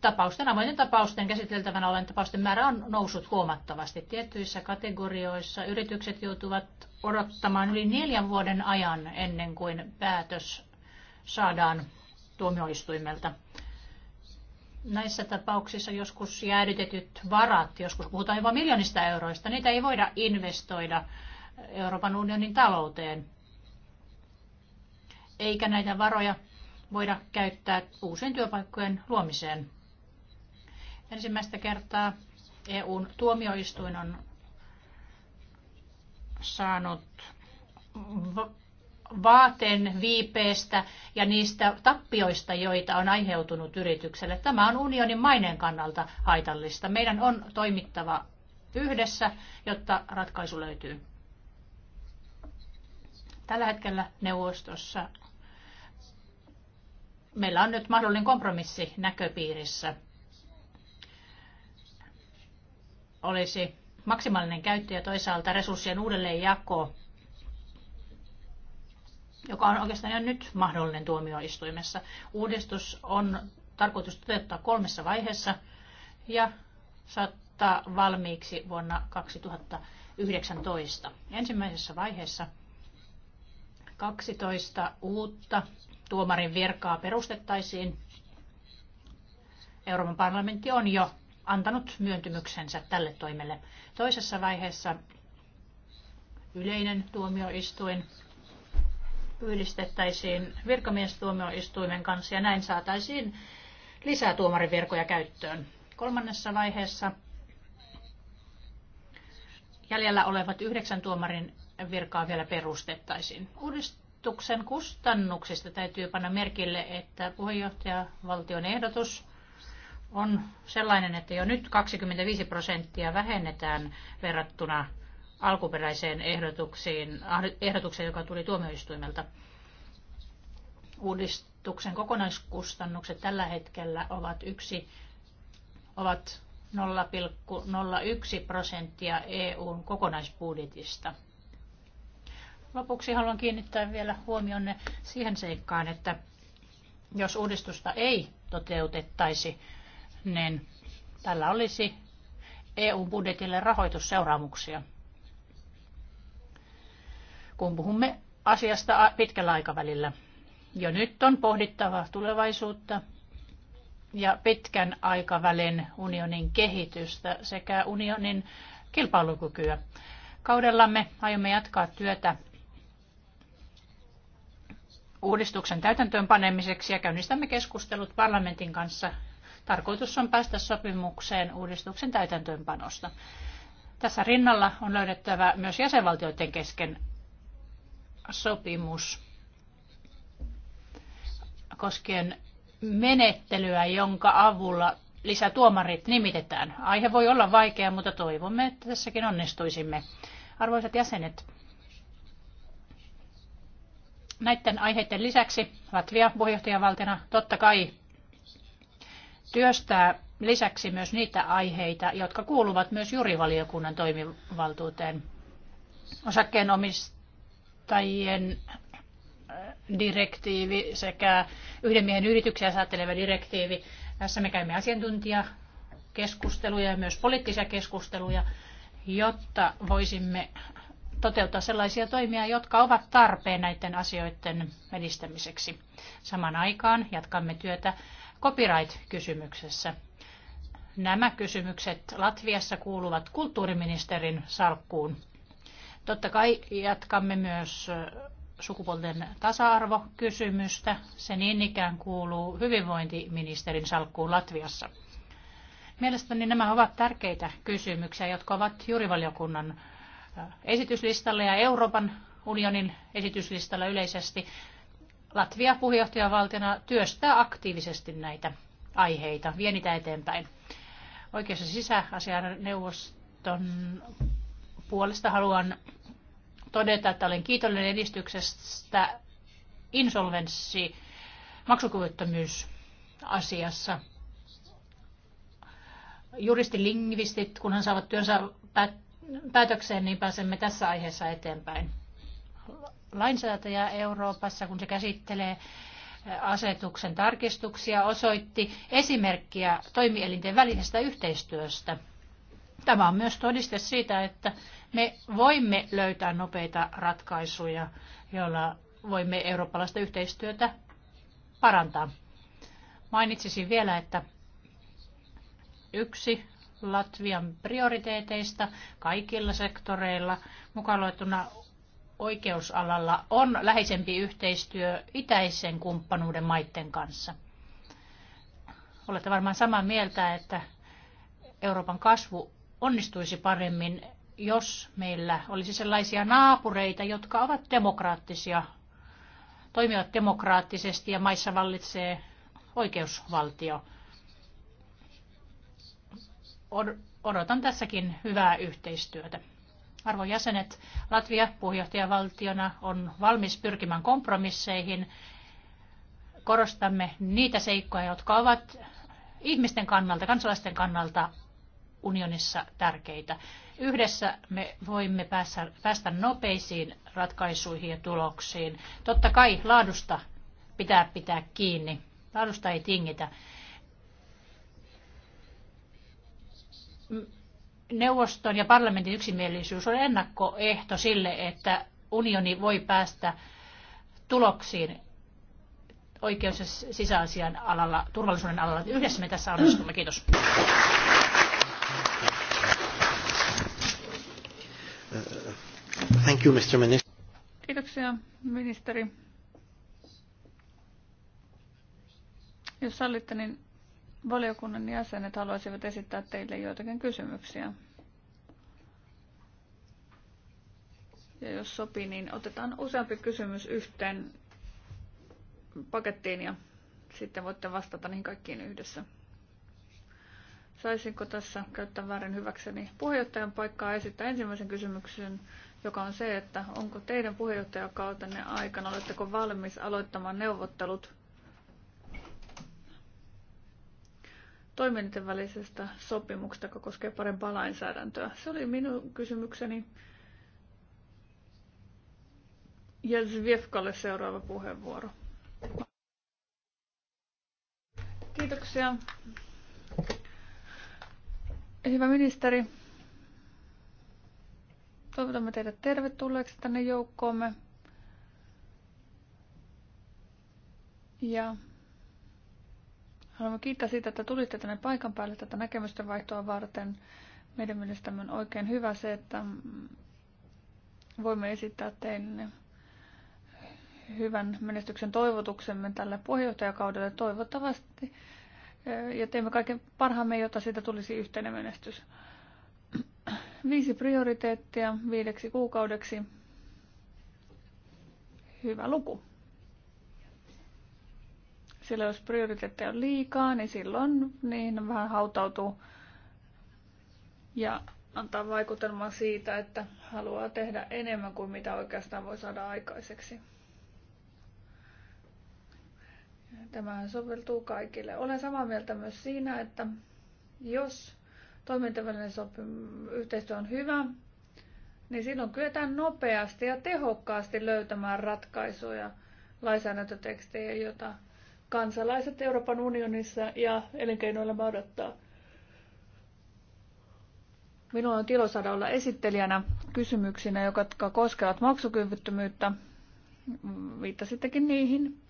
tapausten, avointen tapausten käsiteltävänä olen tapausten määrä on noussut huomattavasti. Tietyissä kategorioissa yritykset joutuvat odottamaan yli neljän vuoden ajan ennen kuin päätös saadaan tuomioistuimelta. Näissä tapauksissa joskus jäädytetyt varat, joskus puhutaan jopa miljoonista euroista, niitä ei voida investoida Euroopan unionin talouteen. Eikä näitä varoja voida käyttää uusien työpaikkojen luomiseen. Ensimmäistä kertaa EUn tuomioistuin on saanut vaateen viipeestä ja niistä tappioista, joita on aiheutunut yritykselle. Tämä on unionin maineen kannalta haitallista. Meidän on toimittava yhdessä, jotta ratkaisu löytyy. Tällä hetkellä neuvostossa meillä on nyt mahdollinen kompromissi näköpiirissä. Olisi maksimaalinen käyttö ja toisaalta resurssien uudelleenjako, joka on oikeastaan jo nyt mahdollinen tuomioistuimessa. Uudistus on tarkoitus toteuttaa kolmessa vaiheessa ja saattaa valmiiksi vuonna 2019. Ensimmäisessä vaiheessa 12 uutta tuomarin virkaa perustettaisiin. Euroopan parlamentti on jo antanut myöntymyksensä tälle toimelle. Toisessa vaiheessa yleinen tuomioistuin yhdistettäisiin virkamiestuomioistuimen kanssa ja näin saataisiin lisää tuomarivirkoja käyttöön. Kolmannessa vaiheessa jäljellä olevat yhdeksän tuomarin virkaa vielä perustettaisiin. Uudistuksen kustannuksista täytyy panna merkille, että puheenjohtajavaltion ehdotus on sellainen, että jo nyt 25 prosenttia vähennetään verrattuna alkuperäiseen ehdotuksiin, ehdotukseen, joka tuli tuomioistuimelta. Uudistuksen kokonaiskustannukset tällä hetkellä ovat, yksi, ovat 0,01 prosenttia EUn kokonaisbudjetista. Lopuksi haluan kiinnittää vielä huomionne siihen seikkaan, että jos uudistusta ei toteutettaisi, niin tällä olisi EU-budjetille rahoitusseuraamuksia. Kun puhumme asiasta pitkällä aikavälillä, jo nyt on pohdittava tulevaisuutta ja pitkän aikavälin unionin kehitystä sekä unionin kilpailukykyä. Kaudellamme aiomme jatkaa työtä uudistuksen täytäntöönpanemiseksi ja käynnistämme keskustelut parlamentin kanssa Tarkoitus on päästä sopimukseen uudistuksen täytäntöönpanosta. Tässä rinnalla on löydettävä myös jäsenvaltioiden kesken sopimus koskien menettelyä, jonka avulla lisätuomarit nimitetään. Aihe voi olla vaikea, mutta toivomme, että tässäkin onnistuisimme. Arvoisat jäsenet, näiden aiheiden lisäksi Latvia puheenjohtajavaltiona totta kai työstää lisäksi myös niitä aiheita, jotka kuuluvat myös jurivaliokunnan toimivaltuuteen. Osakkeenomistajien äh, direktiivi sekä yhden miehen yrityksiä säätelevä direktiivi. Tässä me käymme asiantuntijakeskusteluja ja myös poliittisia keskusteluja, jotta voisimme toteuttaa sellaisia toimia, jotka ovat tarpeen näiden asioiden edistämiseksi. Samaan aikaan jatkamme työtä copyright-kysymyksessä. Nämä kysymykset Latviassa kuuluvat kulttuuriministerin salkkuun. Totta kai jatkamme myös sukupuolten tasa-arvokysymystä. Se niin ikään kuuluu hyvinvointiministerin salkkuun Latviassa. Mielestäni nämä ovat tärkeitä kysymyksiä, jotka ovat juurivaliokunnan esityslistalla ja Euroopan unionin esityslistalla yleisesti. Latvia puheenjohtajavaltiona työstää aktiivisesti näitä aiheita, vie niitä eteenpäin. Oikeus- ja sisäasianneuvoston puolesta haluan todeta, että olen kiitollinen edistyksestä insolvenssi maksukyvyttömyys asiassa. Juristilingvistit, kunhan saavat työnsä päätökseen, niin pääsemme tässä aiheessa eteenpäin lainsäätäjä Euroopassa, kun se käsittelee asetuksen tarkistuksia, osoitti esimerkkiä toimielinten välisestä yhteistyöstä. Tämä on myös todiste siitä, että me voimme löytää nopeita ratkaisuja, joilla voimme eurooppalaista yhteistyötä parantaa. Mainitsisin vielä, että yksi Latvian prioriteeteista kaikilla sektoreilla, mukaan luettuna oikeusalalla on läheisempi yhteistyö itäisen kumppanuuden maiden kanssa. Olette varmaan samaa mieltä, että Euroopan kasvu onnistuisi paremmin, jos meillä olisi sellaisia naapureita, jotka ovat demokraattisia, toimivat demokraattisesti ja maissa vallitsee oikeusvaltio. Odotan tässäkin hyvää yhteistyötä. Arvon jäsenet, Latvia puheenjohtajavaltiona on valmis pyrkimään kompromisseihin. Korostamme niitä seikkoja, jotka ovat ihmisten kannalta, kansalaisten kannalta unionissa tärkeitä. Yhdessä me voimme päästä, päästä nopeisiin ratkaisuihin ja tuloksiin. Totta kai laadusta pitää pitää kiinni. Laadusta ei tingitä neuvoston ja parlamentin yksimielisyys on ennakkoehto sille, että unioni voi päästä tuloksiin oikeus- ja sisäasian alalla, turvallisuuden alalla. Yhdessä me tässä onnistumme. Kiitos. Thank you, Mr. Minister. Kiitoksia, ministeri. Jos sallitte, niin valiokunnan jäsenet haluaisivat esittää teille joitakin kysymyksiä. Ja jos sopii, niin otetaan useampi kysymys yhteen pakettiin ja sitten voitte vastata niihin kaikkiin yhdessä. Saisinko tässä käyttää väärin hyväkseni puheenjohtajan paikkaa esittää ensimmäisen kysymyksen, joka on se, että onko teidän puheenjohtajakautenne aikana, oletteko valmis aloittamaan neuvottelut toimijoiden välisestä sopimuksesta, joka koskee parempaa lainsäädäntöä. Se oli minun kysymykseni. Ja Zviefkalle seuraava puheenvuoro. Kiitoksia. Hyvä ministeri, toivotamme teidät tervetulleeksi tänne joukkoomme. Ja Haluamme kiittää siitä, että tulitte tänne paikan päälle tätä näkemysten vaihtoa varten. Meidän mielestämme on oikein hyvä se, että voimme esittää teille hyvän menestyksen toivotuksemme tälle puheenjohtajakaudelle toivottavasti. Ja teemme kaiken parhaamme, jotta siitä tulisi yhteinen menestys. Viisi prioriteettia viideksi kuukaudeksi. Hyvä luku. Sillä jos prioriteetteja on liikaa, niin silloin niihin vähän hautautuu ja antaa vaikutelman siitä, että haluaa tehdä enemmän kuin mitä oikeastaan voi saada aikaiseksi. Tämähän soveltuu kaikille. Olen samaa mieltä myös siinä, että jos toimintavälinen yhteistyö on hyvä, niin silloin kyetään nopeasti ja tehokkaasti löytämään ratkaisuja lainsäädäntötekstejä, joita kansalaiset Euroopan unionissa ja elinkeinoelämä odottaa. Minulla on tilo saada olla esittelijänä kysymyksinä, jotka koskevat maksukyvyttömyyttä. Viittasittekin niihin.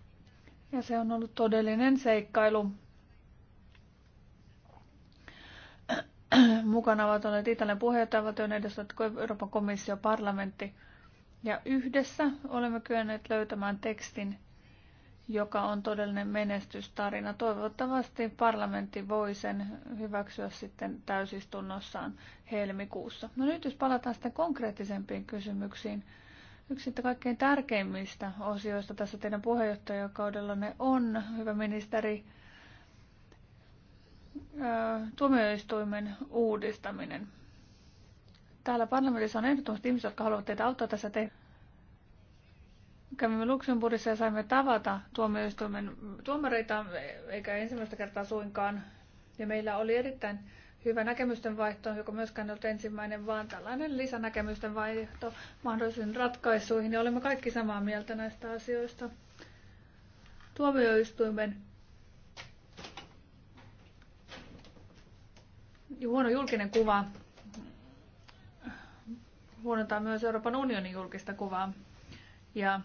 Ja se on ollut todellinen seikkailu. Mukana ovat olleet Italian puheenjohtajavaltion edustajat, Euroopan komissio, parlamentti. Ja yhdessä olemme kyenneet löytämään tekstin, joka on todellinen menestystarina. Toivottavasti parlamentti voi sen hyväksyä sitten täysistunnossaan helmikuussa. No nyt jos palataan sitten konkreettisempiin kysymyksiin. Yksi sitten kaikkein tärkeimmistä osioista tässä teidän puheenjohtajakaudellanne on, hyvä ministeri, tuomioistuimen uudistaminen. Täällä parlamentissa on ehdottomasti ihmisiä, jotka haluavat teitä auttaa tässä tehdä kävimme Luxemburgissa ja saimme tavata tuomioistuimen tuomareita, eikä ensimmäistä kertaa suinkaan. Ja meillä oli erittäin hyvä näkemysten vaihto, joka myöskään ei ollut ensimmäinen, vaan tällainen lisänäkemysten vaihto mahdollisiin ratkaisuihin. Ja olimme kaikki samaa mieltä näistä asioista. Tuomioistuimen huono julkinen kuva huonontaa myös Euroopan unionin julkista kuvaa. Ja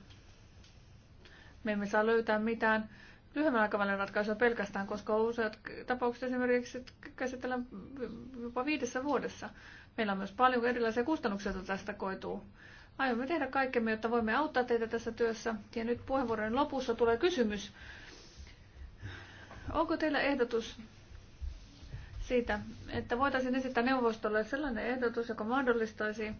me emme saa löytää mitään lyhyemmän aikavälin ratkaisua pelkästään, koska useat tapaukset esimerkiksi käsitellään jopa viidessä vuodessa. Meillä on myös paljon erilaisia kustannuksia, joita tästä koituu. Aiomme tehdä kaikkemme, jotta voimme auttaa teitä tässä työssä. Ja nyt puheenvuoron lopussa tulee kysymys. Onko teillä ehdotus siitä, että voitaisiin esittää neuvostolle sellainen ehdotus, joka mahdollistaisi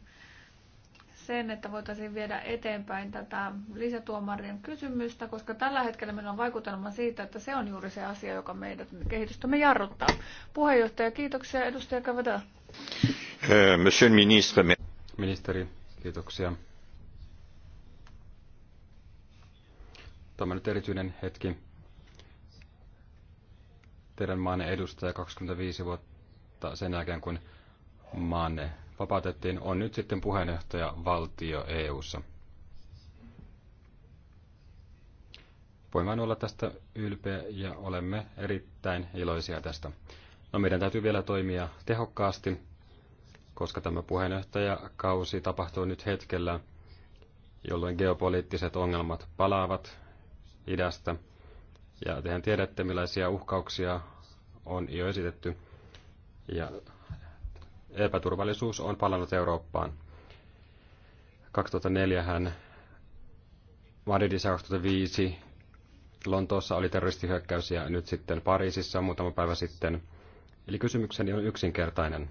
sen, että voitaisiin viedä eteenpäin tätä lisätuomarien kysymystä, koska tällä hetkellä meillä on vaikutelma siitä, että se on juuri se asia, joka meidät kehitystämme jarruttaa. Puheenjohtaja, kiitoksia. Edustaja Kavada. Eh, monsieur ministre. Ministeri, kiitoksia. Tämä on nyt erityinen hetki. Teidän maanne edustaja 25 vuotta sen jälkeen, kun maanne vapautettiin, on nyt sitten puheenjohtaja valtio e Voin vain olla tästä ylpeä ja olemme erittäin iloisia tästä. No, meidän täytyy vielä toimia tehokkaasti, koska tämä puheenjohtajakausi tapahtuu nyt hetkellä, jolloin geopoliittiset ongelmat palaavat idästä. Ja tehän tiedätte, millaisia uhkauksia on jo esitetty. Ja epäturvallisuus on palannut Eurooppaan. 2004 hän Madridissa 2005 Lontoossa oli terroristihyökkäys ja nyt sitten Pariisissa muutama päivä sitten. Eli kysymykseni on yksinkertainen.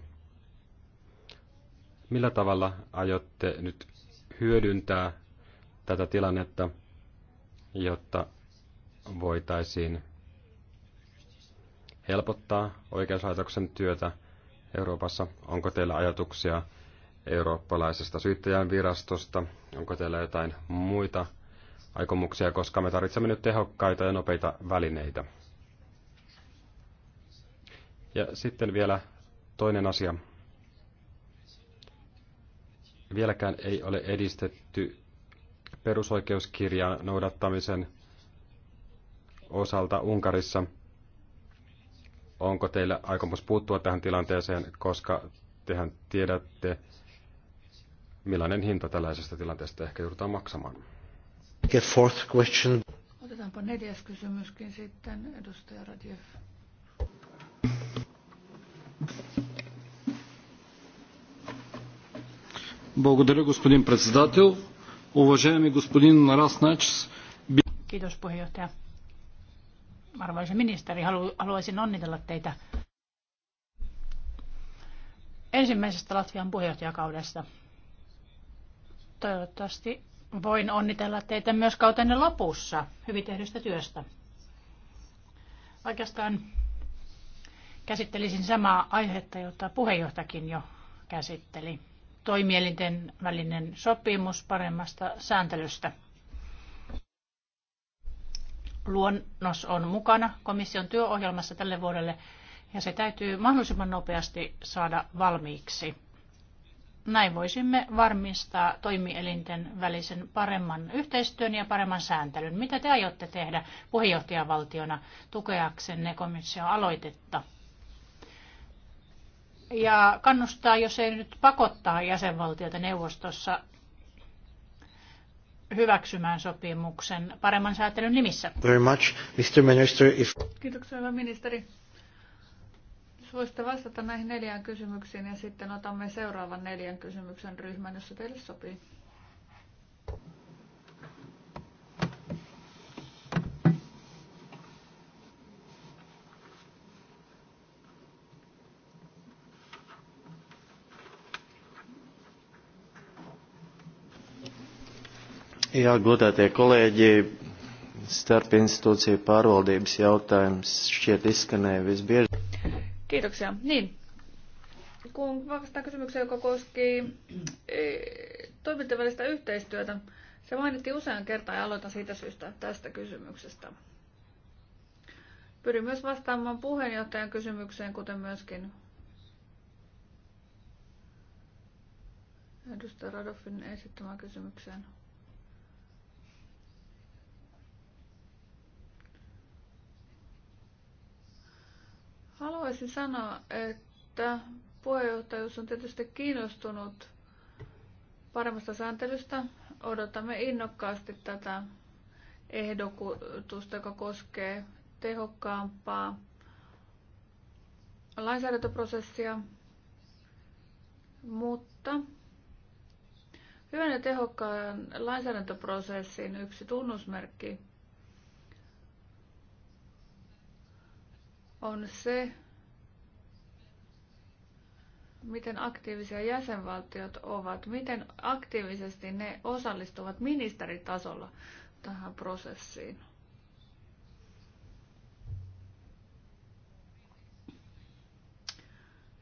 Millä tavalla aiotte nyt hyödyntää tätä tilannetta, jotta voitaisiin helpottaa oikeuslaitoksen työtä Euroopassa. Onko teillä ajatuksia eurooppalaisesta syyttäjän virastosta? Onko teillä jotain muita aikomuksia, koska me tarvitsemme nyt tehokkaita ja nopeita välineitä? Ja sitten vielä toinen asia. Vieläkään ei ole edistetty perusoikeuskirjan noudattamisen osalta Unkarissa – onko teillä aikomus puuttua tähän tilanteeseen, koska tehän tiedätte, millainen hinta tällaisesta tilanteesta ehkä joudutaan maksamaan. Fourth question. Otetaanpa neljäs kysymyskin sitten, edustaja Radjev. господин Kiitos, puheenjohtaja. Arvoisa ministeri, haluaisin onnitella teitä ensimmäisestä Latvian puheenjohtajakaudesta. Toivottavasti voin onnitella teitä myös kautenne lopussa hyvin tehdystä työstä. Oikeastaan käsittelisin samaa aihetta, jota puheenjohtakin jo käsitteli. Toimielinten välinen sopimus paremmasta sääntelystä – luonnos on mukana komission työohjelmassa tälle vuodelle ja se täytyy mahdollisimman nopeasti saada valmiiksi. Näin voisimme varmistaa toimielinten välisen paremman yhteistyön ja paremman sääntelyn. Mitä te aiotte tehdä puheenjohtajavaltiona tukeaksenne komission aloitetta? Ja kannustaa, jos ei nyt pakottaa jäsenvaltiota neuvostossa hyväksymään sopimuksen paremman säätelyn nimissä. Very much, Mr. Minister, if... Kiitoksia, hyvä ministeri. voisitte vastata näihin neljään kysymyksiin ja sitten otamme seuraavan neljän kysymyksen ryhmän, jossa teille sopii. Jā, godātie kolēģi, starp institūciju pārvaldības jautājums šķiet izskanēja visbiežāk. Kiitoksia. Niin. Kun vastaan kysymykseen, joka koski e, toimintavälistä yhteistyötä, se mainittiin usean kertaan ja aloitan siitä syystä tästä kysymyksestä. Pyrin myös vastaamaan puheenjohtajan kysymykseen, kuten myöskin edustaja Radoffin esittämään kysymykseen. Haluaisin sanoa, että puheenjohtajuus on tietysti kiinnostunut paremmasta sääntelystä. Odotamme innokkaasti tätä ehdokutusta, joka koskee tehokkaampaa lainsäädäntöprosessia, mutta hyvän ja tehokkaan lainsäädäntöprosessin yksi tunnusmerkki on se, miten aktiivisia jäsenvaltiot ovat, miten aktiivisesti ne osallistuvat ministeritasolla tähän prosessiin.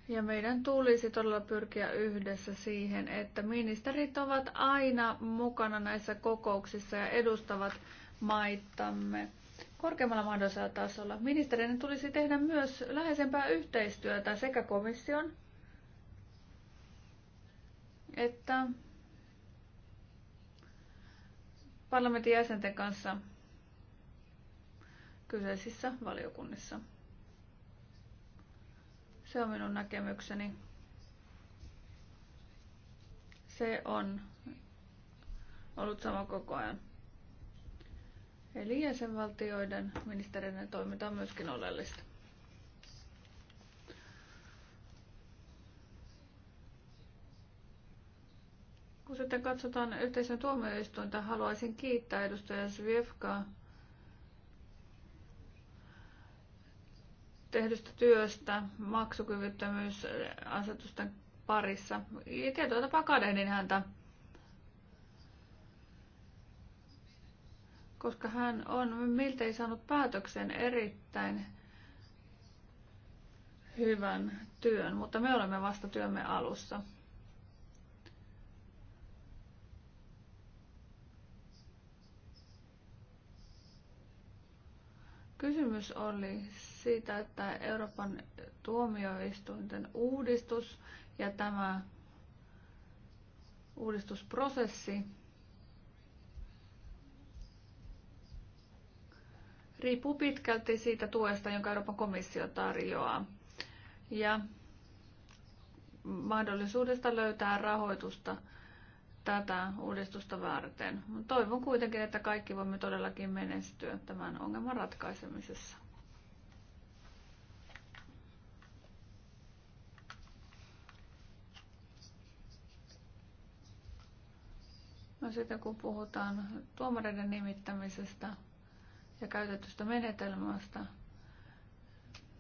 Ja meidän tulisi todella pyrkiä yhdessä siihen, että ministerit ovat aina mukana näissä kokouksissa ja edustavat maittamme korkeammalla mahdollisella tasolla. Ministerin tulisi tehdä myös läheisempää yhteistyötä sekä komission että parlamentin jäsenten kanssa kyseisissä valiokunnissa. Se on minun näkemykseni. Se on ollut sama koko ajan. Eli jäsenvaltioiden ministerien toiminta on myöskin oleellista. Kun sitten katsotaan yhteisön tuomioistuinta, haluaisin kiittää edustaja Svifkaa tehdystä työstä maksukyvyttömyysasetusten parissa. Tietyllä tapaa kadehdin häntä koska hän on miltei saanut päätöksen erittäin hyvän työn, mutta me olemme vasta työmme alussa. Kysymys oli siitä, että Euroopan tuomioistuinten uudistus ja tämä uudistusprosessi riippuu pitkälti siitä tuesta, jonka Euroopan komissio tarjoaa ja mahdollisuudesta löytää rahoitusta tätä uudistusta varten. Toivon kuitenkin, että kaikki voimme todellakin menestyä tämän ongelman ratkaisemisessa. No sitten kun puhutaan tuomareiden nimittämisestä, ja käytetystä menetelmästä,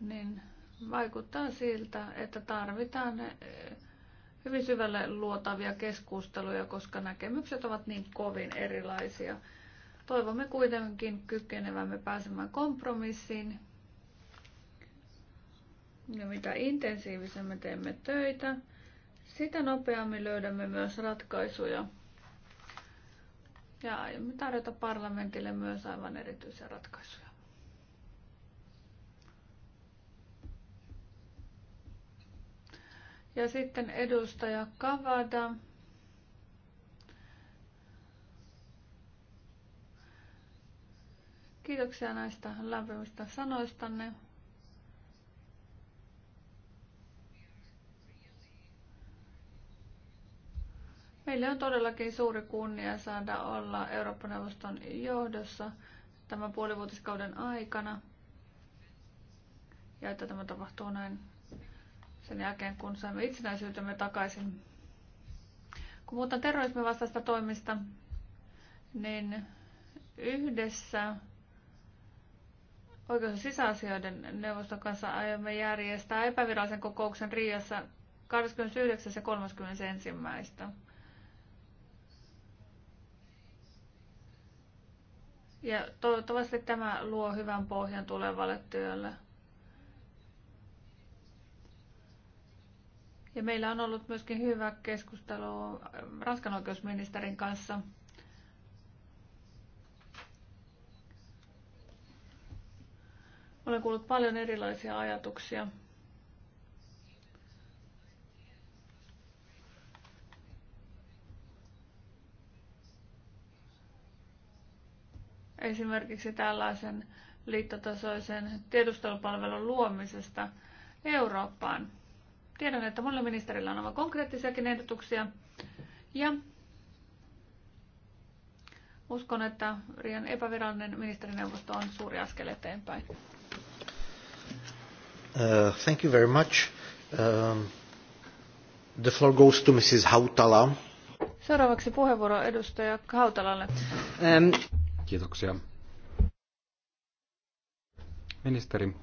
niin vaikuttaa siltä, että tarvitaan eh, hyvin syvälle luotavia keskusteluja, koska näkemykset ovat niin kovin erilaisia. Toivomme kuitenkin kykenevämme pääsemään kompromissiin. Ja mitä intensiivisemmin teemme töitä, sitä nopeammin löydämme myös ratkaisuja ja aiomme tarjota parlamentille myös aivan erityisiä ratkaisuja. Ja sitten edustaja Kavada. Kiitoksia näistä lämpimistä sanoistanne. Meille on todellakin suuri kunnia saada olla Eurooppa-neuvoston johdossa tämän puolivuotiskauden aikana. Ja että tämä tapahtuu näin sen jälkeen, kun saimme itsenäisyytemme takaisin. Kun muuta terrorismin vastaista toimista, niin yhdessä oikeus- ja sisäasioiden neuvoston kanssa aiomme järjestää epävirallisen kokouksen Riassa 29. ja 31. Ja toivottavasti tämä luo hyvän pohjan tulevalle työlle. Ja meillä on ollut myöskin hyvä keskustelu Ranskan oikeusministerin kanssa. Olen kuullut paljon erilaisia ajatuksia. esimerkiksi tällaisen liittotasoisen tiedustelupalvelun luomisesta Eurooppaan. Tiedän, että monilla ministerillä on aivan konkreettisiakin ehdotuksia. Ja uskon, että Rian epävirallinen ministerineuvosto on suuri askel eteenpäin. Uh, thank you very much. Um, the floor goes to Mrs. Hautala. Seuraavaksi puheenvuoro edustaja Hautalalle. Um. Kiitoksia. Ministeri,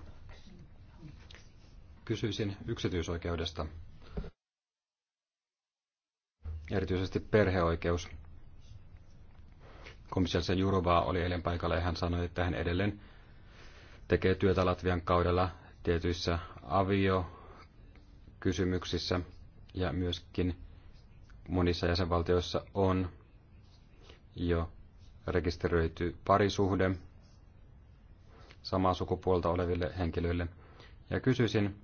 kysyisin yksityisoikeudesta. Erityisesti perheoikeus. Komissiossa Jurova oli eilen paikalla ja hän sanoi, että hän edelleen tekee työtä Latvian kaudella tietyissä aviokysymyksissä ja myöskin monissa jäsenvaltioissa on jo rekisteröity parisuhde samaa sukupuolta oleville henkilöille. Ja kysyisin,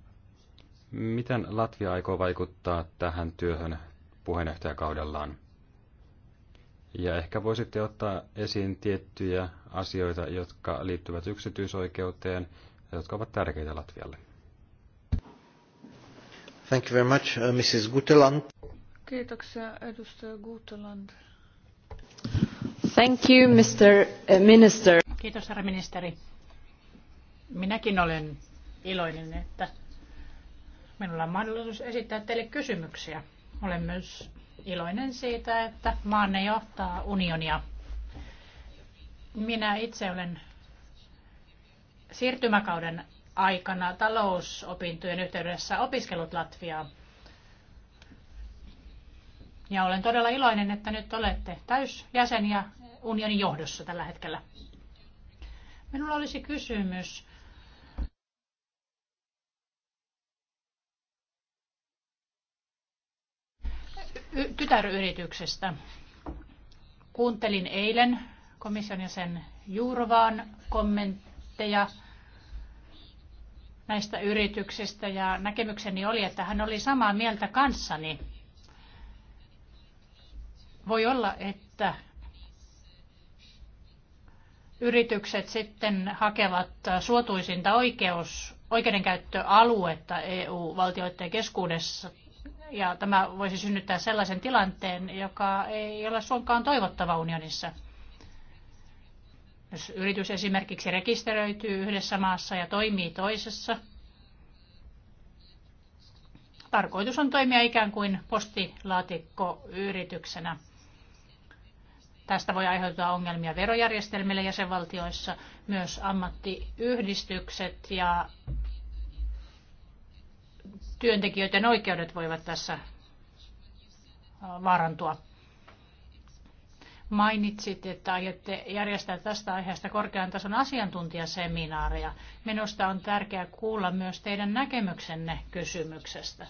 miten Latvia aikoo vaikuttaa tähän työhön puheenjohtajakaudellaan? Ja ehkä voisitte ottaa esiin tiettyjä asioita, jotka liittyvät yksityisoikeuteen ja jotka ovat tärkeitä Latvialle. Thank you very much, uh, Mrs. Guteland. Kiitoksia, edustaja Guteland. Eh, Kiitos, herra ministeri. Minäkin olen iloinen, että minulla on mahdollisuus esittää teille kysymyksiä. Olen myös iloinen siitä, että maanne johtaa unionia. Minä itse olen siirtymäkauden aikana talousopintojen yhteydessä opiskellut Latviaa. Ja olen todella iloinen, että nyt olette täysjäsen ja unionin johdossa tällä hetkellä. Minulla olisi kysymys. tytäryrityksestä. Kuuntelin eilen komission jäsen Jurvaan kommentteja näistä yrityksistä ja näkemykseni oli, että hän oli samaa mieltä kanssani. Voi olla, että yritykset sitten hakevat suotuisinta oikeus, oikeudenkäyttöaluetta EU-valtioiden keskuudessa. Ja tämä voisi synnyttää sellaisen tilanteen, joka ei ole suinkaan toivottava unionissa. Jos yritys esimerkiksi rekisteröityy yhdessä maassa ja toimii toisessa, tarkoitus on toimia ikään kuin postilaatikkoyrityksenä. Tästä voi aiheutua ongelmia verojärjestelmille jäsenvaltioissa. Myös ammattiyhdistykset ja työntekijöiden oikeudet voivat tässä vaarantua. Mainitsit, että aiotte järjestää tästä aiheesta korkean tason asiantuntijaseminaaria. Minusta on tärkeää kuulla myös teidän näkemyksenne kysymyksestä.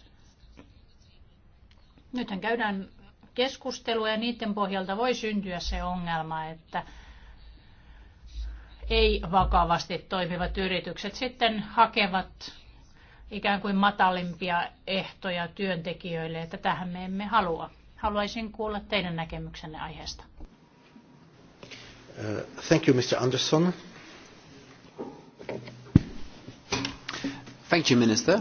Nythän käydään keskustelua ja niiden pohjalta voi syntyä se ongelma, että ei vakavasti toimivat yritykset sitten hakevat ikään kuin matalimpia ehtoja työntekijöille, että tähän me emme halua. Haluaisin kuulla teidän näkemyksenne aiheesta. Uh, thank you, Mr. Anderson. Thank you, Minister.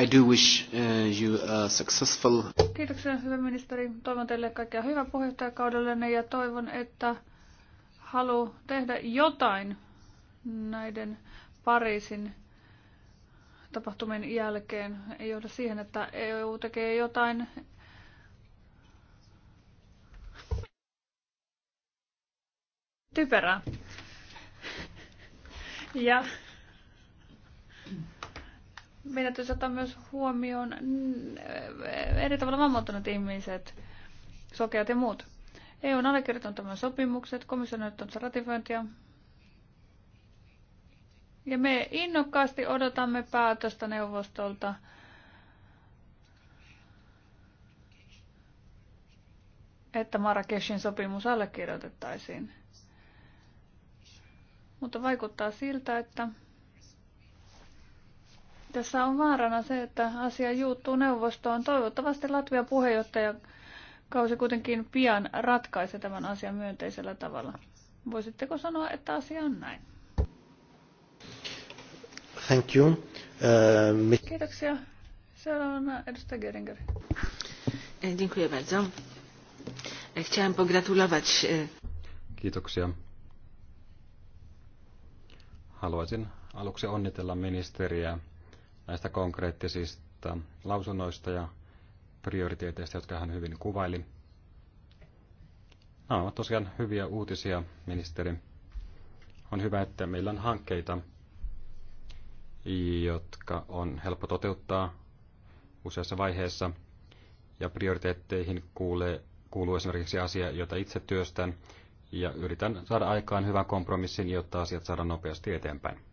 I do wish uh, you a successful... Kiitoksia, hyvä ministeri. Toivon teille kaikkea hyvää puheenjohtajakaudellenne ja toivon, että halu tehdä jotain näiden Pariisin tapahtumien jälkeen ei johda siihen, että EU tekee jotain typerää. Ja meidän täytyy ottaa myös huomioon mm, eri tavalla vammautuneet ihmiset, sokeat ja muut. EU on allekirjoittanut tämän sopimukset, komissio on ratifiointia. Ja me innokkaasti odotamme päätöstä neuvostolta. että Marrakeshin sopimus allekirjoitettaisiin. Mutta vaikuttaa siltä, että tässä on vaarana se, että asia juuttuu neuvostoon. Toivottavasti Latvian puheenjohtaja kausi kuitenkin pian ratkaise tämän asian myönteisellä tavalla. Voisitteko sanoa, että asia on näin? Thank you. Uh, Kiitoksia. Seuraavana edustaja Geringer. Eh, dziękuję bardzo. Eh, pogratulować. Eh, Kiitoksia. Haluaisin aluksi onnitella ministeriä näistä konkreettisista lausunnoista ja prioriteeteista, jotka hän hyvin kuvaili. Nämä ovat tosiaan hyviä uutisia, ministeri. On hyvä, että meillä on hankkeita, jotka on helppo toteuttaa useassa vaiheessa. Ja prioriteetteihin kuulee, kuuluu esimerkiksi asia, jota itse työstän, ja yritän saada aikaan hyvän kompromissin, jotta asiat saadaan nopeasti eteenpäin.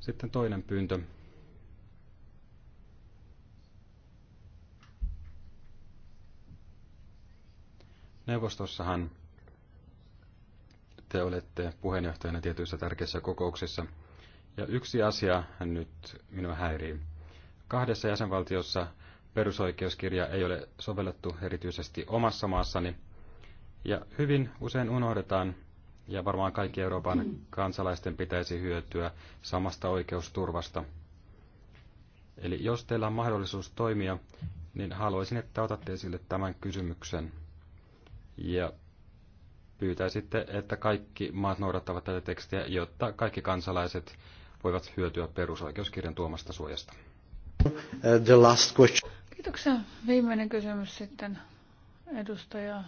Sitten toinen pyyntö. Neuvostossahan te olette puheenjohtajana tietyissä tärkeissä kokouksissa. Ja yksi asia nyt minua häirii. Kahdessa jäsenvaltiossa perusoikeuskirja ei ole sovellettu erityisesti omassa maassani, ja hyvin usein unohdetaan, ja varmaan kaikki Euroopan kansalaisten pitäisi hyötyä samasta oikeusturvasta. Eli jos teillä on mahdollisuus toimia, niin haluaisin, että otatte esille tämän kysymyksen ja pyytäisitte, että kaikki maat noudattavat tätä tekstiä, jotta kaikki kansalaiset voivat hyötyä perusoikeuskirjan tuomasta suojasta. The last question. Kiitoksia. Viimeinen kysymys sitten edustaja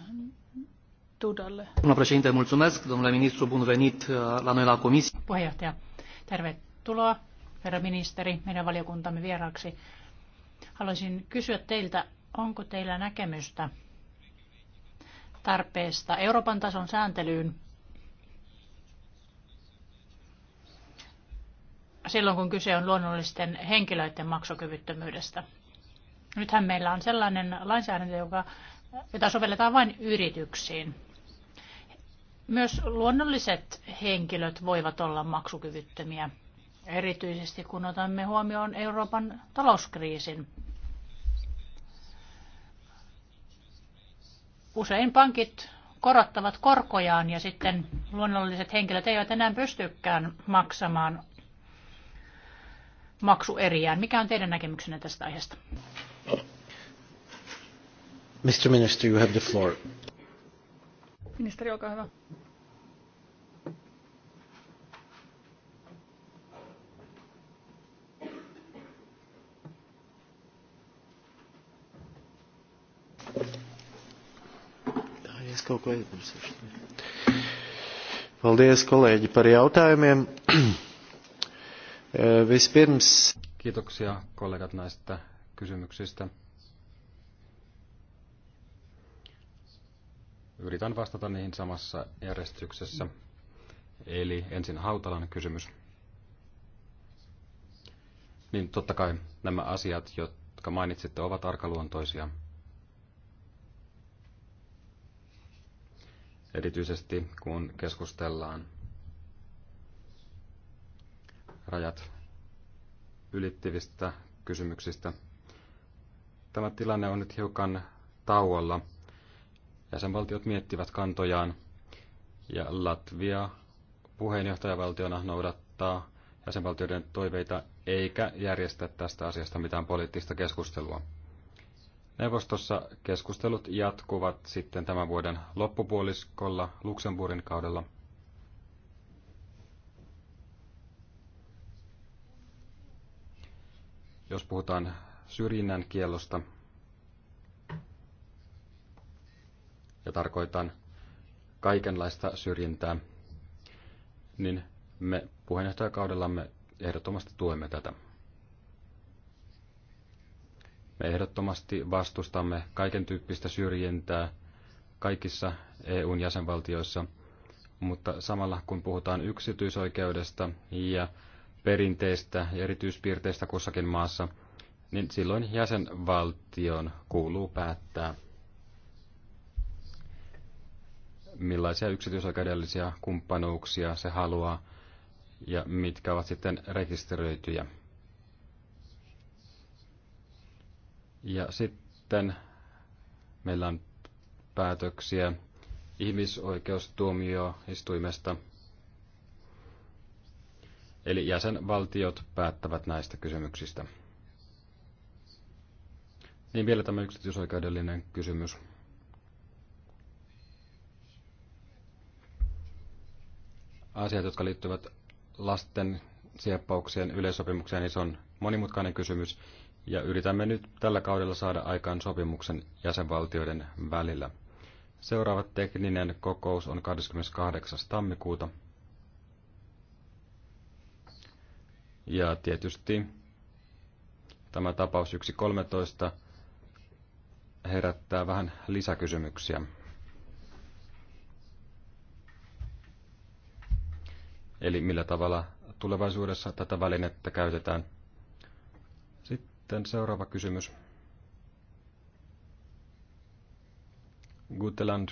Dudalle. președinte, mulțumesc. Domnule ministru, bun venit uh, la noi la comisie. Puheenjohtaja, tervetuloa, herra ministeri, meidän valiokuntamme vieraaksi. Haluaisin kysyä teiltä, onko teillä näkemystä tarpeesta Euroopan tason sääntelyyn silloin, kun kyse on luonnollisten henkilöiden maksukyvyttömyydestä. Nythän meillä on sellainen lainsäädäntö, joka, jota sovelletaan vain yrityksiin. Myös luonnolliset henkilöt voivat olla maksukyvyttömiä, erityisesti kun otamme huomioon Euroopan talouskriisin. Usein pankit korottavat korkojaan ja sitten luonnolliset henkilöt eivät enää pystykään maksamaan maksueriään. Mikä on teidän näkemyksenne tästä aiheesta? Mr. Minister, you have the floor. Ministeri, olkaa hyvä. Paldies, kolēģi, par jautājumiem. *clears throat* Eh, vispirms. Kiitoksia kollegat näistä kysymyksistä. Yritän vastata niihin samassa järjestyksessä. Eli ensin Hautalan kysymys. Niin totta kai nämä asiat, jotka mainitsitte, ovat arkaluontoisia. Erityisesti kun keskustellaan rajat ylittivistä kysymyksistä. Tämä tilanne on nyt hiukan tauolla jäsenvaltiot miettivät kantojaan ja Latvia puheenjohtajavaltiona noudattaa jäsenvaltioiden toiveita eikä järjestä tästä asiasta mitään poliittista keskustelua. Neuvostossa keskustelut jatkuvat sitten tämän vuoden loppupuoliskolla Luxemburgin kaudella. Jos puhutaan syrjinnän kiellosta, ja tarkoitan kaikenlaista syrjintää, niin me puheenjohtajakaudellamme ehdottomasti tuemme tätä. Me ehdottomasti vastustamme kaiken tyyppistä syrjintää kaikissa EUn jäsenvaltioissa, mutta samalla kun puhutaan yksityisoikeudesta ja perinteistä ja erityispiirteistä kussakin maassa, niin silloin jäsenvaltion kuuluu päättää millaisia yksityisoikeudellisia kumppanuuksia se haluaa ja mitkä ovat sitten rekisteröityjä. Ja sitten meillä on päätöksiä ihmisoikeustuomioistuimesta. Eli jäsenvaltiot päättävät näistä kysymyksistä. Niin vielä tämä yksityisoikeudellinen kysymys. asiat, jotka liittyvät lasten sieppaukseen yleissopimukseen, niin se on monimutkainen kysymys. Ja yritämme nyt tällä kaudella saada aikaan sopimuksen jäsenvaltioiden välillä. Seuraava tekninen kokous on 28. tammikuuta. Ja tietysti tämä tapaus 1.13 herättää vähän lisäkysymyksiä. eli millä tavalla tulevaisuudessa tätä välinettä käytetään. Sitten seuraava kysymys. Guteland.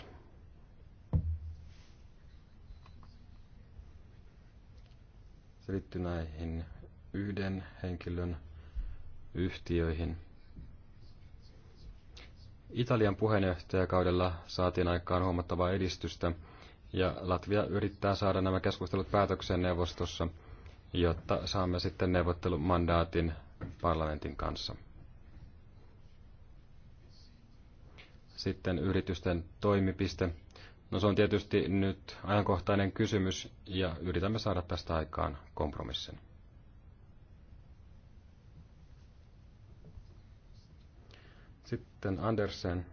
Se liittyy näihin yhden henkilön yhtiöihin. Italian puheenjohtajakaudella saatiin aikaan huomattavaa edistystä – ja Latvia yrittää saada nämä keskustelut päätökseen neuvostossa, jotta saamme sitten neuvottelumandaatin parlamentin kanssa. Sitten yritysten toimipiste. No se on tietysti nyt ajankohtainen kysymys ja yritämme saada tästä aikaan kompromissin. Sitten Andersen.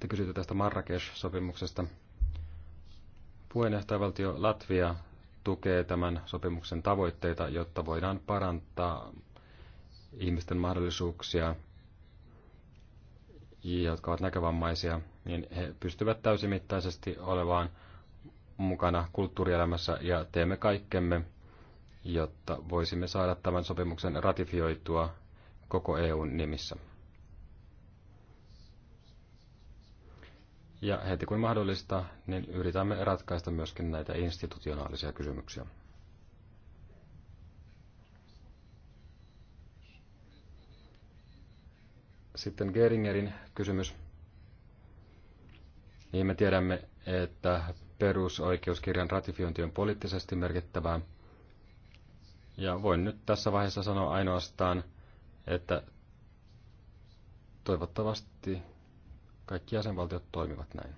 Te kysytte tästä Marrakesh-sopimuksesta. Puheenjohtajavaltio Latvia tukee tämän sopimuksen tavoitteita, jotta voidaan parantaa ihmisten mahdollisuuksia, jotka ovat näkövammaisia, niin he pystyvät täysimittaisesti olevaan mukana kulttuurielämässä ja teemme kaikkemme, jotta voisimme saada tämän sopimuksen ratifioitua koko EUn nimissä. Ja heti kun mahdollista, niin yritämme ratkaista myöskin näitä institutionaalisia kysymyksiä. Sitten Geringerin kysymys. Niin me tiedämme, että perusoikeuskirjan ratifiointi on poliittisesti merkittävää. Ja voin nyt tässä vaiheessa sanoa ainoastaan, että toivottavasti kaikki jäsenvaltiot toimivat näin.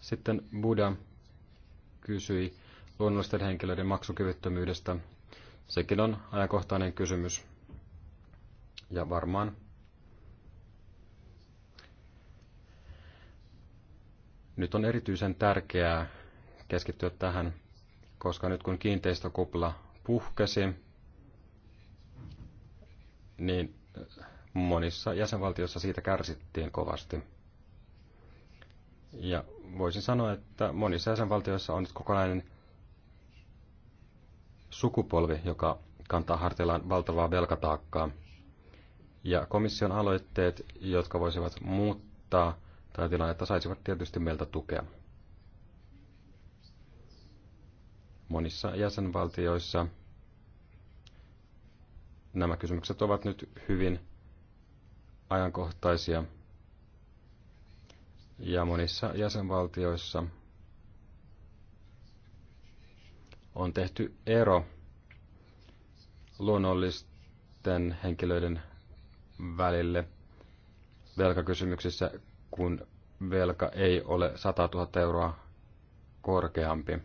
Sitten Buddha kysyi luonnollisten henkilöiden maksukyvyttömyydestä. Sekin on ajankohtainen kysymys. Ja varmaan nyt on erityisen tärkeää keskittyä tähän, koska nyt kun kiinteistökupla puhkesi, niin monissa jäsenvaltioissa siitä kärsittiin kovasti. Ja voisin sanoa, että monissa jäsenvaltioissa on nyt kokonainen sukupolvi, joka kantaa harteillaan valtavaa velkataakkaa. Ja komission aloitteet, jotka voisivat muuttaa tätä tilannetta, saisivat tietysti meiltä tukea. Monissa jäsenvaltioissa Nämä kysymykset ovat nyt hyvin ajankohtaisia ja monissa jäsenvaltioissa on tehty ero luonnollisten henkilöiden välille velkakysymyksissä, kun velka ei ole 100 000 euroa korkeampi.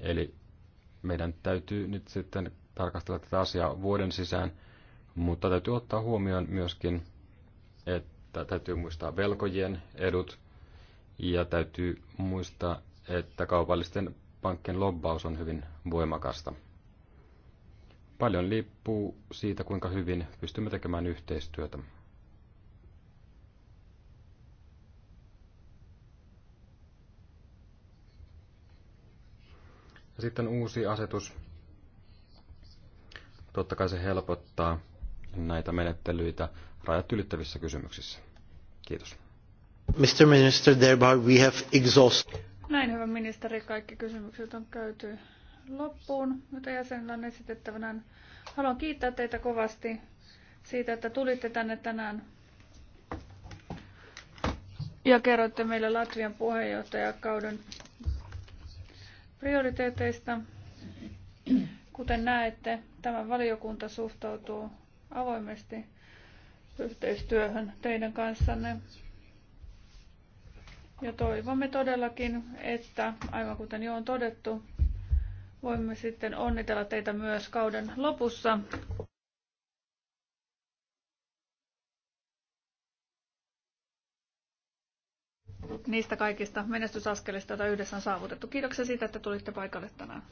Eli meidän täytyy nyt sitten tarkastella tätä asiaa vuoden sisään, mutta täytyy ottaa huomioon myöskin, että täytyy muistaa velkojien edut ja täytyy muistaa, että kaupallisten pankkien lobbaus on hyvin voimakasta. Paljon liippuu siitä, kuinka hyvin pystymme tekemään yhteistyötä. Ja sitten uusi asetus Totta kai se helpottaa näitä menettelyitä rajat ylittävissä kysymyksissä. Kiitos. Mr. Minister, thereby we have exhausted. Näin, hyvä ministeri, kaikki kysymykset on käyty loppuun, Mutta jäsenillä on esitettävänä. Haluan kiittää teitä kovasti siitä, että tulitte tänne tänään ja kerroitte meille Latvian puheenjohtajakauden prioriteeteista. Kuten näette, tämä valiokunta suhtautuu avoimesti yhteistyöhön teidän kanssanne. Ja toivomme todellakin, että aivan kuten jo on todettu, voimme sitten onnitella teitä myös kauden lopussa. niistä kaikista menestysaskelista, joita yhdessä on saavutettu. Kiitoksia siitä, että tulitte paikalle tänään.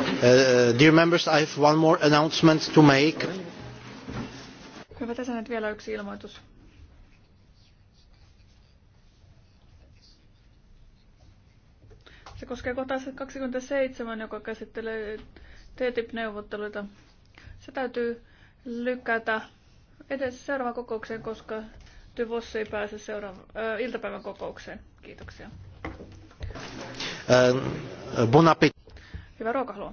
Uh, dear members, I have one more announcement to make. Hyvä, tässä nyt vielä yksi ilmoitus. Se koskee kohtaa 27, joka käsittelee TTIP-neuvotteluita. Se täytyy lykätä edes seuraavaan kokoukseen, koska Tyvossa ei pääse seuraavan äh, iltapäivän kokoukseen. Kiitoksia. Äh, bon appétit. Hyvää ruokahalua.